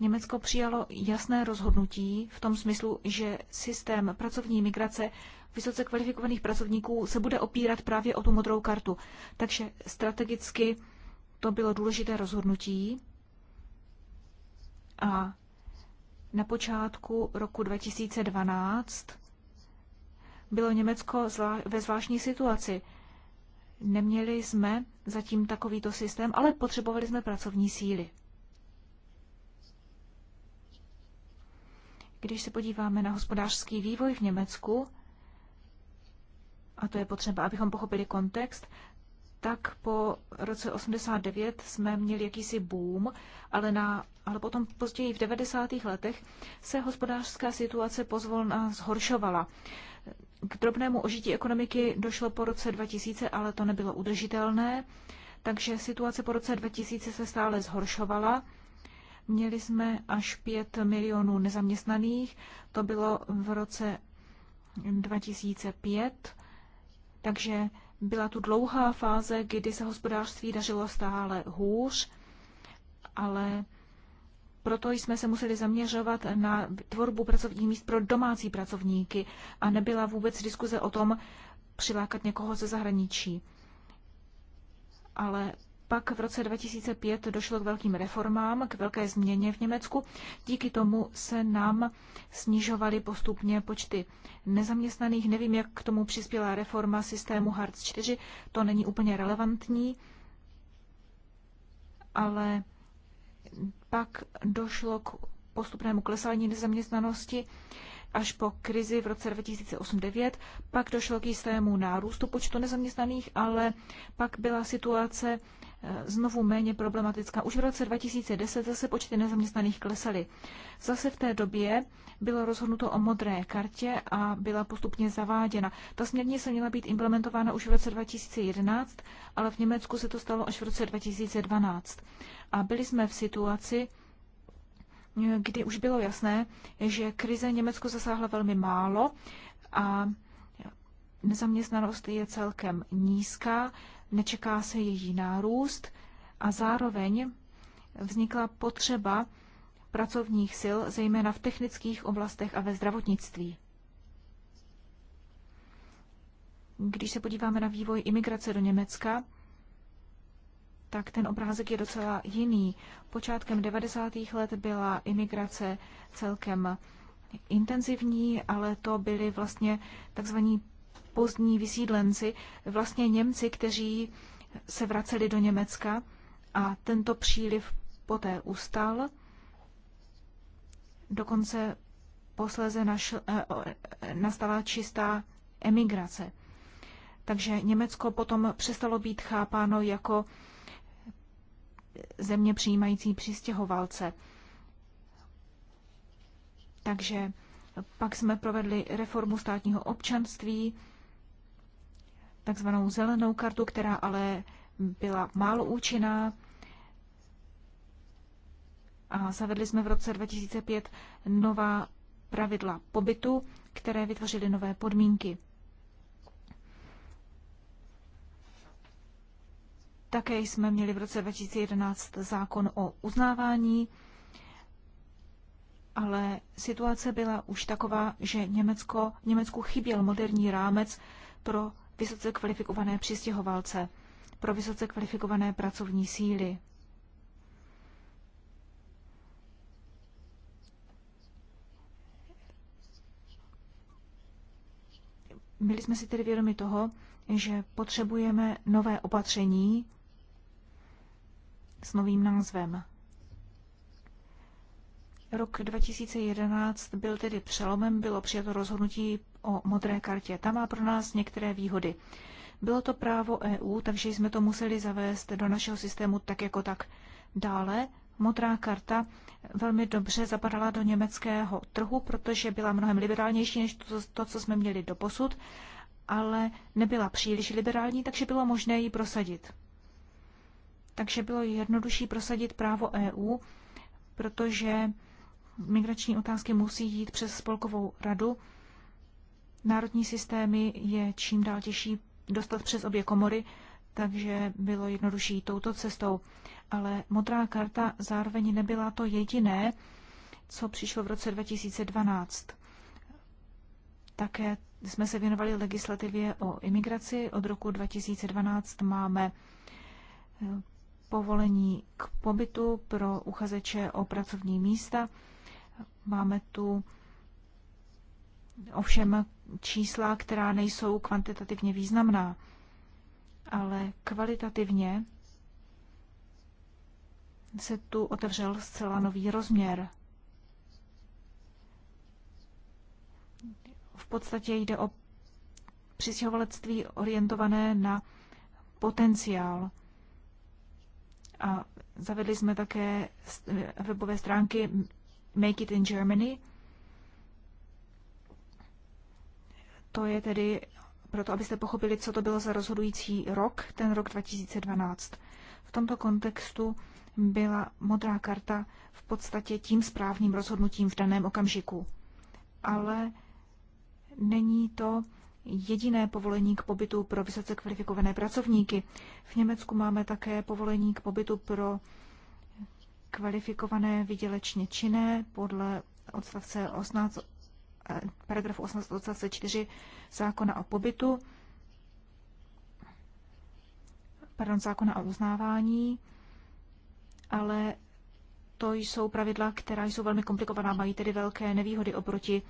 Německo přijalo jasné rozhodnutí v tom smyslu, že systém pracovní migrace vysoce kvalifikovaných pracovníků se bude opírat právě o tu modrou kartu. Takže strategicky to bylo důležité rozhodnutí a na počátku roku 2012 bylo Německo ve zvláštní situaci. Neměli jsme zatím takovýto systém, ale potřebovali jsme pracovní síly. Když se podíváme na hospodářský vývoj v Německu, a to je potřeba, abychom pochopili kontext, tak po roce 89 jsme měli jakýsi boom, ale, na, ale potom později v 90. letech se hospodářská situace pozvolna zhoršovala. K drobnému ožití ekonomiky došlo po roce 2000, ale to nebylo udržitelné, takže situace po roce 2000 se stále zhoršovala Měli jsme až 5 milionů nezaměstnaných, to bylo v roce 2005, takže byla tu dlouhá fáze, kdy se hospodářství dařilo stále hůř, ale proto jsme se museli zaměřovat na tvorbu pracovních míst pro domácí pracovníky a nebyla vůbec diskuze o tom přilákat někoho ze zahraničí. Ale pak v roce 2005 došlo k velkým reformám, k velké změně v Německu. Díky tomu se nám snižovaly postupně počty nezaměstnaných. Nevím, jak k tomu přispěla reforma systému Hartz 4, to není úplně relevantní, ale pak došlo k postupnému klesání nezaměstnanosti až po krizi v roce 2008-2009. Pak došlo k jistému nárůstu počtu nezaměstnaných, ale pak byla situace znovu méně problematická. Už v roce 2010 zase počty nezaměstnaných klesaly. Zase v té době bylo rozhodnuto o modré kartě a byla postupně zaváděna. Ta směrnice měla být implementována už v roce 2011, ale v Německu se to stalo až v roce 2012. A byli jsme v situaci, kdy už bylo jasné, že krize Německo zasáhla velmi málo a nezaměstnanost je celkem nízká nečeká se její nárůst a zároveň vznikla potřeba pracovních sil, zejména v technických oblastech a ve zdravotnictví. Když se podíváme na vývoj imigrace do Německa, tak ten obrázek je docela jiný. Počátkem 90. let byla imigrace celkem intenzivní, ale to byli vlastně takzvaní pozdní vysídlenci, vlastně Němci, kteří se vraceli do Německa a tento příliv poté ustal. Dokonce posléze našl, eh, eh, nastala čistá emigrace. Takže Německo potom přestalo být chápáno jako země přijímající přistěhovalce. Takže pak jsme provedli reformu státního občanství, takzvanou zelenou kartu, která ale byla málo účinná. A zavedli jsme v roce 2005 nová pravidla pobytu, které vytvořily nové podmínky. Také jsme měli v roce 2011 zákon o uznávání, ale situace byla už taková, že Německo, Německu chyběl moderní rámec pro vysoce kvalifikované přistěhovalce, pro vysoce kvalifikované pracovní síly. Byli jsme si tedy vědomi toho, že potřebujeme nové opatření s novým názvem. Rok 2011 byl tedy přelomem, bylo přijato rozhodnutí o modré kartě. Ta má pro nás některé výhody. Bylo to právo EU, takže jsme to museli zavést do našeho systému tak jako tak. Dále modrá karta velmi dobře zapadala do německého trhu, protože byla mnohem liberálnější než to, to co jsme měli do posud, ale nebyla příliš liberální, takže bylo možné ji prosadit. Takže bylo jednodušší prosadit právo EU, protože migrační otázky musí jít přes spolkovou radu. Národní systémy je čím dál těžší dostat přes obě komory, takže bylo jednodušší touto cestou. Ale modrá karta zároveň nebyla to jediné, co přišlo v roce 2012. Také jsme se věnovali legislativě o imigraci. Od roku 2012 máme eh, povolení k pobytu pro uchazeče o pracovní místa. Máme tu ovšem čísla, která nejsou kvantitativně významná, ale kvalitativně se tu otevřel zcela nový rozměr. V podstatě jde o přistěhovalectví orientované na potenciál. A zavedli jsme také webové stránky Make it in Germany. To je tedy proto, abyste pochopili, co to bylo za rozhodující rok, ten rok 2012. V tomto kontextu byla modrá karta v podstatě tím správným rozhodnutím v daném okamžiku. Ale není to jediné povolení k pobytu pro vysoce kvalifikované pracovníky. V Německu máme také povolení k pobytu pro kvalifikované vydělečně činné podle odstavce 18, eh, paragrafu 18 odstavce 4 zákona o pobytu, pardon, zákona o uznávání, ale to jsou pravidla, která jsou velmi komplikovaná, mají tedy velké nevýhody oproti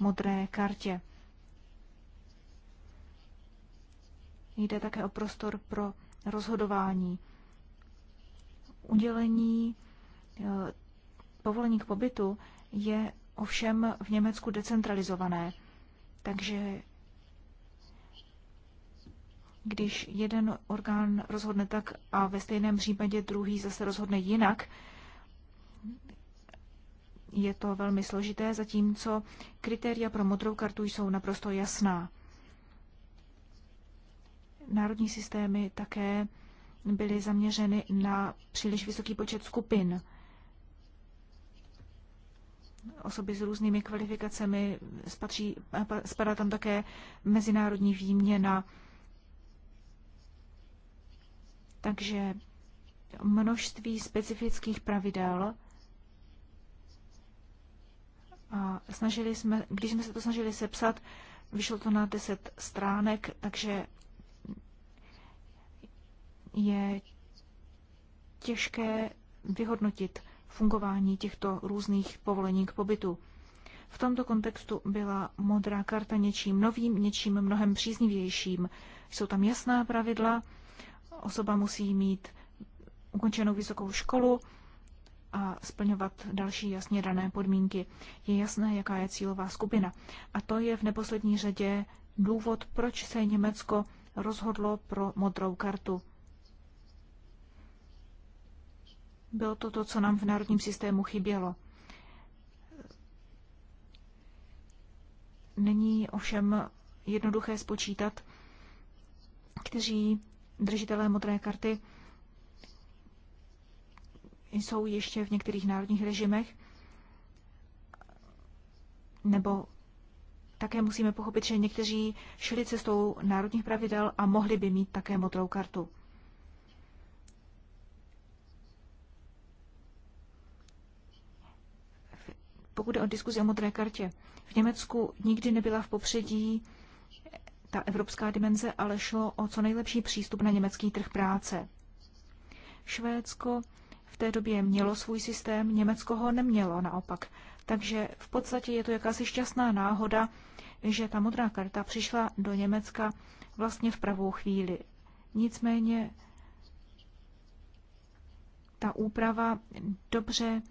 modré kartě. Jde také o prostor pro rozhodování. Udělení Eh, povolení k pobytu je ovšem v Německu decentralizované, takže když jeden orgán rozhodne tak a ve stejném případě druhý zase rozhodne jinak, je to velmi složité, zatímco kritéria pro modrou kartu jsou naprosto jasná. Národní systémy také byly zaměřeny na příliš vysoký počet skupin osoby s různými kvalifikacemi, spatří, spadá tam také mezinárodní výměna. Takže množství specifických pravidel. A snažili jsme, když jsme se to snažili sepsat, vyšlo to na 10 stránek, takže je těžké vyhodnotit fungování těchto různých povolení k pobytu. V tomto kontextu byla modrá karta něčím novým, něčím mnohem příznivějším. Jsou tam jasná pravidla, osoba musí mít ukončenou vysokou školu a splňovat další jasně dané podmínky. Je jasné, jaká je cílová skupina. A to je v neposlední řadě důvod, proč se Německo rozhodlo pro modrou kartu. Bylo to to, co nám v národním systému chybělo. Není ovšem jednoduché spočítat, kteří držitelé modré karty jsou ještě v některých národních režimech, nebo také musíme pochopit, že někteří šli cestou národních pravidel a mohli by mít také modrou kartu. Pokud jde o diskuzi o modré kartě, v Německu nikdy nebyla v popředí ta evropská dimenze, ale šlo o co nejlepší přístup na německý trh práce. Švédsko v té době mělo svůj systém, Německo ho nemělo naopak. Takže v podstatě je to jakási šťastná náhoda, že ta modrá karta přišla do Německa vlastně v pravou chvíli. Nicméně ta úprava dobře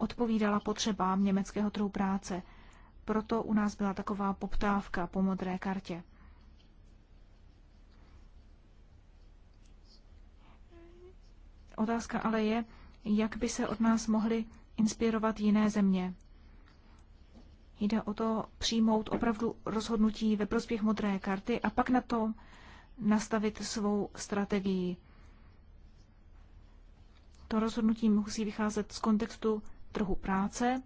odpovídala potřebám německého trhu práce. Proto u nás byla taková poptávka po modré kartě. Otázka ale je, jak by se od nás mohly inspirovat jiné země. Jde o to přijmout opravdu rozhodnutí ve prospěch modré karty a pak na to nastavit svou strategii. To rozhodnutí musí vycházet z kontextu trhu práce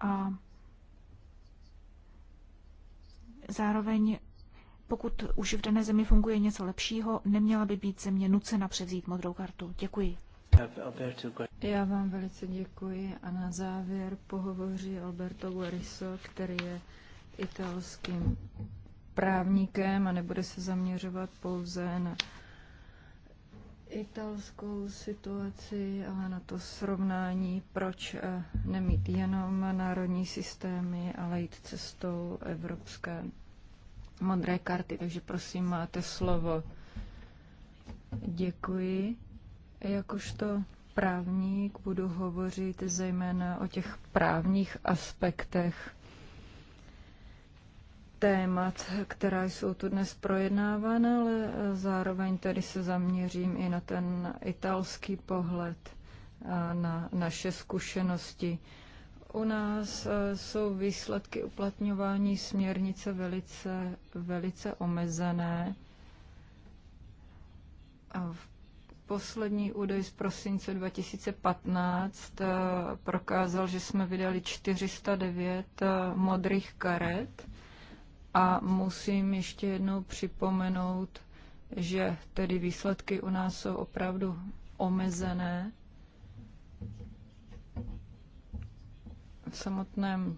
a zároveň pokud už v dané zemi funguje něco lepšího, neměla by být země nucena převzít modrou kartu. Děkuji. Já vám velice děkuji a na závěr pohovoří Alberto Guariso, který je italským právníkem a nebude se zaměřovat pouze na italskou situaci, ale na to srovnání, proč eh, nemít jenom národní systémy, ale jít cestou evropské modré karty. Takže prosím, máte slovo. Děkuji. Jakožto právník budu hovořit zejména o těch právních aspektech témat, která jsou tu dnes projednávána, ale zároveň tady se zaměřím i na ten italský pohled, na naše zkušenosti. U nás e, jsou výsledky uplatňování směrnice velice, velice omezené. A v poslední údaj z prosince 2015 e, prokázal, že jsme vydali 409 e, modrých karet a musím ještě jednou připomenout, že tedy výsledky u nás jsou opravdu omezené. V samotném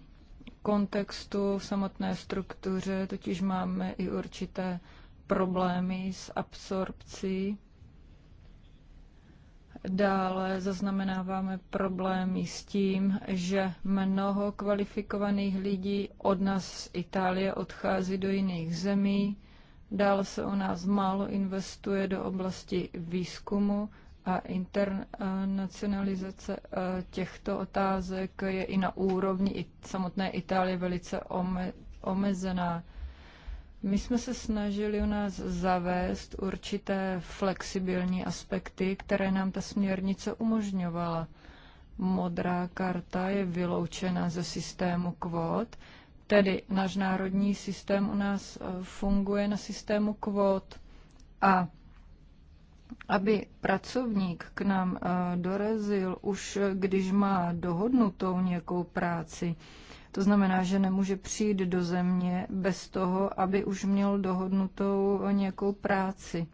kontextu, v samotné struktuře totiž máme i určité problémy s absorpcí Dále zaznamenáváme problémy s tím, že mnoho kvalifikovaných lidí od nás z Itálie odchází do jiných zemí. Dále se o nás málo investuje do oblasti výzkumu a internacionalizace eh, těchto otázek je i na úrovni samotné Itálie velice omezená. My jsme se snažili u nás zavést určité flexibilní aspekty, které nám ta směrnice umožňovala. Modrá karta je vyloučena ze systému kvót, tedy náš národní systém u nás e, funguje na systému kvót a aby pracovník k nám e, dorazil už, e, když má dohodnutou nějakou práci, to znamená, že nemůže přijít do země bez toho, aby už měl dohodnutou nějakou práci.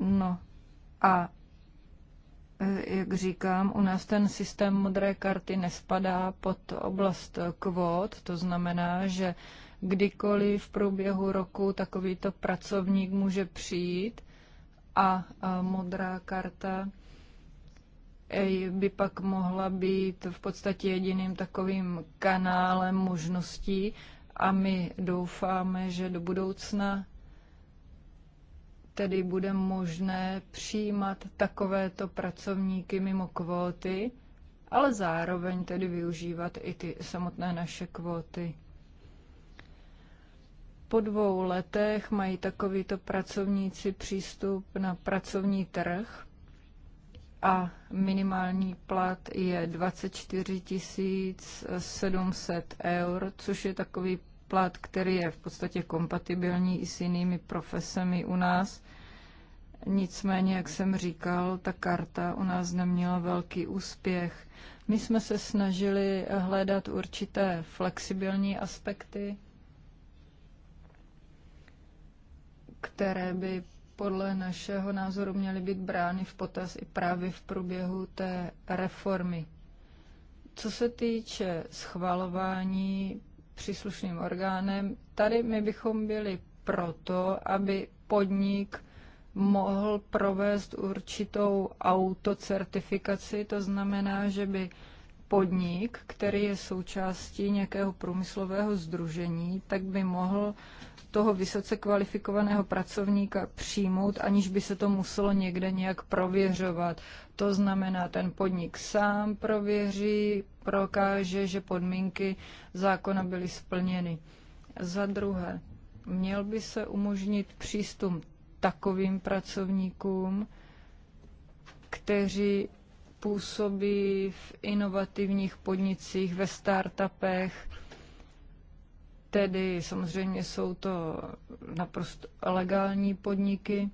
No a eh, jak říkám, u nás ten systém modré karty nespadá pod oblast kvót, to znamená, že kdykoliv v průběhu roku takovýto pracovník může přijít a eh, modrá karta by pak mohla být v podstatě jediným takovým kanálem možností a my doufáme, že do budoucna tedy bude možné přijímat takovéto pracovníky mimo kvóty, ale zároveň tedy využívat i ty samotné naše kvóty. Po dvou letech mají takovýto pracovníci přístup na pracovní trh a minimální plat je 24 700 eur, což je takový plat, který je v podstatě kompatibilní i s jinými profesemi u nás. Nicméně, jak jsem říkal, ta karta u nás neměla velký úspěch. My jsme se snažili hledat určité flexibilní aspekty, které by podle našeho názoru měly být brány v potaz i právě v průběhu té reformy. Co se týče schvalování příslušným orgánem, tady my bychom byli proto, aby podnik mohl provést určitou autocertifikaci, to znamená, že by podnik, který je součástí nějakého průmyslového združení, tak by mohl toho vysoce kvalifikovaného pracovníka přijmout, aniž by se to muselo někde nějak prověřovat. To znamená, ten podnik sám prověří, prokáže, že podmínky zákona byly splněny. Za druhé, měl by se umožnit přístup takovým pracovníkům, kteří působí v inovativních podnicích, ve startupech, Tedy samozřejmě jsou to naprosto legální podniky,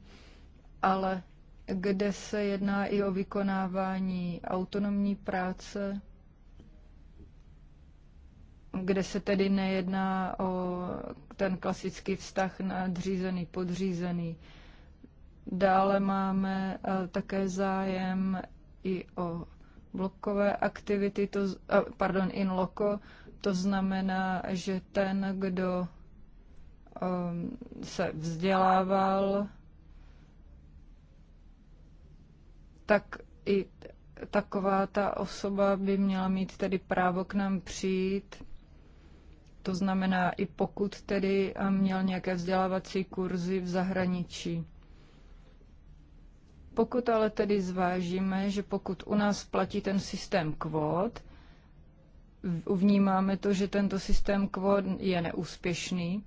ale kde se jedná i o vykonávání autonomní práce, kde se tedy nejedná o ten klasický vztah nadřízený, podřízený. Dále máme eh, také zájem i o blokové aktivity, to, eh, pardon, in loco, to znamená, že ten, kdo um, se vzdělával, tak i taková ta osoba by měla mít tedy právo k nám přijít. To znamená, i pokud tedy měl nějaké vzdělávací kurzy v zahraničí. Pokud ale tedy zvážíme, že pokud u nás platí ten systém kvót, vnímáme to, že tento systém kvót je neúspěšný.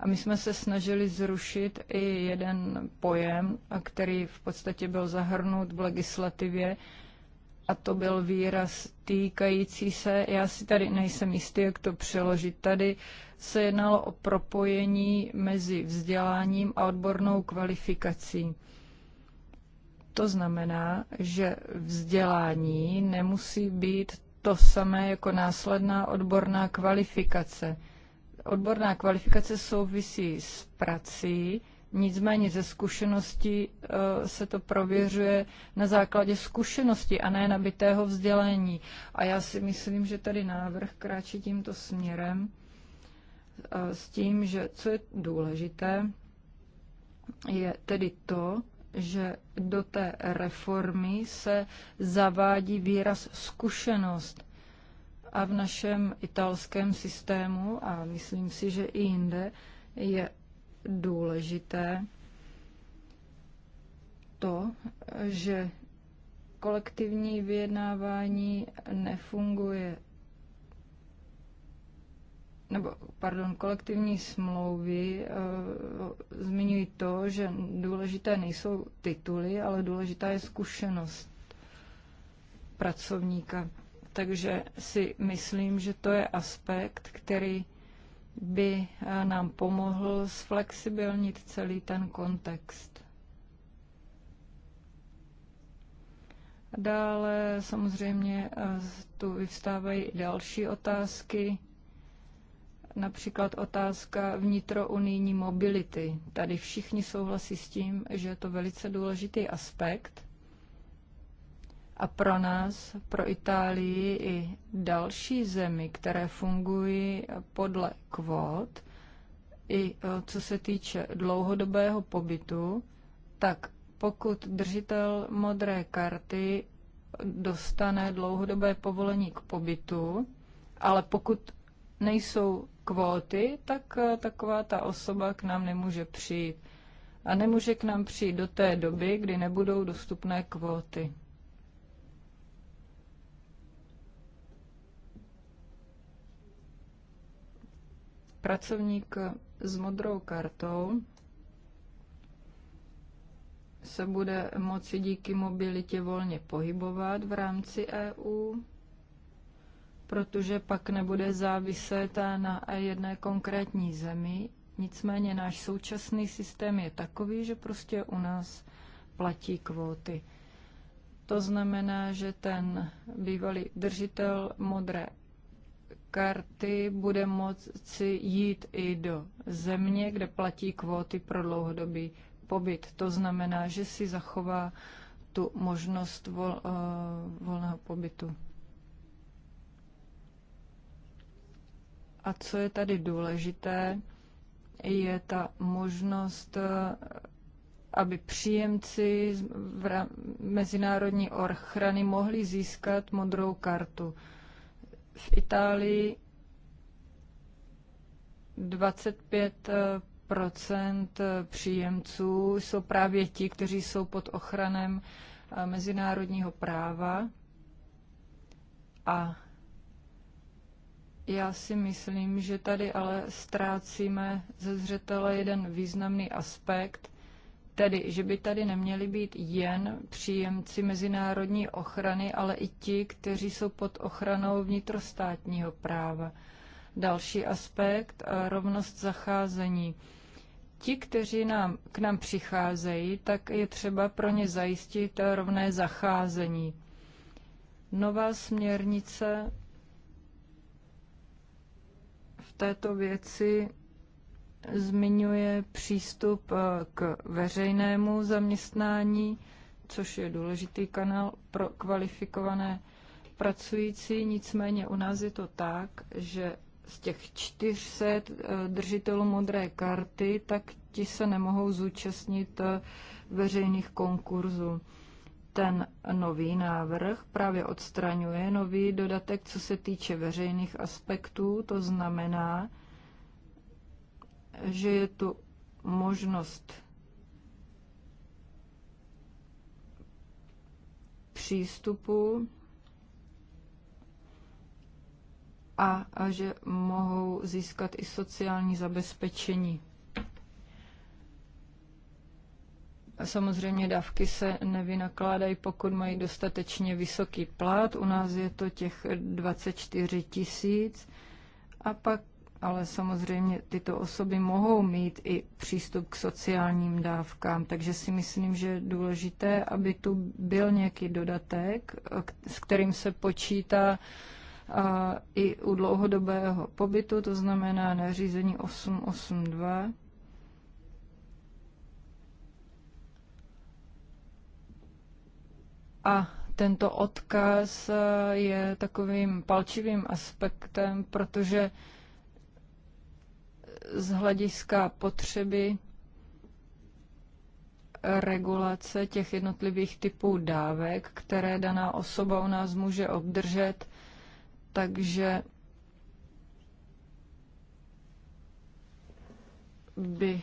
A my jsme se snažili zrušit i jeden pojem, který v podstatě byl zahrnut v legislativě, a to byl výraz týkající se, já si tady nejsem jistý, jak to přeložit, tady se jednalo o propojení mezi vzděláním a odbornou kvalifikací. To znamená, že vzdělání nemusí být to samé jako následná odborná kvalifikace. Odborná kvalifikace souvisí s prací, nicméně ze zkušeností e, se to prověřuje na základě zkušenosti a ne nabitého vzdělání. A já si myslím, že tady návrh kráčí tímto směrem e, s tím, že co je důležité, je tedy to, že do té reformy se zavádí výraz zkušenost. A v našem italském systému, a myslím si, že i jinde, je důležité to, že kolektivní vyjednávání nefunguje nebo pardon, kolektivní smlouvy e, zmiňují to, že důležité nejsou tituly, ale důležitá je zkušenost pracovníka. Takže si myslím, že to je aspekt, který by eh, nám pomohl zflexibilnit celý ten kontext. Dále samozřejmě eh, tu vyvstávají další otázky Například otázka vnitrounijní mobility. Tady všichni souhlasí s tím, že je to velice důležitý aspekt. A pro nás, pro Itálii i další zemi, které fungují podle kvót, i eh, co se týče dlouhodobého pobytu, tak pokud držitel modré karty dostane dlouhodobé povolení k pobytu, ale pokud nejsou kvóty, tak eh, taková ta osoba k nám nemůže přijít. A nemůže k nám přijít do té doby, kdy nebudou dostupné kvóty. Pracovník s modrou kartou se bude moci díky mobilitě volně pohybovat v rámci EU protože pak nebude záviset na jedné konkrétní zemi. Nicméně náš současný systém je takový, že prostě u nás platí kvóty. To znamená, že ten bývalý držitel modré karty bude moci jít i do země, kde platí kvóty pro dlouhodobý pobyt. To znamená, že si zachová tu možnost vol, uh, volného pobytu. A co je tady důležité, je ta možnost, eh, aby příjemci mezinárodní ochrany mohli získat modrou kartu. V Itálii 25 eh, příjemců jsou právě ti, kteří jsou pod ochranem eh, mezinárodního práva a já si myslím, že tady ale ztrácíme ze zřetele jeden významný aspekt, tedy, že by tady neměli být jen příjemci mezinárodní ochrany, ale i ti, kteří jsou pod ochranou vnitrostátního práva. Další aspekt, rovnost zacházení. Ti, kteří nám, k nám přicházejí, tak je třeba pro ně zajistit rovné zacházení. Nová směrnice této věci zmiňuje přístup eh, k veřejnému zaměstnání, což je důležitý kanál pro kvalifikované pracující. Nicméně u nás je to tak, že z těch 400 eh, držitelů modré karty, tak ti se nemohou zúčastnit eh, veřejných konkurzů ten nový návrh právě odstraňuje nový dodatek, co se týče veřejných aspektů. To znamená, že je tu možnost přístupu a, a že mohou získat i sociální zabezpečení. Samozřejmě dávky se nevynakládají, pokud mají dostatečně vysoký plat. U nás je to těch 24 tisíc. A pak ale samozřejmě tyto osoby mohou mít i přístup k sociálním dávkám, takže si myslím, že je důležité, aby tu byl nějaký dodatek, s kterým se počítá i u dlouhodobého pobytu, to znamená nařízení 882 A tento odkaz eh, je takovým palčivým aspektem, protože z hlediska potřeby regulace těch jednotlivých typů dávek, které daná osoba u nás může obdržet, takže by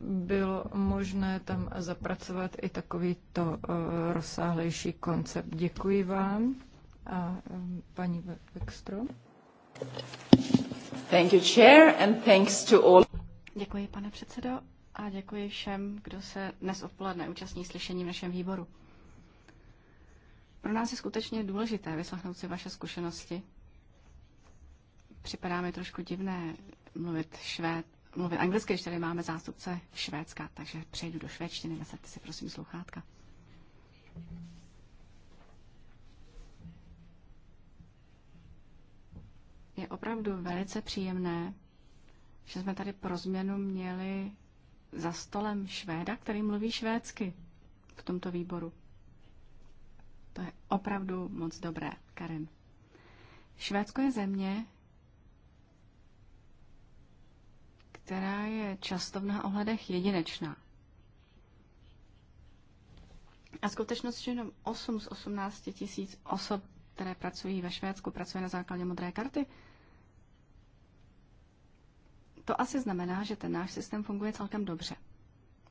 bylo možné tam zapracovat i takovýto eh, rozsáhlejší koncept. Děkuji vám a eh, paní Beckstrom. Thank you, chair, and thanks to all. Děkuji, pane předsedo, a děkuji všem, kdo se dnes odpoledne účastní slyšení v našem výboru. Pro nás je skutečně důležité vyslechnout si vaše zkušenosti. Připadá mi trošku divné mluvit švéd, mluvit anglicky, když tady máme zástupce Švédska, takže přejdu do švédštiny, nasaďte si prosím sluchátka. Je opravdu velice příjemné, že jsme tady pro změnu měli za stolem Švéda, který mluví švédsky v tomto výboru. To je opravdu moc dobré, Karen. Švédsko je země, která je často v mnoha ohledech jedinečná. A skutečnost, že jenom 8 z 18 tisíc osob, které pracují ve Švédsku, pracuje na základě modré karty, to asi znamená, že ten náš systém funguje celkem dobře.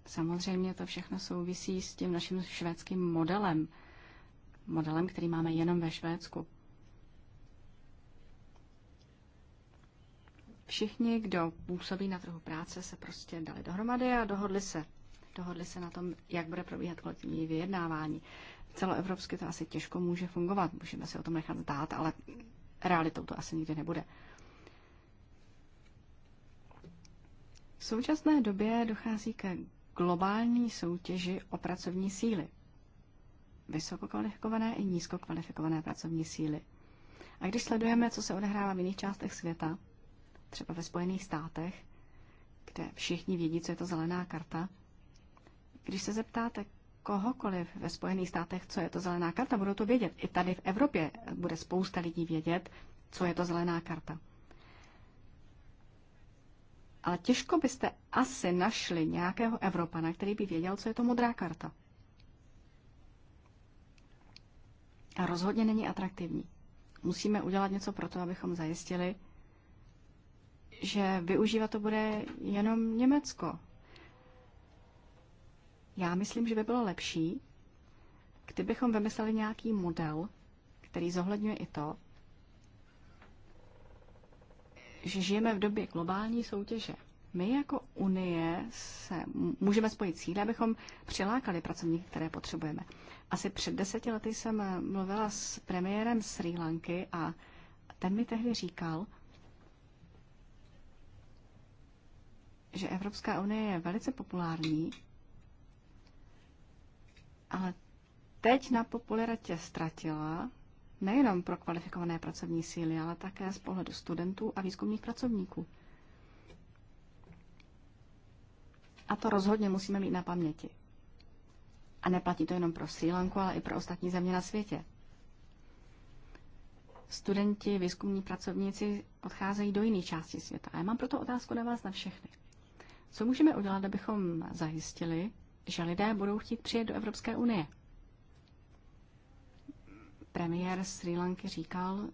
Samozřejmě to všechno souvisí s tím naším švédským modelem, modelem, který máme jenom ve Švédsku. Všichni, kdo působí na trhu práce, se prostě dali dohromady a dohodli se. Dohodli se na tom, jak bude probíhat kolektivní vyjednávání. Celoevropsky to asi těžko může fungovat, můžeme se o tom nechat zdát, ale realitou to asi nikdy nebude. V současné době dochází ke globální soutěži o pracovní síly. Vysokokvalifikované i nízkokvalifikované pracovní síly. A když sledujeme, co se odehrává v jiných částech světa, třeba ve Spojených státech, kde všichni vědí, co je to zelená karta. Když se zeptáte kohokoliv ve Spojených státech, co je to zelená karta, budou to vědět. I tady v Evropě bude spousta lidí vědět, co je to zelená karta. Ale těžko byste asi našli nějakého Evropana, který by věděl, co je to modrá karta. A rozhodně není atraktivní. Musíme udělat něco pro to, abychom zajistili, že využívat to bude jenom Německo. Já myslím, že by bylo lepší, kdybychom vymysleli nějaký model, který zohledňuje i to, že žijeme v době globální soutěže. My jako Unie se můžeme spojit cíle, abychom přilákali pracovníky, které potřebujeme. Asi před deseti lety jsem eh, mluvila s premiérem Sri Lanky a ten mi tehdy říkal, že Evropská unie je velice populární, ale teď na popularitě ztratila nejenom pro kvalifikované pracovní síly, ale také z pohledu studentů a výzkumných pracovníků. A to rozhodně musíme mít na paměti. A neplatí to jenom pro Sri Lanku, ale i pro ostatní země na světě. Studenti, výzkumní pracovníci odcházejí do jiných částí světa. A já mám proto otázku na vás na všechny. Co můžeme udělat, abychom zajistili, že lidé budou chtít přijet do Evropské unie? Premiér Sri Lanky říkal,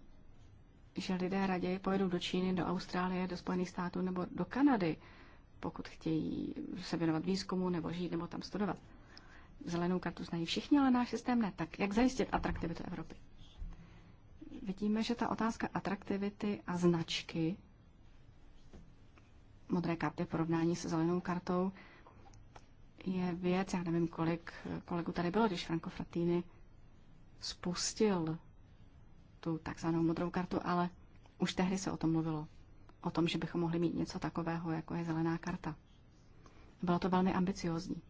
že lidé raději pojedou do Číny, do Austrálie, do Spojených států nebo do Kanady, pokud chtějí se věnovat výzkumu nebo žít nebo tam studovat. Zelenou kartu znají všichni, ale náš systém ne. Tak jak zajistit atraktivitu Evropy? Vidíme, že ta otázka atraktivity a značky modré karty v porovnání se zelenou kartou je věc, já nevím, kolik kolegu tady bylo, když Franco Frattini spustil tu takzvanou modrou kartu, ale už tehdy se o tom mluvilo. O tom, že bychom mohli mít něco takového, jako je zelená karta. Bylo to velmi ambiciozní.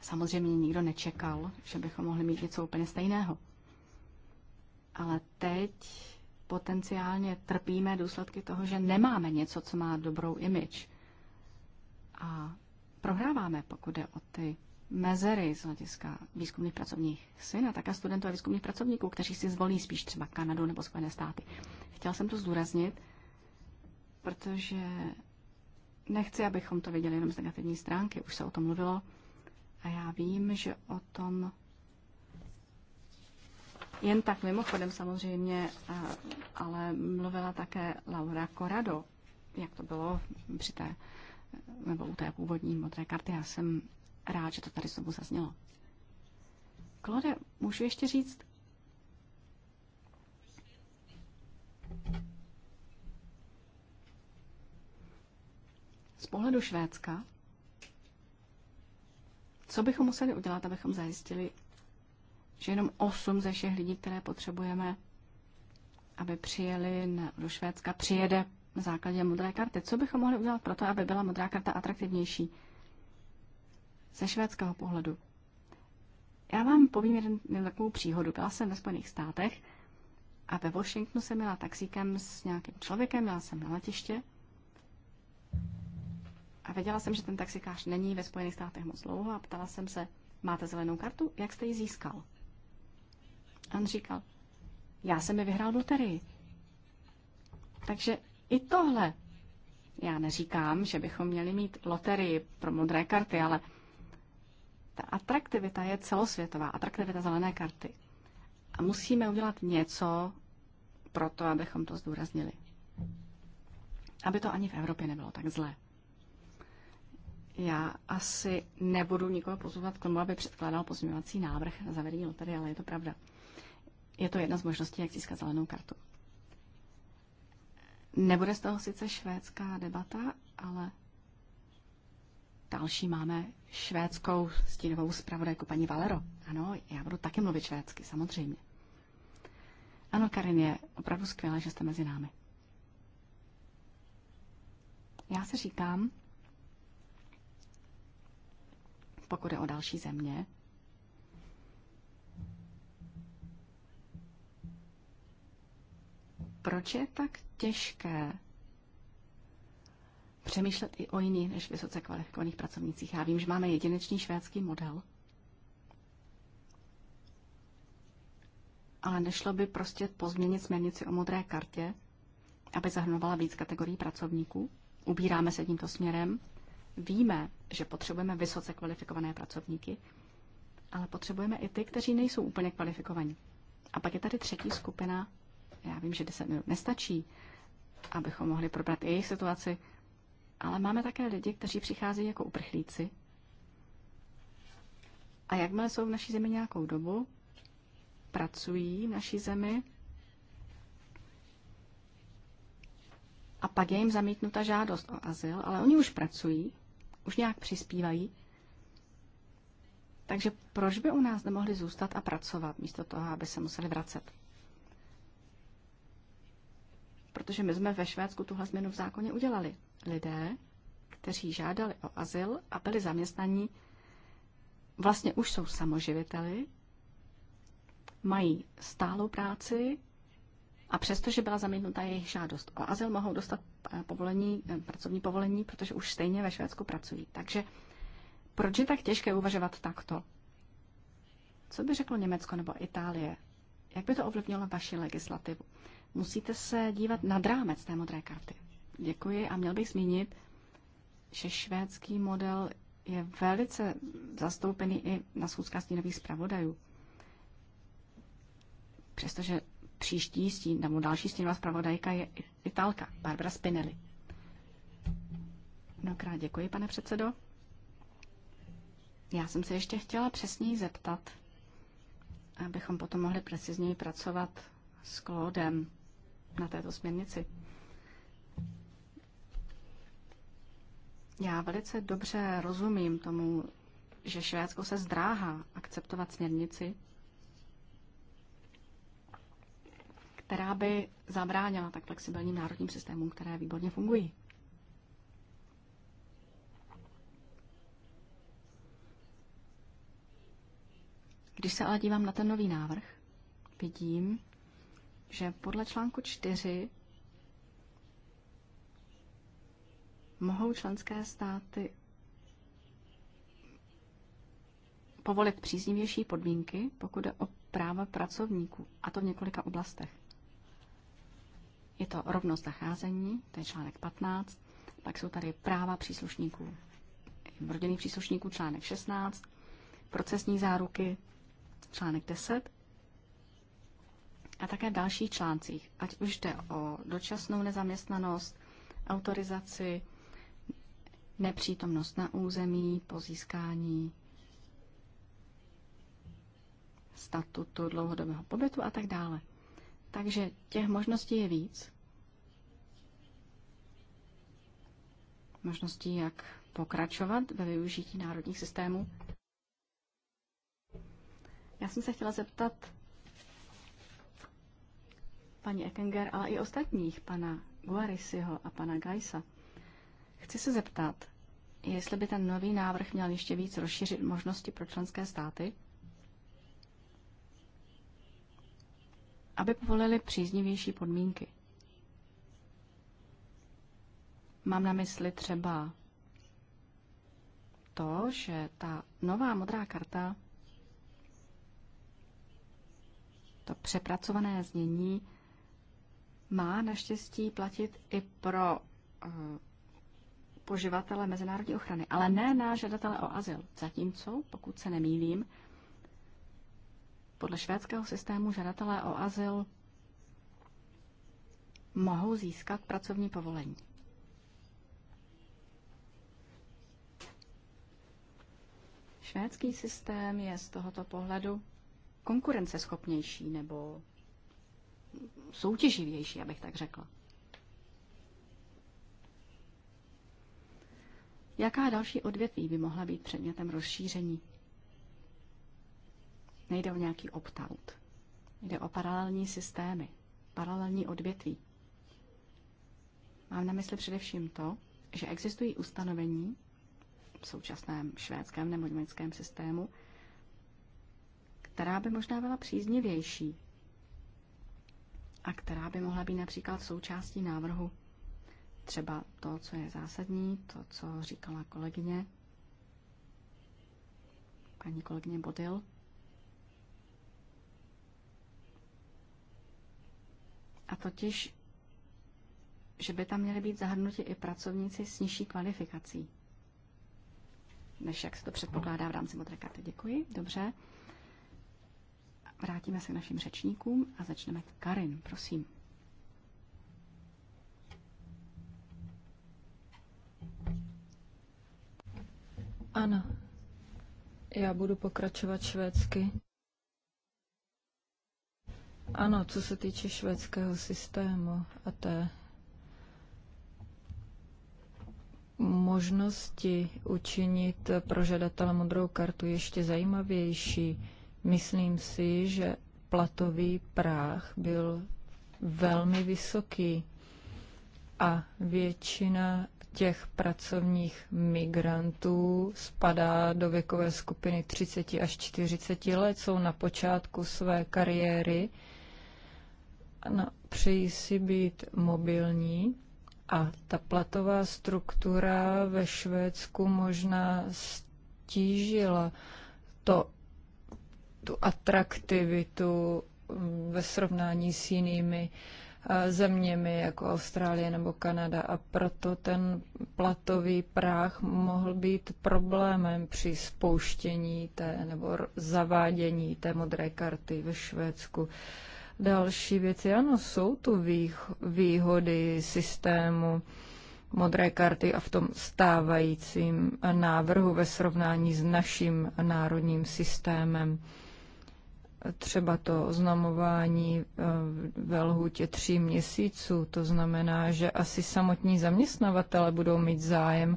Samozřejmě nikdo nečekal, že bychom mohli mít něco úplně stejného. Ale teď potenciálně trpíme důsledky toho, že nemáme něco, co má dobrou image. A prohráváme, pokud jde o ty mezery z hlediska výzkumných pracovních syn a také studentů a výzkumných pracovníků, kteří si zvolí spíš třeba Kanadu nebo Spojené státy. Chtěl jsem to zdůraznit, protože nechci, abychom to viděli jenom z negativní stránky, už se o tom mluvilo a já vím, že o tom jen tak mimochodem samozřejmě, ale mluvila také Laura Corrado, jak to bylo při té, nebo u té původní modré karty. Já jsem rád, že to tady znovu zaznělo. Klode, můžu ještě říct? Z pohledu Švédska, co bychom museli udělat, abychom zajistili že jenom 8 ze všech lidí, které potřebujeme, aby přijeli na, do Švédska, přijede na základě modré karty. Co bychom mohli udělat pro to, aby byla modrá karta atraktivnější? Ze švédského pohledu. Já vám povím jeden, jeden takovou příhodu. Byla jsem ve Spojených státech a ve Washingtonu jsem měla taxíkem s nějakým člověkem, měla jsem na letiště a věděla jsem, že ten taxikář není ve Spojených státech moc dlouho a ptala jsem se, máte zelenou kartu, jak jste ji získal? On říkal, já jsem mi vyhrál loterii. Takže i tohle, já neříkám, že bychom měli mít loterii pro modré karty, ale ta atraktivita je celosvětová, atraktivita zelené karty. A musíme udělat něco pro to, abychom to zdůraznili. Aby to ani v Evropě nebylo tak zlé. Já asi nebudu nikoho pozvat k tomu, aby předkládal pozměňovací návrh na zavedení loterie, ale je to pravda je to jedna z možností, jak získat zelenou kartu. Nebude z toho sice švédská debata, ale další máme švédskou stínovou zpravodajku paní Valero. Ano, já budu taky mluvit švédsky, samozřejmě. Ano, Karin, je opravdu skvělé, že jste mezi námi. Já se říkám, pokud je o další země, proč je tak těžké přemýšlet i o jiných než vysoce kvalifikovaných pracovnících? Já vím, že máme jedinečný švédský model, ale nešlo by prostě pozměnit směrnici o modré kartě, aby zahrnovala víc kategorií pracovníků. Ubíráme se tímto směrem. Víme, že potřebujeme vysoce kvalifikované pracovníky, ale potřebujeme i ty, kteří nejsou úplně kvalifikovaní. A pak je tady třetí skupina já vím, že 10 minut nestačí, abychom mohli probrat i jejich situaci, ale máme také lidi, kteří přicházejí jako uprchlíci. A jakmile jsou v naší zemi nějakou dobu, pracují v naší zemi, a pak je jim zamítnuta žádost o azyl, ale oni už pracují, už nějak přispívají. Takže proč by u nás nemohli zůstat a pracovat místo toho, aby se museli vracet? Protože my jsme ve Švédsku tuhle změnu v zákoně udělali. Lidé, kteří žádali o azyl a byli zaměstnaní, vlastně už jsou samoživiteli, mají stálou práci a přestože byla zamítnuta jejich žádost o azyl, mohou dostat eh, povolení, eh, pracovní povolení, protože už stejně ve Švédsku pracují. Takže proč je tak těžké uvažovat takto? Co by řeklo Německo nebo Itálie? Jak by to ovlivnilo vaši legislativu? musíte se dívat nad rámec té modré karty. Děkuji a měl bych zmínit, že švédský model je velice zastoupený i na schůzkách stínových zpravodajů. Přestože příští stín, nebo další stínová zpravodajka je Italka, Barbara Spinelli. Mnohokrát děkuji, pane předsedo. Já jsem se ještě chtěla přesněji zeptat, abychom potom mohli precizněji pracovat s Klódem na této směrnici. Já velice dobře rozumím tomu, že Švédsko se zdráhá akceptovat směrnici, která by zabránila tak flexibilním národním systémům, které výborně fungují. Když se ale dívám na ten nový návrh, vidím, že podle článku 4 mohou členské státy povolit příznivější podmínky, pokud jde o práva pracovníků, a to v několika oblastech. Je to rovnost zacházení, to je článek 15, pak jsou tady práva příslušníků, rodinných příslušníků, článek 16, procesní záruky, článek 10, a také v dalších článcích, ať už jde o dočasnou nezaměstnanost, autorizaci, nepřítomnost na území pozískání statutu dlouhodobého pobytu a tak dále. Takže těch možností je víc. Možností, jak pokračovat ve využití národních systémů. Já jsem se chtěla zeptat paní Ekenger, ale i ostatních, pana Guarisiho a pana Gaisa. Chci se zeptat, jestli by ten nový návrh měl ještě víc rozšířit možnosti pro členské státy, aby povolili příznivější podmínky. Mám na mysli třeba to, že ta nová modrá karta, to přepracované znění, má naštěstí platit i pro eh, poživatele mezinárodní ochrany, ale ne na žadatele o azyl. Zatímco, pokud se nemýlím, podle švédského systému žadatelé o azyl mohou získat pracovní povolení. Švédský systém je z tohoto pohledu konkurenceschopnější nebo soutěživější, abych tak řekla. Jaká další odvětví by mohla být předmětem rozšíření? Nejde o nějaký opt-out. Jde o paralelní systémy, paralelní odvětví. Mám na mysli především to, že existují ustanovení v současném švédském nebo německém systému, která by možná byla příznivější a která by mohla být například součástí návrhu. Třeba to, co je zásadní, to, co říkala kolegyně, paní kolegyně Bodil. A totiž, že by tam měli být zahrnuti i pracovníci s nižší kvalifikací, než jak se to předpokládá v rámci modré karty. Děkuji, dobře. Vrátíme se k našim řečníkům a začneme Karin, prosím. Ano, já budu pokračovat švédsky. Ano, co se týče švédského systému a té možnosti učinit pro žadatele modrou kartu ještě zajímavější, Myslím si, že platový práh byl velmi vysoký a většina těch pracovních migrantů spadá do věkové skupiny 30 až 40 let, jsou na počátku své kariéry, no, přeji si být mobilní a ta platová struktura ve Švédsku možná stížila to tu atraktivitu mm, ve srovnání s jinými eh, zeměmi jako Austrálie nebo Kanada a proto ten platový práh mohl být problémem při spouštění té nebo zavádění té modré karty ve Švédsku. Další věci, ano, jsou tu výhody systému modré karty a v tom stávajícím návrhu ve srovnání s naším národním systémem třeba to oznamování eh, ve lhůtě tří měsíců. To znamená, že asi samotní zaměstnavatele budou mít zájem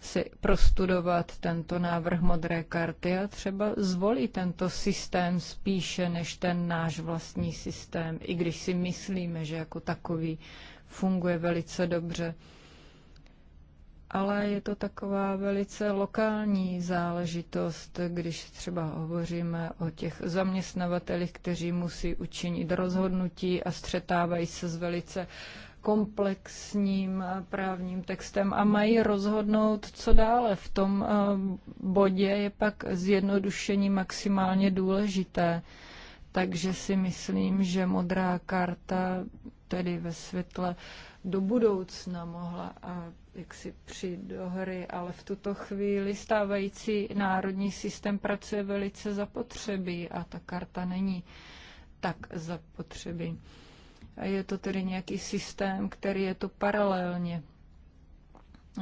si prostudovat tento návrh modré karty a třeba zvolí tento systém spíše než ten náš vlastní systém, i když si myslíme, že jako takový funguje velice dobře ale je to taková velice lokální záležitost, když třeba hovoříme o těch zaměstnavatelích, kteří musí učinit rozhodnutí a střetávají se s velice komplexním eh, právním textem a mají rozhodnout, co dále. V tom eh, bodě je pak zjednodušení maximálně důležité. Takže si myslím, že modrá karta tedy ve světle do budoucna mohla eh, jaksi při do hry, ale v tuto chvíli stávající národní systém pracuje velice zapotřebí a ta karta není tak zapotřebí. A je to tedy nějaký systém, který je to paralelně.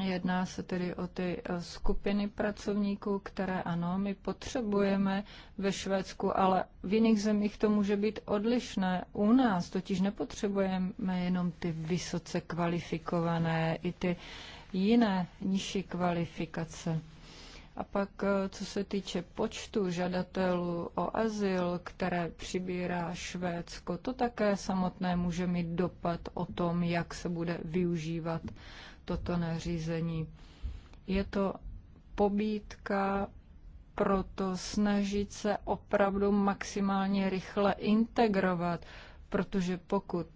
Jedná se tedy o ty eh, skupiny pracovníků, které ano, my potřebujeme ve Švédsku, ale v jiných zemích to může být odlišné. U nás totiž nepotřebujeme jenom ty vysoce kvalifikované, i ty jiné nižší kvalifikace. A pak, eh, co se týče počtu žadatelů o azyl, které přibírá Švédsko, to také samotné může mít dopad o tom, jak se bude využívat toto nařízení. Je to pobídka proto snažit se opravdu maximálně rychle integrovat, protože pokud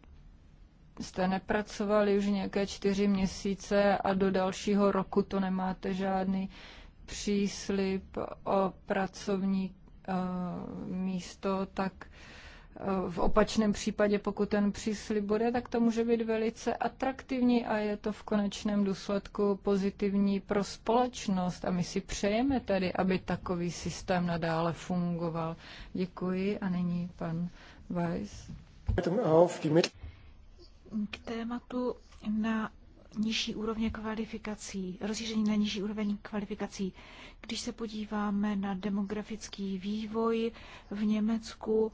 jste nepracovali už nějaké čtyři měsíce a do dalšího roku to nemáte žádný příslip o pracovní eh, místo, tak v opačném případě, pokud ten příslip bude, tak to může být velice atraktivní a je to v konečném důsledku pozitivní pro společnost. A my si přejeme tedy, aby takový systém nadále fungoval. Děkuji a nyní pan Weiss. K tématu na nižší úrovně kvalifikací, rozšíření na nižší úroveň kvalifikací. Když se podíváme na demografický vývoj v Německu,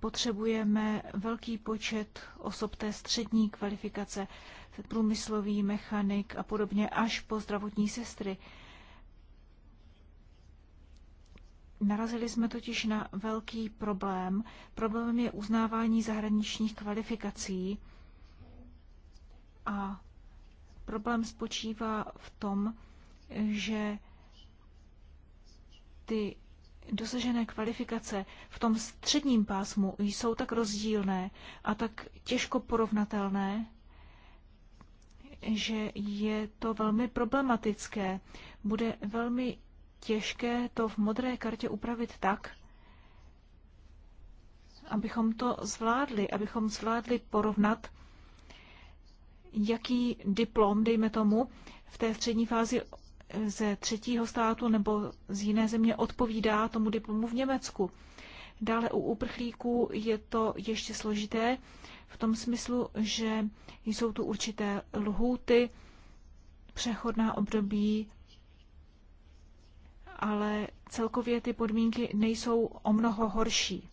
potřebujeme velký počet osob té střední kvalifikace, průmyslový mechanik a podobně, až po zdravotní sestry. Narazili jsme totiž na velký problém. Problém je uznávání zahraničních kvalifikací a problém spočívá v tom, že ty dosažené kvalifikace v tom středním pásmu jsou tak rozdílné a tak těžko porovnatelné, že je to velmi problematické. Bude velmi těžké to v modré kartě upravit tak, abychom to zvládli, abychom zvládli porovnat, jaký diplom, dejme tomu, v té střední fázi ze třetího státu nebo z jiné země odpovídá tomu diplomu v Německu. Dále u uprchlíků je to ještě složité v tom smyslu, že jsou tu určité lhůty, přechodná období, ale celkově ty podmínky nejsou o mnoho horší.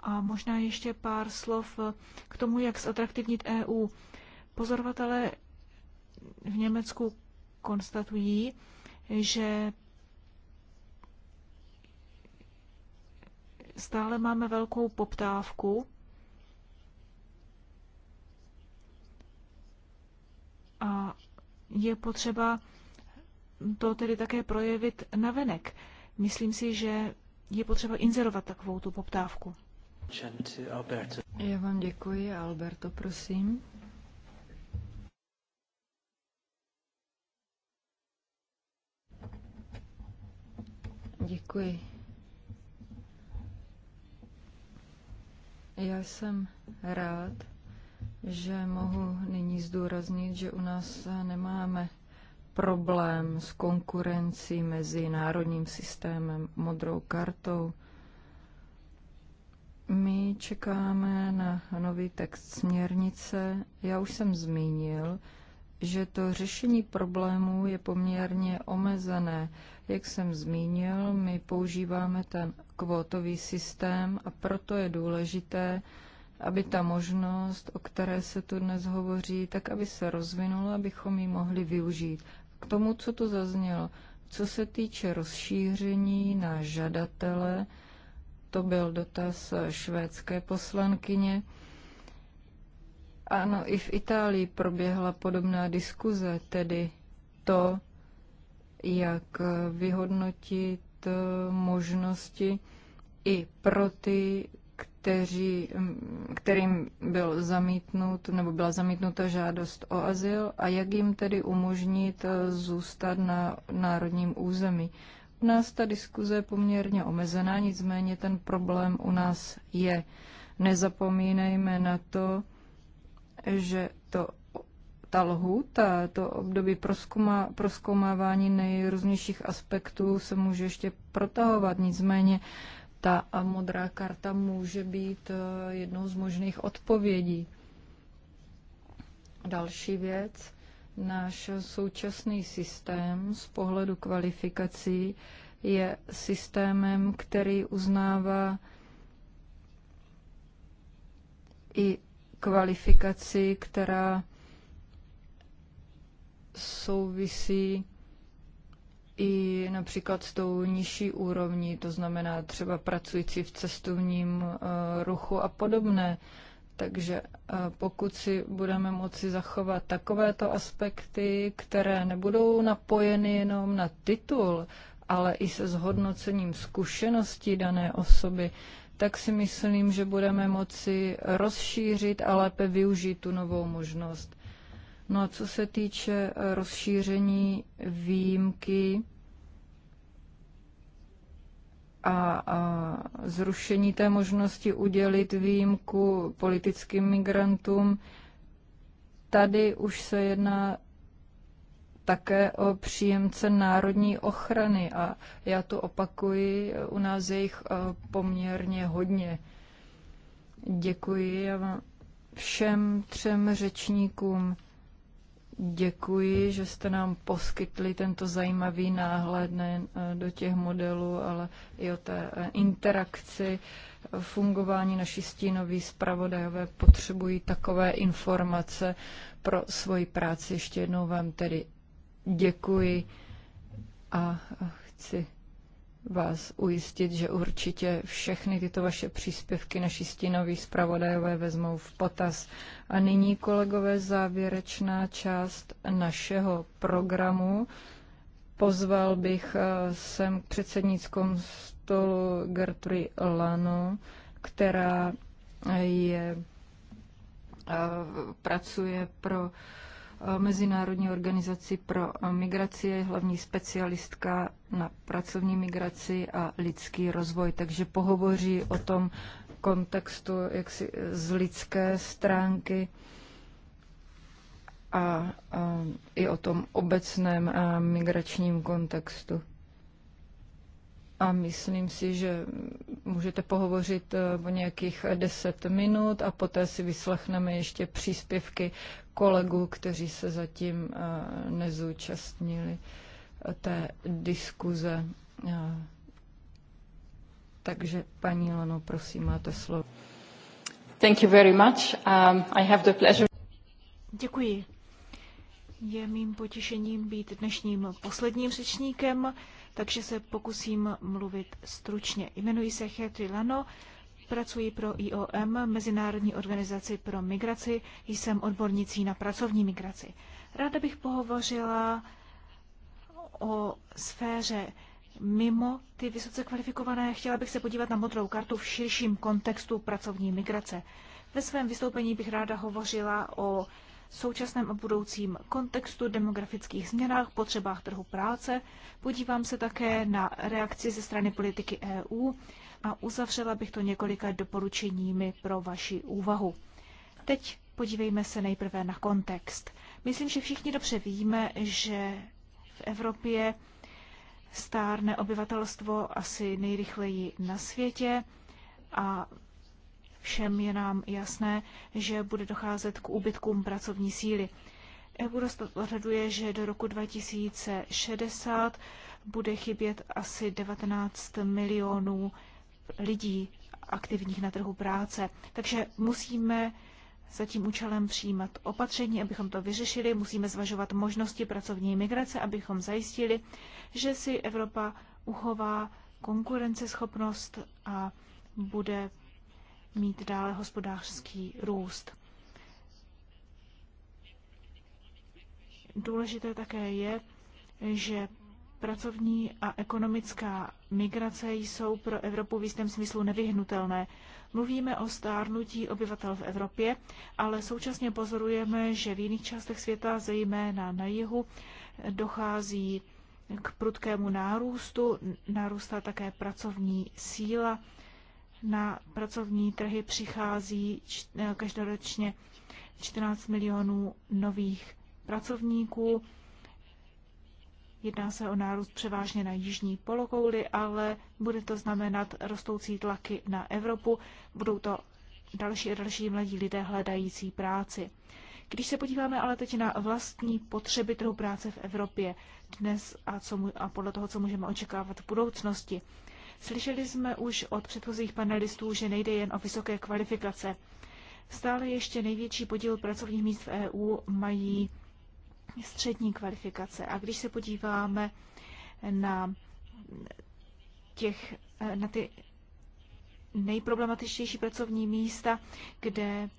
A možná ještě pár slov k tomu, jak zatraktivnit EU. Pozorovatelé v Německu konstatují, že stále máme velkou poptávku a je potřeba to tedy také projevit navenek. Myslím si, že je potřeba inzerovat takovou tu poptávku. Já vám děkuji, Alberto, prosím. Děkuji. Já jsem rád, že mohu nyní zdůraznit, že u nás nemáme problém s konkurencí mezi národním systémem modrou kartou. My čekáme na nový text směrnice. Já už jsem zmínil, že to řešení problémů je poměrně omezené. Jak jsem zmínil, my používáme ten kvótový systém a proto je důležité, aby ta možnost, o které se tu dnes hovoří, tak aby se rozvinula, abychom ji mohli využít. K tomu, co tu zaznělo, co se týče rozšíření na žadatele, to byl dotaz švédské poslankyně, ano, i v Itálii proběhla podobná diskuze, tedy to, jak vyhodnotit eh, možnosti i pro ty, kteří, mm, kterým byl zamítnut nebo byla zamítnuta žádost o azyl a jak jim tedy umožnit eh, zůstat na národním území. U nás ta diskuze je poměrně omezená, nicméně ten problém u nás je. Nezapomínejme na to, že to ta lhůta, to období proskuma, proskoumávání nejrůznějších aspektů se může ještě protahovat, nicméně ta modrá karta může být eh, jednou z možných odpovědí. Další věc, náš současný systém z pohledu kvalifikací je systémem, který uznává i kvalifikaci, která souvisí i například s tou nižší úrovní, to znamená třeba pracující v cestovním eh, ruchu a podobné. Takže eh, pokud si budeme moci zachovat takovéto aspekty, které nebudou napojeny jenom na titul, ale i se zhodnocením zkušeností dané osoby, tak si myslím, že budeme moci rozšířit a lépe využít tu novou možnost. No a co se týče eh, rozšíření výjimky a, a zrušení té možnosti udělit výjimku politickým migrantům, tady už se jedná také o příjemce národní ochrany a já to opakuji, u nás je jich eh, poměrně hodně. Děkuji všem třem řečníkům. Děkuji, že jste nám poskytli tento zajímavý náhled nejen eh, do těch modelů, ale i o té eh, interakci fungování naší stínový zpravodajové potřebují takové informace pro svoji práci. Ještě jednou vám tedy děkuji a chci vás ujistit, že určitě všechny tyto vaše příspěvky naši stínoví zpravodajové vezmou v potaz. A nyní, kolegové, závěrečná část našeho programu. Pozval bych eh, sem k předsednickom stolu Gertrude Lano, která je, eh, pracuje pro Mezinárodní organizaci pro migraci, je hlavní specialistka na pracovní migraci a lidský rozvoj, takže pohovoří o tom kontextu jaksi z lidské stránky a, a i o tom obecném a migračním kontextu a myslím si, že můžete pohovořit eh, o nějakých 10 minut a poté si vyslechneme ještě příspěvky kolegů, kteří se zatím eh, nezúčastnili eh, té diskuze. Takže paní Lano, prosím, máte slovo. Thank you very much. Um, I have the pleasure. Děkuji. Je mým potěšením být dnešním posledním řečníkem takže se pokusím mluvit stručně. Jmenuji se Chetri Lano, pracuji pro IOM, Mezinárodní organizaci pro migraci, jsem odbornicí na pracovní migraci. Ráda bych pohovořila o sféře mimo ty vysoce kvalifikované. Chtěla bych se podívat na modrou kartu v širším kontextu pracovní migrace. Ve svém vystoupení bych ráda hovořila o současném a budoucím kontextu, demografických změnách, potřebách trhu práce. Podívám se také na reakci ze strany politiky EU a uzavřela bych to několika doporučeními pro vaši úvahu. Teď podívejme se nejprve na kontext. Myslím, že všichni dobře víme, že v Evropě stárne obyvatelstvo asi nejrychleji na světě a Všem je nám jasné, že bude docházet k úbytkům pracovní síly. Eurost odhaduje, že do roku 2060 bude chybět asi 19 milionů lidí aktivních na trhu práce. Takže musíme za tím účelem přijímat opatření, abychom to vyřešili. Musíme zvažovat možnosti pracovní migrace, abychom zajistili, že si Evropa uchová konkurenceschopnost a bude mít dále hospodářský růst. Důležité také je, že pracovní a ekonomická migrace jsou pro Evropu v jistém smyslu nevyhnutelné. Mluvíme o stárnutí obyvatel v Evropě, ale současně pozorujeme, že v jiných částech světa, zejména na jihu, dochází k prudkému nárůstu, narůstá také pracovní síla na pracovní trhy přichází eh, každoročně 14 milionů nových pracovníků. Jedná se o nárůst převážně na jižní polokouli, ale bude to znamenat rostoucí tlaky na Evropu. Budou to další a další mladí lidé hledající práci. Když se podíváme ale teď na vlastní potřeby trhu práce v Evropě dnes a, co, a podle toho, co můžeme očekávat v budoucnosti, Slyšeli jsme už od předchozích panelistů, že nejde jen o vysoké kvalifikace. Stále ještě největší podíl pracovních míst v EU mají střední kvalifikace. A když se podíváme na, těch, na ty nejproblematičtější pracovní místa, kde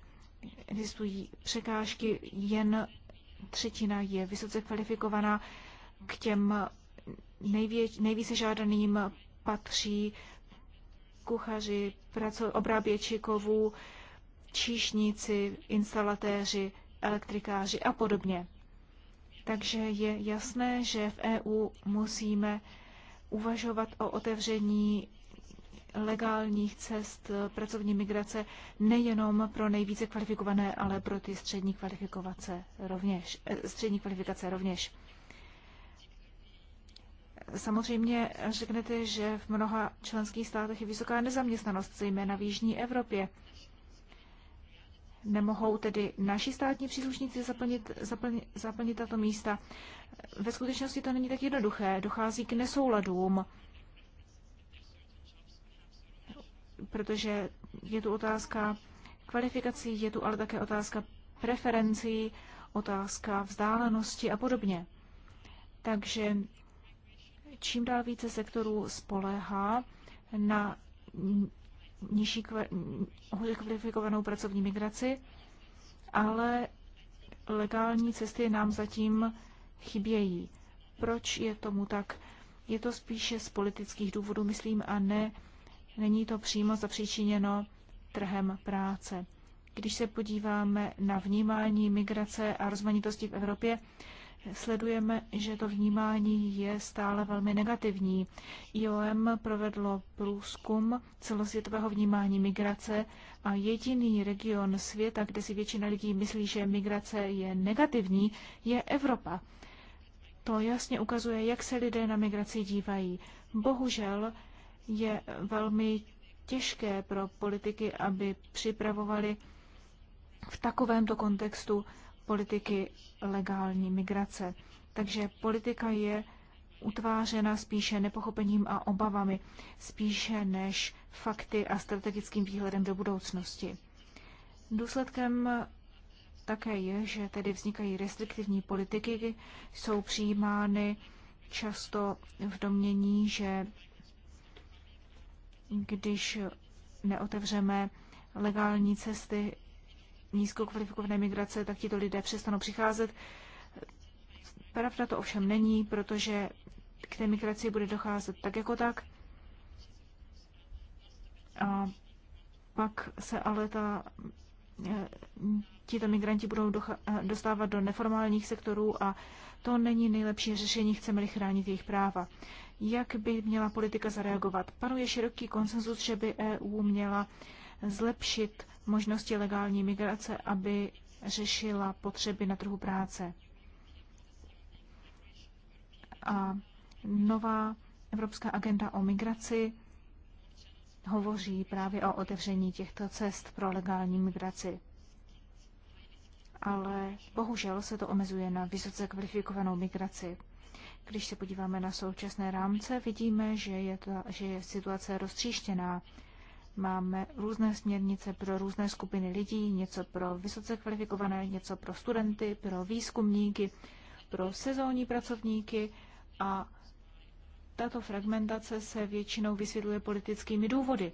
existují překážky, jen třetina je vysoce kvalifikovaná k těm nejvě, nejvíce žádaným patří kuchaři, obráběči kovů, číšníci, instalatéři, elektrikáři a podobně. Takže je jasné, že v EU musíme uvažovat o otevření legálních cest pracovní migrace nejenom pro nejvíce kvalifikované, ale pro ty střední kvalifikace rovněž. Eh, střední kvalifikace rovněž. Samozřejmě řeknete, že v mnoha členských státech je vysoká nezaměstnanost, zejména v Jižní Evropě. Nemohou tedy naši státní příslušníci zaplnit, zaplnit, zaplnit tato místa. Ve skutečnosti to není tak jednoduché. Dochází k nesouladům, protože je tu otázka kvalifikací, je tu ale také otázka preferencí, otázka vzdálenosti a podobně. Takže čím dál více sektorů spoléhá na nižší kvalifikovanou pracovní migraci, ale legální cesty nám zatím chybějí. Proč je tomu tak? Je to spíše z politických důvodů, myslím, a ne, není to přímo zapříčiněno trhem práce. Když se podíváme na vnímání migrace a rozmanitosti v Evropě, sledujeme, že to vnímání je stále velmi negativní. IOM provedlo průzkum celosvětového vnímání migrace a jediný region světa, kde si většina lidí myslí, že migrace je negativní, je Evropa. To jasně ukazuje, jak se lidé na migraci dívají. Bohužel je velmi těžké pro politiky, aby připravovali v takovémto kontextu politiky legální migrace. Takže politika je utvářena spíše nepochopením a obavami, spíše než fakty a strategickým výhledem do budoucnosti. Důsledkem také je, že tedy vznikají restriktivní politiky, jsou přijímány často v domění, že když neotevřeme legální cesty nízkokvalifikované migrace, tak tito lidé přestanou přicházet. Pravda to ovšem není, protože k té migraci bude docházet tak jako tak. A pak se ale ta, e, tito migranti budou e, dostávat do neformálních sektorů a to není nejlepší řešení, chceme-li chránit jejich práva. Jak by měla politika zareagovat? Panuje široký konsenzus, že by EU měla zlepšit možnosti legální migrace, aby řešila potřeby na trhu práce. A nová Evropská agenda o migraci hovoří právě o otevření těchto cest pro legální migraci. Ale bohužel se to omezuje na vysoce kvalifikovanou migraci. Když se podíváme na současné rámce, vidíme, že je, ta, že je situace roztříštěná. Máme různé směrnice pro různé skupiny lidí, něco pro vysoce kvalifikované, něco pro studenty, pro výzkumníky, pro sezónní pracovníky a tato fragmentace se většinou vysvětluje politickými důvody.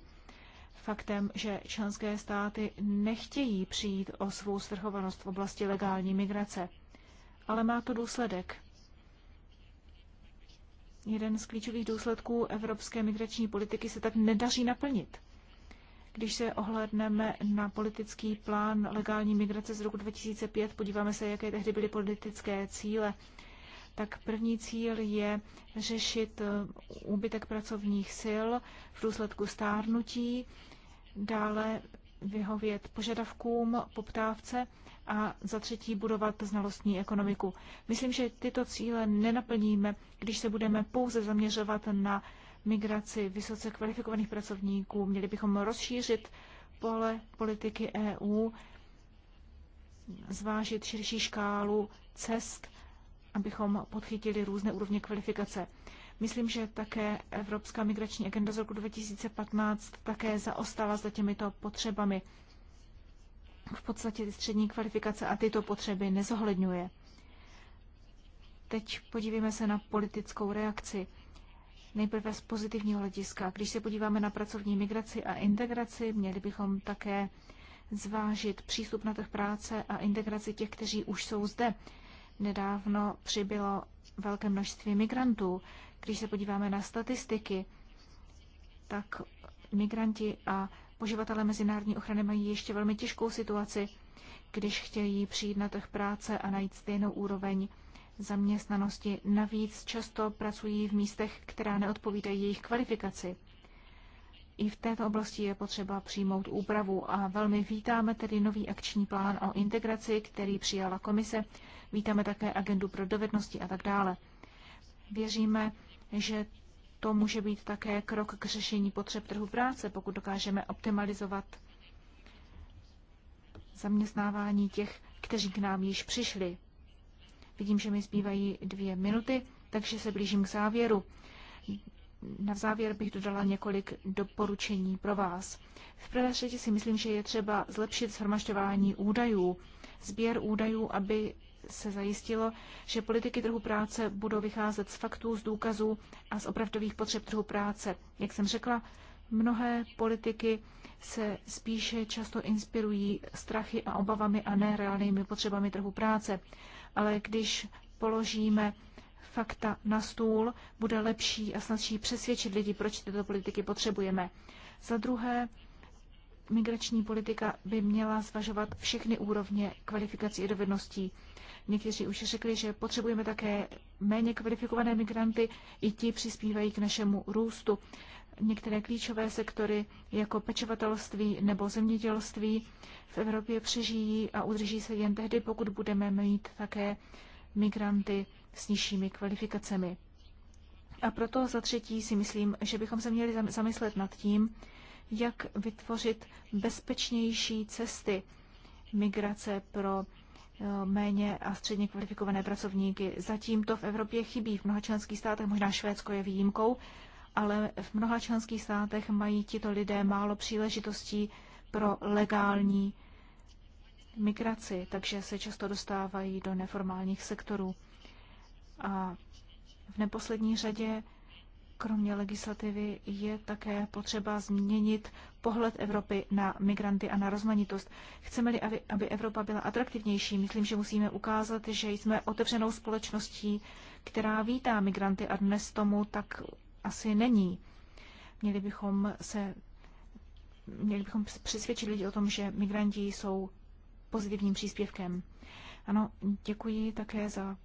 Faktem, že členské státy nechtějí přijít o svou svrchovanost v oblasti legální migrace. Ale má to důsledek. Jeden z klíčových důsledků evropské migrační politiky se tak nedaří naplnit. Když se ohledneme na politický plán legální migrace z roku 2005, podíváme se, jaké tehdy byly politické cíle, tak první cíl je řešit eh, úbytek pracovních sil v důsledku stárnutí, dále vyhovět požadavkům poptávce a za třetí budovat znalostní ekonomiku. Myslím, že tyto cíle nenaplníme, když se budeme pouze zaměřovat na migraci vysoce kvalifikovaných pracovníků. Měli bychom rozšířit pole politiky EU, zvážit širší škálu cest, abychom podchytili různé úrovně kvalifikace. Myslím, že také Evropská migrační agenda z roku 2015 také zaostala za těmito potřebami. V podstatě střední kvalifikace a tyto potřeby nezohledňuje. Teď podívejme se na politickou reakci. Nejprve z pozitivního hlediska. Když se podíváme na pracovní migraci a integraci, měli bychom také zvážit přístup na trh práce a integraci těch, kteří už jsou zde. Nedávno přibylo velké množství migrantů. Když se podíváme na statistiky, tak migranti a poživatelé mezinárodní ochrany mají ještě velmi těžkou situaci, když chtějí přijít na trh práce a najít stejnou úroveň zaměstnanosti. Navíc často pracují v místech, která neodpovídají jejich kvalifikaci. I v této oblasti je potřeba přijmout úpravu a velmi vítáme tedy nový akční plán o integraci, který přijala komise. Vítáme také agendu pro dovednosti a tak dále. Věříme, že to může být také krok k řešení potřeb trhu práce, pokud dokážeme optimalizovat zaměstnávání těch, kteří k nám již přišli. Vidím, že mi zbývají dvě minuty, takže se blížím k závěru. Na závěr bych dodala několik doporučení pro vás. V prvé řadě si myslím, že je třeba zlepšit shromažďování údajů, sběr údajů, aby se zajistilo, že politiky trhu práce budou vycházet z faktů, z důkazů a z opravdových potřeb trhu práce. Jak jsem řekla, mnohé politiky se spíše často inspirují strachy a obavami a ne reálnými potřebami trhu práce ale když položíme fakta na stůl, bude lepší a snadší přesvědčit lidi, proč tyto politiky potřebujeme. Za druhé, migrační politika by měla zvažovat všechny úrovně kvalifikací a dovedností. Někteří už řekli, že potřebujeme také méně kvalifikované migranty, i ti přispívají k našemu růstu některé klíčové sektory, jako pečovatelství nebo zemědělství, v Evropě přežijí a udrží se jen tehdy, pokud budeme mít také migranty s nižšími kvalifikacemi. A proto za třetí si myslím, že bychom se měli zamyslet nad tím, jak vytvořit bezpečnější cesty migrace pro eh, méně a středně kvalifikované pracovníky. Zatím to v Evropě chybí. V mnoha členských státech, možná Švédsko je výjimkou, ale v mnoha členských státech mají tito lidé málo příležitostí pro legální migraci, takže se často dostávají do neformálních sektorů. A v neposlední řadě, kromě legislativy, je také potřeba změnit pohled Evropy na migranty a na rozmanitost. Chceme-li, aby Evropa byla atraktivnější, myslím, že musíme ukázat, že jsme otevřenou společností, která vítá migranty a dnes tomu tak asi není. Měli bychom se měli bychom přesvědčit lidi o tom, že migranti jsou pozitivním příspěvkem. Ano, děkuji také za,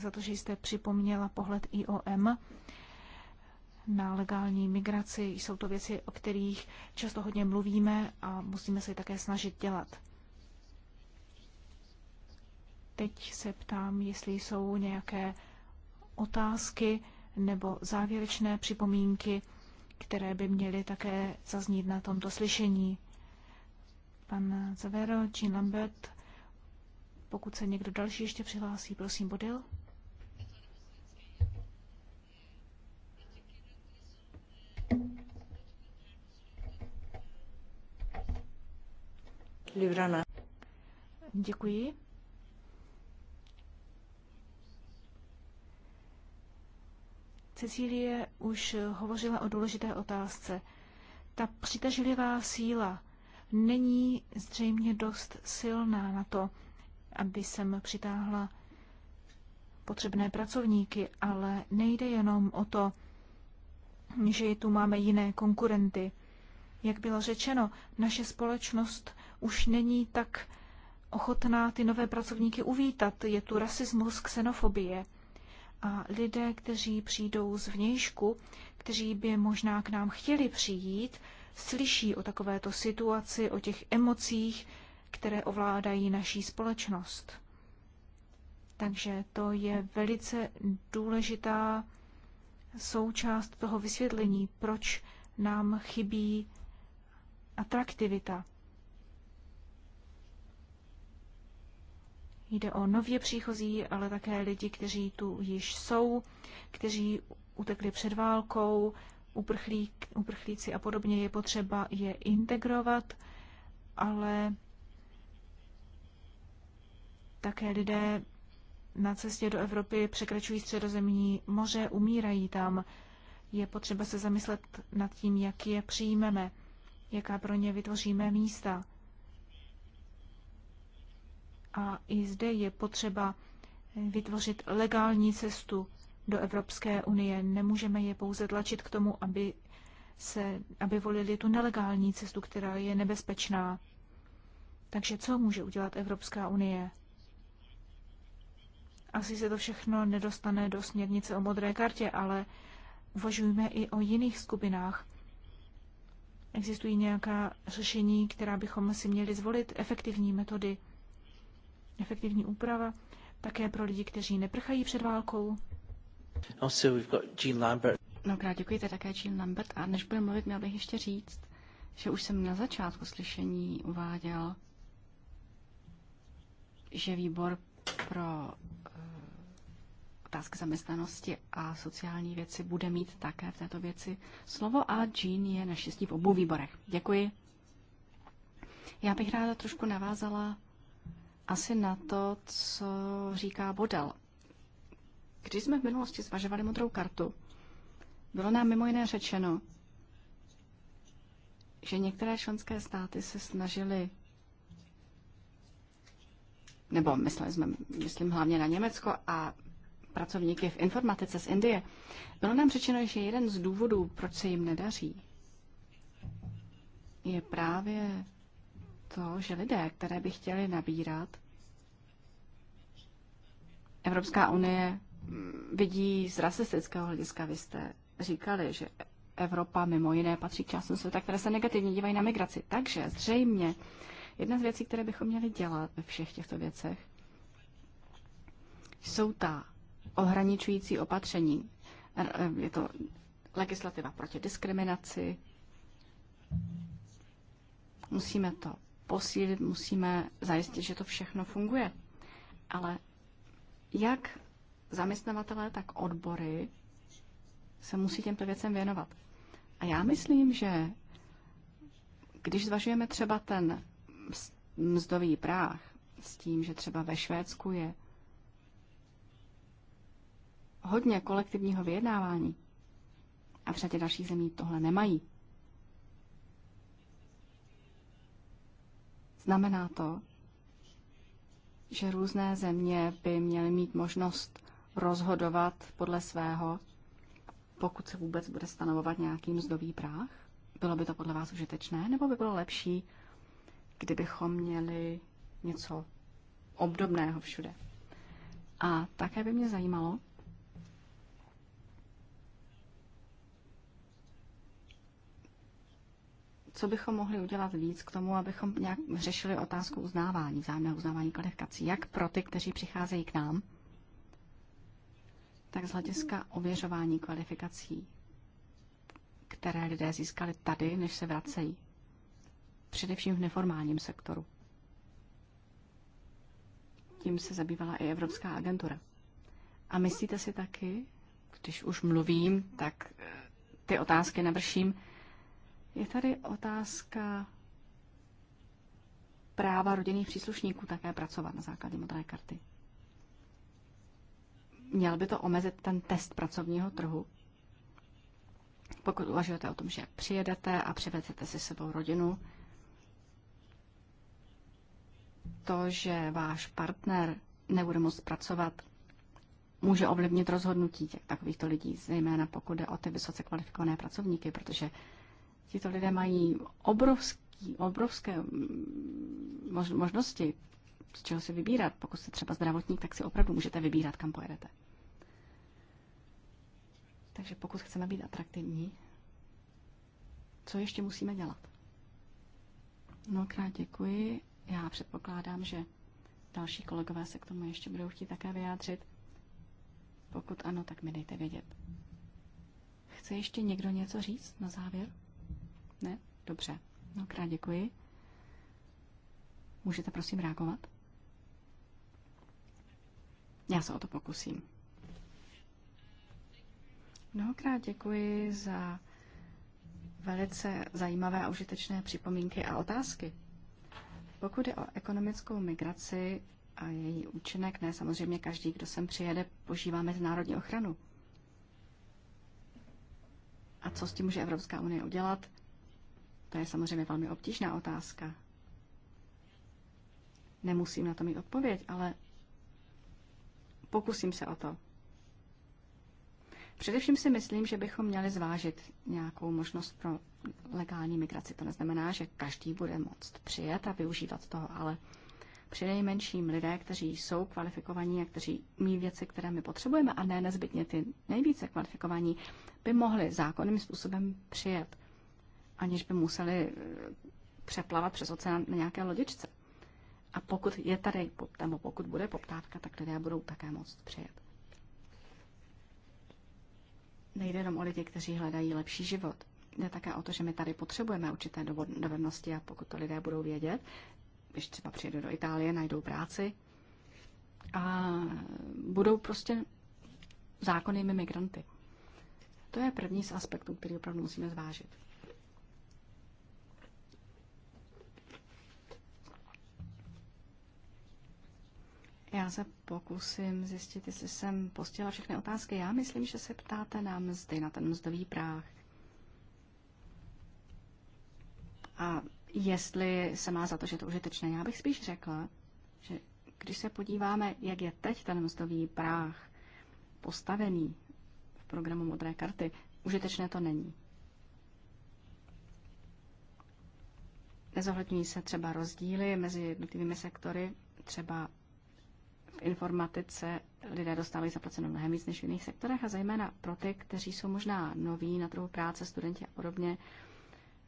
za to, že jste připomněla pohled IOM na legální migraci. Jsou to věci, o kterých často hodně mluvíme a musíme se také snažit dělat. Teď se ptám, jestli jsou nějaké otázky nebo závěrečné připomínky, které by měly také zaznít na tomto slyšení. Pan Zavero, Jean Lambert, pokud se někdo další ještě přihlásí, prosím, Bodil. Děkuji. Cecílie už hovořila o důležité otázce. Ta přitažlivá síla není zřejmě dost silná na to, aby jsem přitáhla potřebné pracovníky, ale nejde jenom o to, že tu máme jiné konkurenty. Jak bylo řečeno, naše společnost už není tak ochotná ty nové pracovníky uvítat. Je tu rasismus, xenofobie. A lidé, kteří přijdou z vnějšku, kteří by možná k nám chtěli přijít, slyší o takovéto situaci, o těch emocích, které ovládají naší společnost. Takže to je velice důležitá součást toho vysvětlení, proč nám chybí atraktivita, Jde o nově příchozí, ale také lidi, kteří tu již jsou, kteří utekli před válkou, uprchlík, uprchlíci a podobně. Je potřeba je integrovat, ale také lidé na cestě do Evropy překračují středozemní moře, umírají tam. Je potřeba se zamyslet nad tím, jak je přijmeme, jaká pro ně vytvoříme místa. A i zde je potřeba vytvořit legální cestu do Evropské unie. Nemůžeme je pouze tlačit k tomu, aby, se, aby volili tu nelegální cestu, která je nebezpečná. Takže co může udělat Evropská unie? Asi se to všechno nedostane do směrnice o modré kartě, ale uvažujeme i o jiných skupinách. Existují nějaká řešení, která bychom si měli zvolit, efektivní metody efektivní úprava, také pro lidi, kteří neprchají před válkou. Also we've got Jean Lambert. Mnohokrát děkujete také Jean Lambert a než budeme mluvit, měl bych ještě říct, že už jsem na začátku slyšení uváděl, že výbor pro eh, otázky zaměstnanosti a sociální věci bude mít také v této věci slovo a Jean je naštěstí v obou výborech. Děkuji. Já bych ráda trošku navázala asi na to, co říká Bodel. Když jsme v minulosti zvažovali modrou kartu, bylo nám mimo jiné řečeno, že některé členské státy se snažily, nebo mysleli jsme, myslím hlavně na Německo a pracovníky v informatice z Indie, bylo nám řečeno, že jeden z důvodů, proč se jim nedaří, je právě to, že lidé, které by chtěli nabírat, Evropská unie mm, vidí z rasistického hlediska. Vy jste říkali, že Evropa mimo jiné patří k částům světa, které se negativně dívají na migraci. Takže zřejmě jedna z věcí, které bychom měli dělat ve všech těchto věcech, jsou ta ohraničující opatření. Eh, je to legislativa proti diskriminaci. Musíme to posílit, musíme zajistit, že to všechno funguje. Ale jak zaměstnavatelé, tak odbory se musí těmto věcem věnovat. A já myslím, že když zvažujeme třeba ten mzdový práh s tím, že třeba ve Švédsku je hodně kolektivního vyjednávání a v řadě dalších zemí tohle nemají, Znamená to, že různé země by měly mít možnost rozhodovat podle svého, pokud se vůbec bude stanovovat nějaký mzdový práh? Bylo by to podle vás užitečné, nebo by bylo lepší, kdybychom měli něco obdobného všude? A také by mě zajímalo, co bychom mohli udělat víc k tomu, abychom nějak řešili otázku uznávání, vzájemného uznávání kvalifikací, jak pro ty, kteří přicházejí k nám, tak z hlediska ověřování kvalifikací, které lidé získali tady, než se vracejí. Především v neformálním sektoru. Tím se zabývala i Evropská agentura. A myslíte si taky, když už mluvím, tak eh, ty otázky navrším, je tady otázka práva rodinných příslušníků také pracovat na základě modré karty. Měl by to omezit ten test pracovního trhu, pokud uvažujete o tom, že přijedete a přivedete si sebou rodinu, to, že váš partner nebude moct pracovat, může ovlivnit rozhodnutí těch takovýchto lidí, zejména pokud jde o ty vysoce kvalifikované pracovníky, protože Tito lidé mají obrovský, obrovské možnosti, z čeho si vybírat. Pokud jste třeba zdravotník, tak si opravdu můžete vybírat, kam pojedete. Takže pokud chceme být atraktivní, co ještě musíme dělat? Mnohokrát děkuji. Já předpokládám, že další kolegové se k tomu ještě budou chtít také vyjádřit. Pokud ano, tak mi dejte vědět. Chce ještě někdo něco říct na závěr? Ne? Dobře. Mnohokrát děkuji. Můžete prosím reagovat? Já se o to pokusím. Mnohokrát děkuji za velice zajímavé a užitečné připomínky a otázky. Pokud je o ekonomickou migraci a její účinek, ne samozřejmě každý, kdo sem přijede, požívá mezinárodní ochranu. A co s tím může Evropská unie udělat? To je samozřejmě velmi obtížná otázka. Nemusím na to mít odpověď, ale pokusím se o to. Především si myslím, že bychom měli zvážit nějakou možnost pro legální migraci. To neznamená, že každý bude moct přijet a využívat toho, ale nejmenším lidé, kteří jsou kvalifikovaní a kteří umí věci, které my potřebujeme, a ne nezbytně ty nejvíce kvalifikovaní, by mohli zákonným způsobem přijet aniž by museli eh, přeplavat přes oceán na nějaké lodičce. A pokud je tady, nebo pokud bude poptávka, tak lidé budou také moct přijet. Nejde jenom o lidi, kteří hledají lepší život. Jde také o to, že my tady potřebujeme určité dovednosti a pokud to lidé budou vědět, když třeba přijedou do Itálie, najdou práci a budou prostě zákonnými migranty. To je první z aspektů, který opravdu musíme zvážit. Já se pokusím zjistit, jestli jsem postihla všechny otázky. Já myslím, že se ptáte na mzdy, na ten mzdový práh. A jestli se má za to, že to užitečné. Já bych spíš řekla, že když se podíváme, jak je teď ten mzdový práh postavený v programu Modré karty, užitečné to není. Nezohledňují se třeba rozdíly mezi jednotlivými sektory, třeba v informatice lidé dostávají zaplaceno mnohem víc než v jiných sektorech a zejména pro ty, kteří jsou možná noví na trhu práce, studenti a podobně,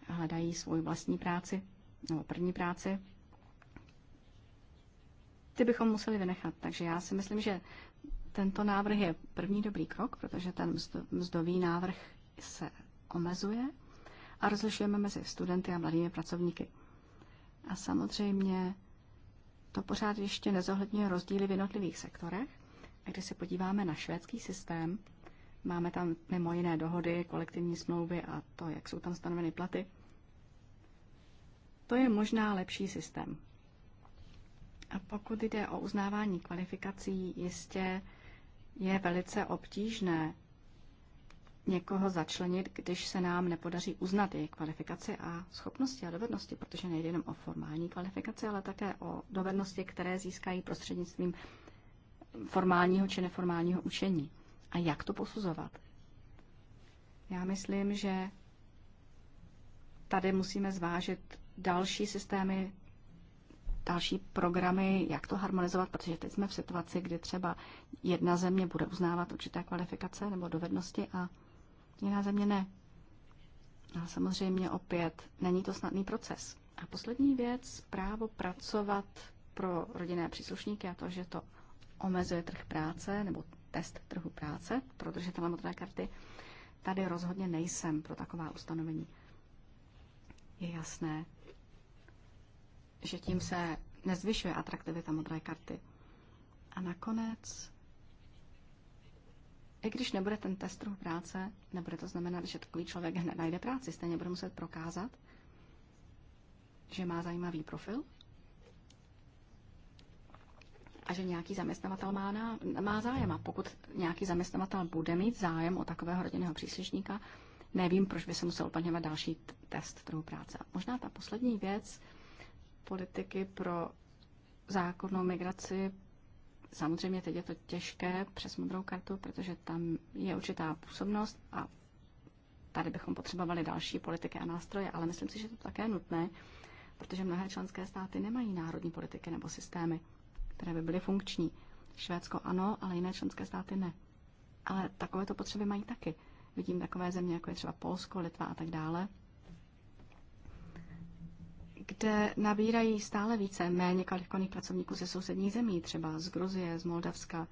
hledají svou vlastní práci nebo první práci, ty bychom museli vynechat. Takže já si myslím, že tento návrh je první dobrý krok, protože ten mzdový návrh se omezuje a rozlišujeme mezi studenty a mladými pracovníky. A samozřejmě to pořád ještě nezohledňuje rozdíly v jednotlivých sektorech. A když se podíváme na švédský systém, máme tam mimo jiné dohody, kolektivní smlouvy a to, jak jsou tam stanoveny platy, to je možná lepší systém. A pokud jde o uznávání kvalifikací, jistě je velice obtížné někoho začlenit, když se nám nepodaří uznat jejich kvalifikaci a schopnosti a dovednosti, protože nejde jenom o formální kvalifikaci, ale také o dovednosti, které získají prostřednictvím formálního či neformálního učení. A jak to posuzovat? Já myslím, že tady musíme zvážit další systémy, další programy, jak to harmonizovat, protože teď jsme v situaci, kdy třeba jedna země bude uznávat určité kvalifikace nebo dovednosti a jiná země ne. A samozřejmě opět není to snadný proces. A poslední věc, právo pracovat pro rodinné příslušníky a to, že to omezuje trh práce nebo test trhu práce pro držitele modré karty, tady rozhodně nejsem pro taková ustanovení. Je jasné, že tím se nezvyšuje atraktivita modré karty. A nakonec i když nebude ten test trhu práce, nebude to znamenat, že takový člověk hned najde práci. Stejně bude muset prokázat, že má zajímavý profil a že nějaký zaměstnavatel má, na, má zájem. A pokud nějaký zaměstnavatel bude mít zájem o takového rodinného příslušníka, nevím, proč by se musel uplatňovat další test trhu práce. A možná ta poslední věc, politiky pro zákonnou migraci Samozřejmě teď je to těžké přes modrou kartu, protože tam je určitá působnost a tady bychom potřebovali další politiky a nástroje, ale myslím si, že to také nutné, protože mnohé členské státy nemají národní politiky nebo systémy, které by byly funkční. Švédsko ano, ale jiné členské státy ne. Ale takovéto potřeby mají taky. Vidím takové země, jako je třeba Polsko, Litva a tak dále, kde nabírají stále více méně kvalifikovaných pracovníků ze sousedních zemí, třeba z Gruzie, z Moldavska.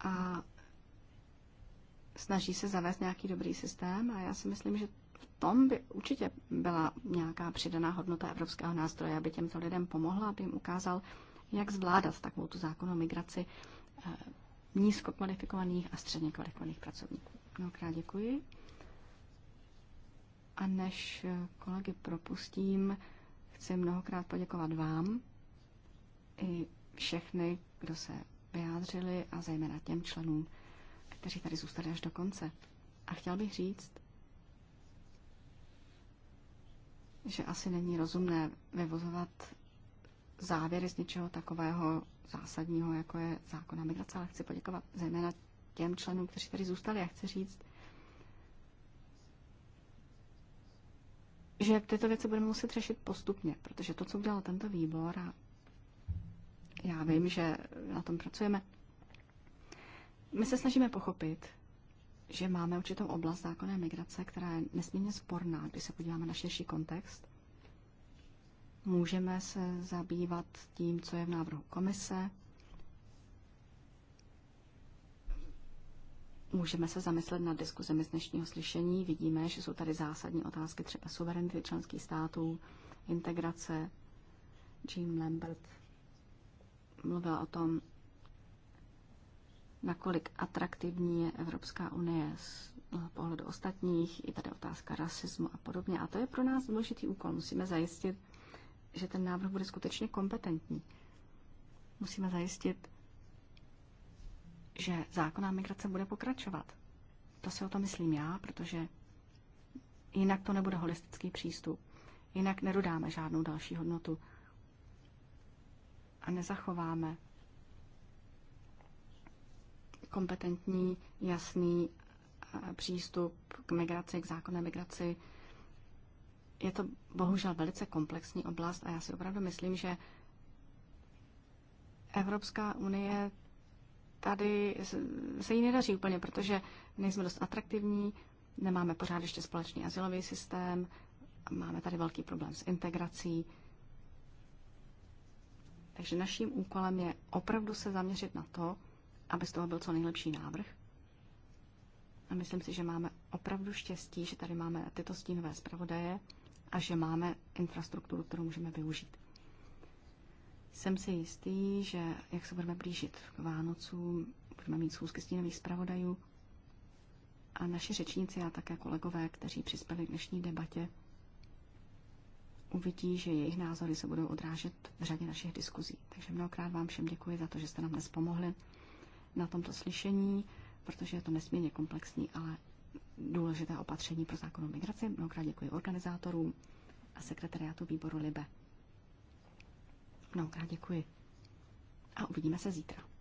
A snaží se zavést nějaký dobrý systém a já si myslím, že v tom by určitě byla nějaká přidaná hodnota evropského nástroje, aby těmto lidem pomohla, aby jim ukázal, jak zvládat takovou tu zákonu migraci eh, nízkokvalifikovaných a středně kvalifikovaných pracovníků. Mnohokrát děkuji. A než eh, kolegy propustím, chci mnohokrát poděkovat vám i všechny, kdo se vyjádřili a zejména těm členům, kteří tady zůstali až do konce. A chtěl bych říct, že asi není rozumné vyvozovat závěry z něčeho takového zásadního, jako je zákon o migraci, ale chci poděkovat zejména těm členům, kteří tady zůstali. Já chci říct, že tyto věci budeme muset řešit postupně, protože to, co udělal tento výbor, a já vím, že na tom pracujeme, my se snažíme pochopit, že máme určitou oblast zákonné migrace, která je nesmírně sporná, když se podíváme na širší kontext. Můžeme se zabývat tím, co je v návrhu komise, Můžeme se zamyslet nad diskuzemi z dnešního slyšení. Vidíme, že jsou tady zásadní otázky třeba suverenity členských států, integrace. Jean Lambert mluvila o tom, nakolik atraktivní je Evropská unie z pohledu ostatních, i tady otázka rasismu a podobně. A to je pro nás důležitý úkol. Musíme zajistit, že ten návrh bude skutečně kompetentní. Musíme zajistit, že zákonná migrace bude pokračovat. To si o to myslím já, protože jinak to nebude holistický přístup. Jinak nedodáme žádnou další hodnotu a nezachováme kompetentní, jasný eh, přístup k migraci, k zákonné migraci. Je to bohužel velice komplexní oblast a já si opravdu myslím, že Evropská unie tady se jí nedaří úplně, protože nejsme dost atraktivní, nemáme pořád ještě společný asilový systém, máme tady velký problém s integrací. Takže naším úkolem je opravdu se zaměřit na to, aby z toho byl co nejlepší návrh. A myslím si, že máme opravdu štěstí, že tady máme tyto stínové zpravodaje a že máme infrastrukturu, kterou můžeme využít. Jsem si jistý, že jak se budeme blížit k Vánocům, budeme mít schůzky stínových zpravodajů a naši řečníci a také kolegové, kteří přispěli k dnešní debatě, uvidí, že jejich názory se budou odrážet v řadě našich diskuzí. Takže mnohokrát vám všem děkuji za to, že jste nám dnes pomohli na tomto slyšení, protože je to nesmírně komplexní, ale důležité opatření pro zákon o migraci. Mnohokrát děkuji organizátorům a sekretariátu výboru LIBE. Mnohokrát děkuji. A uvidíme se zítra.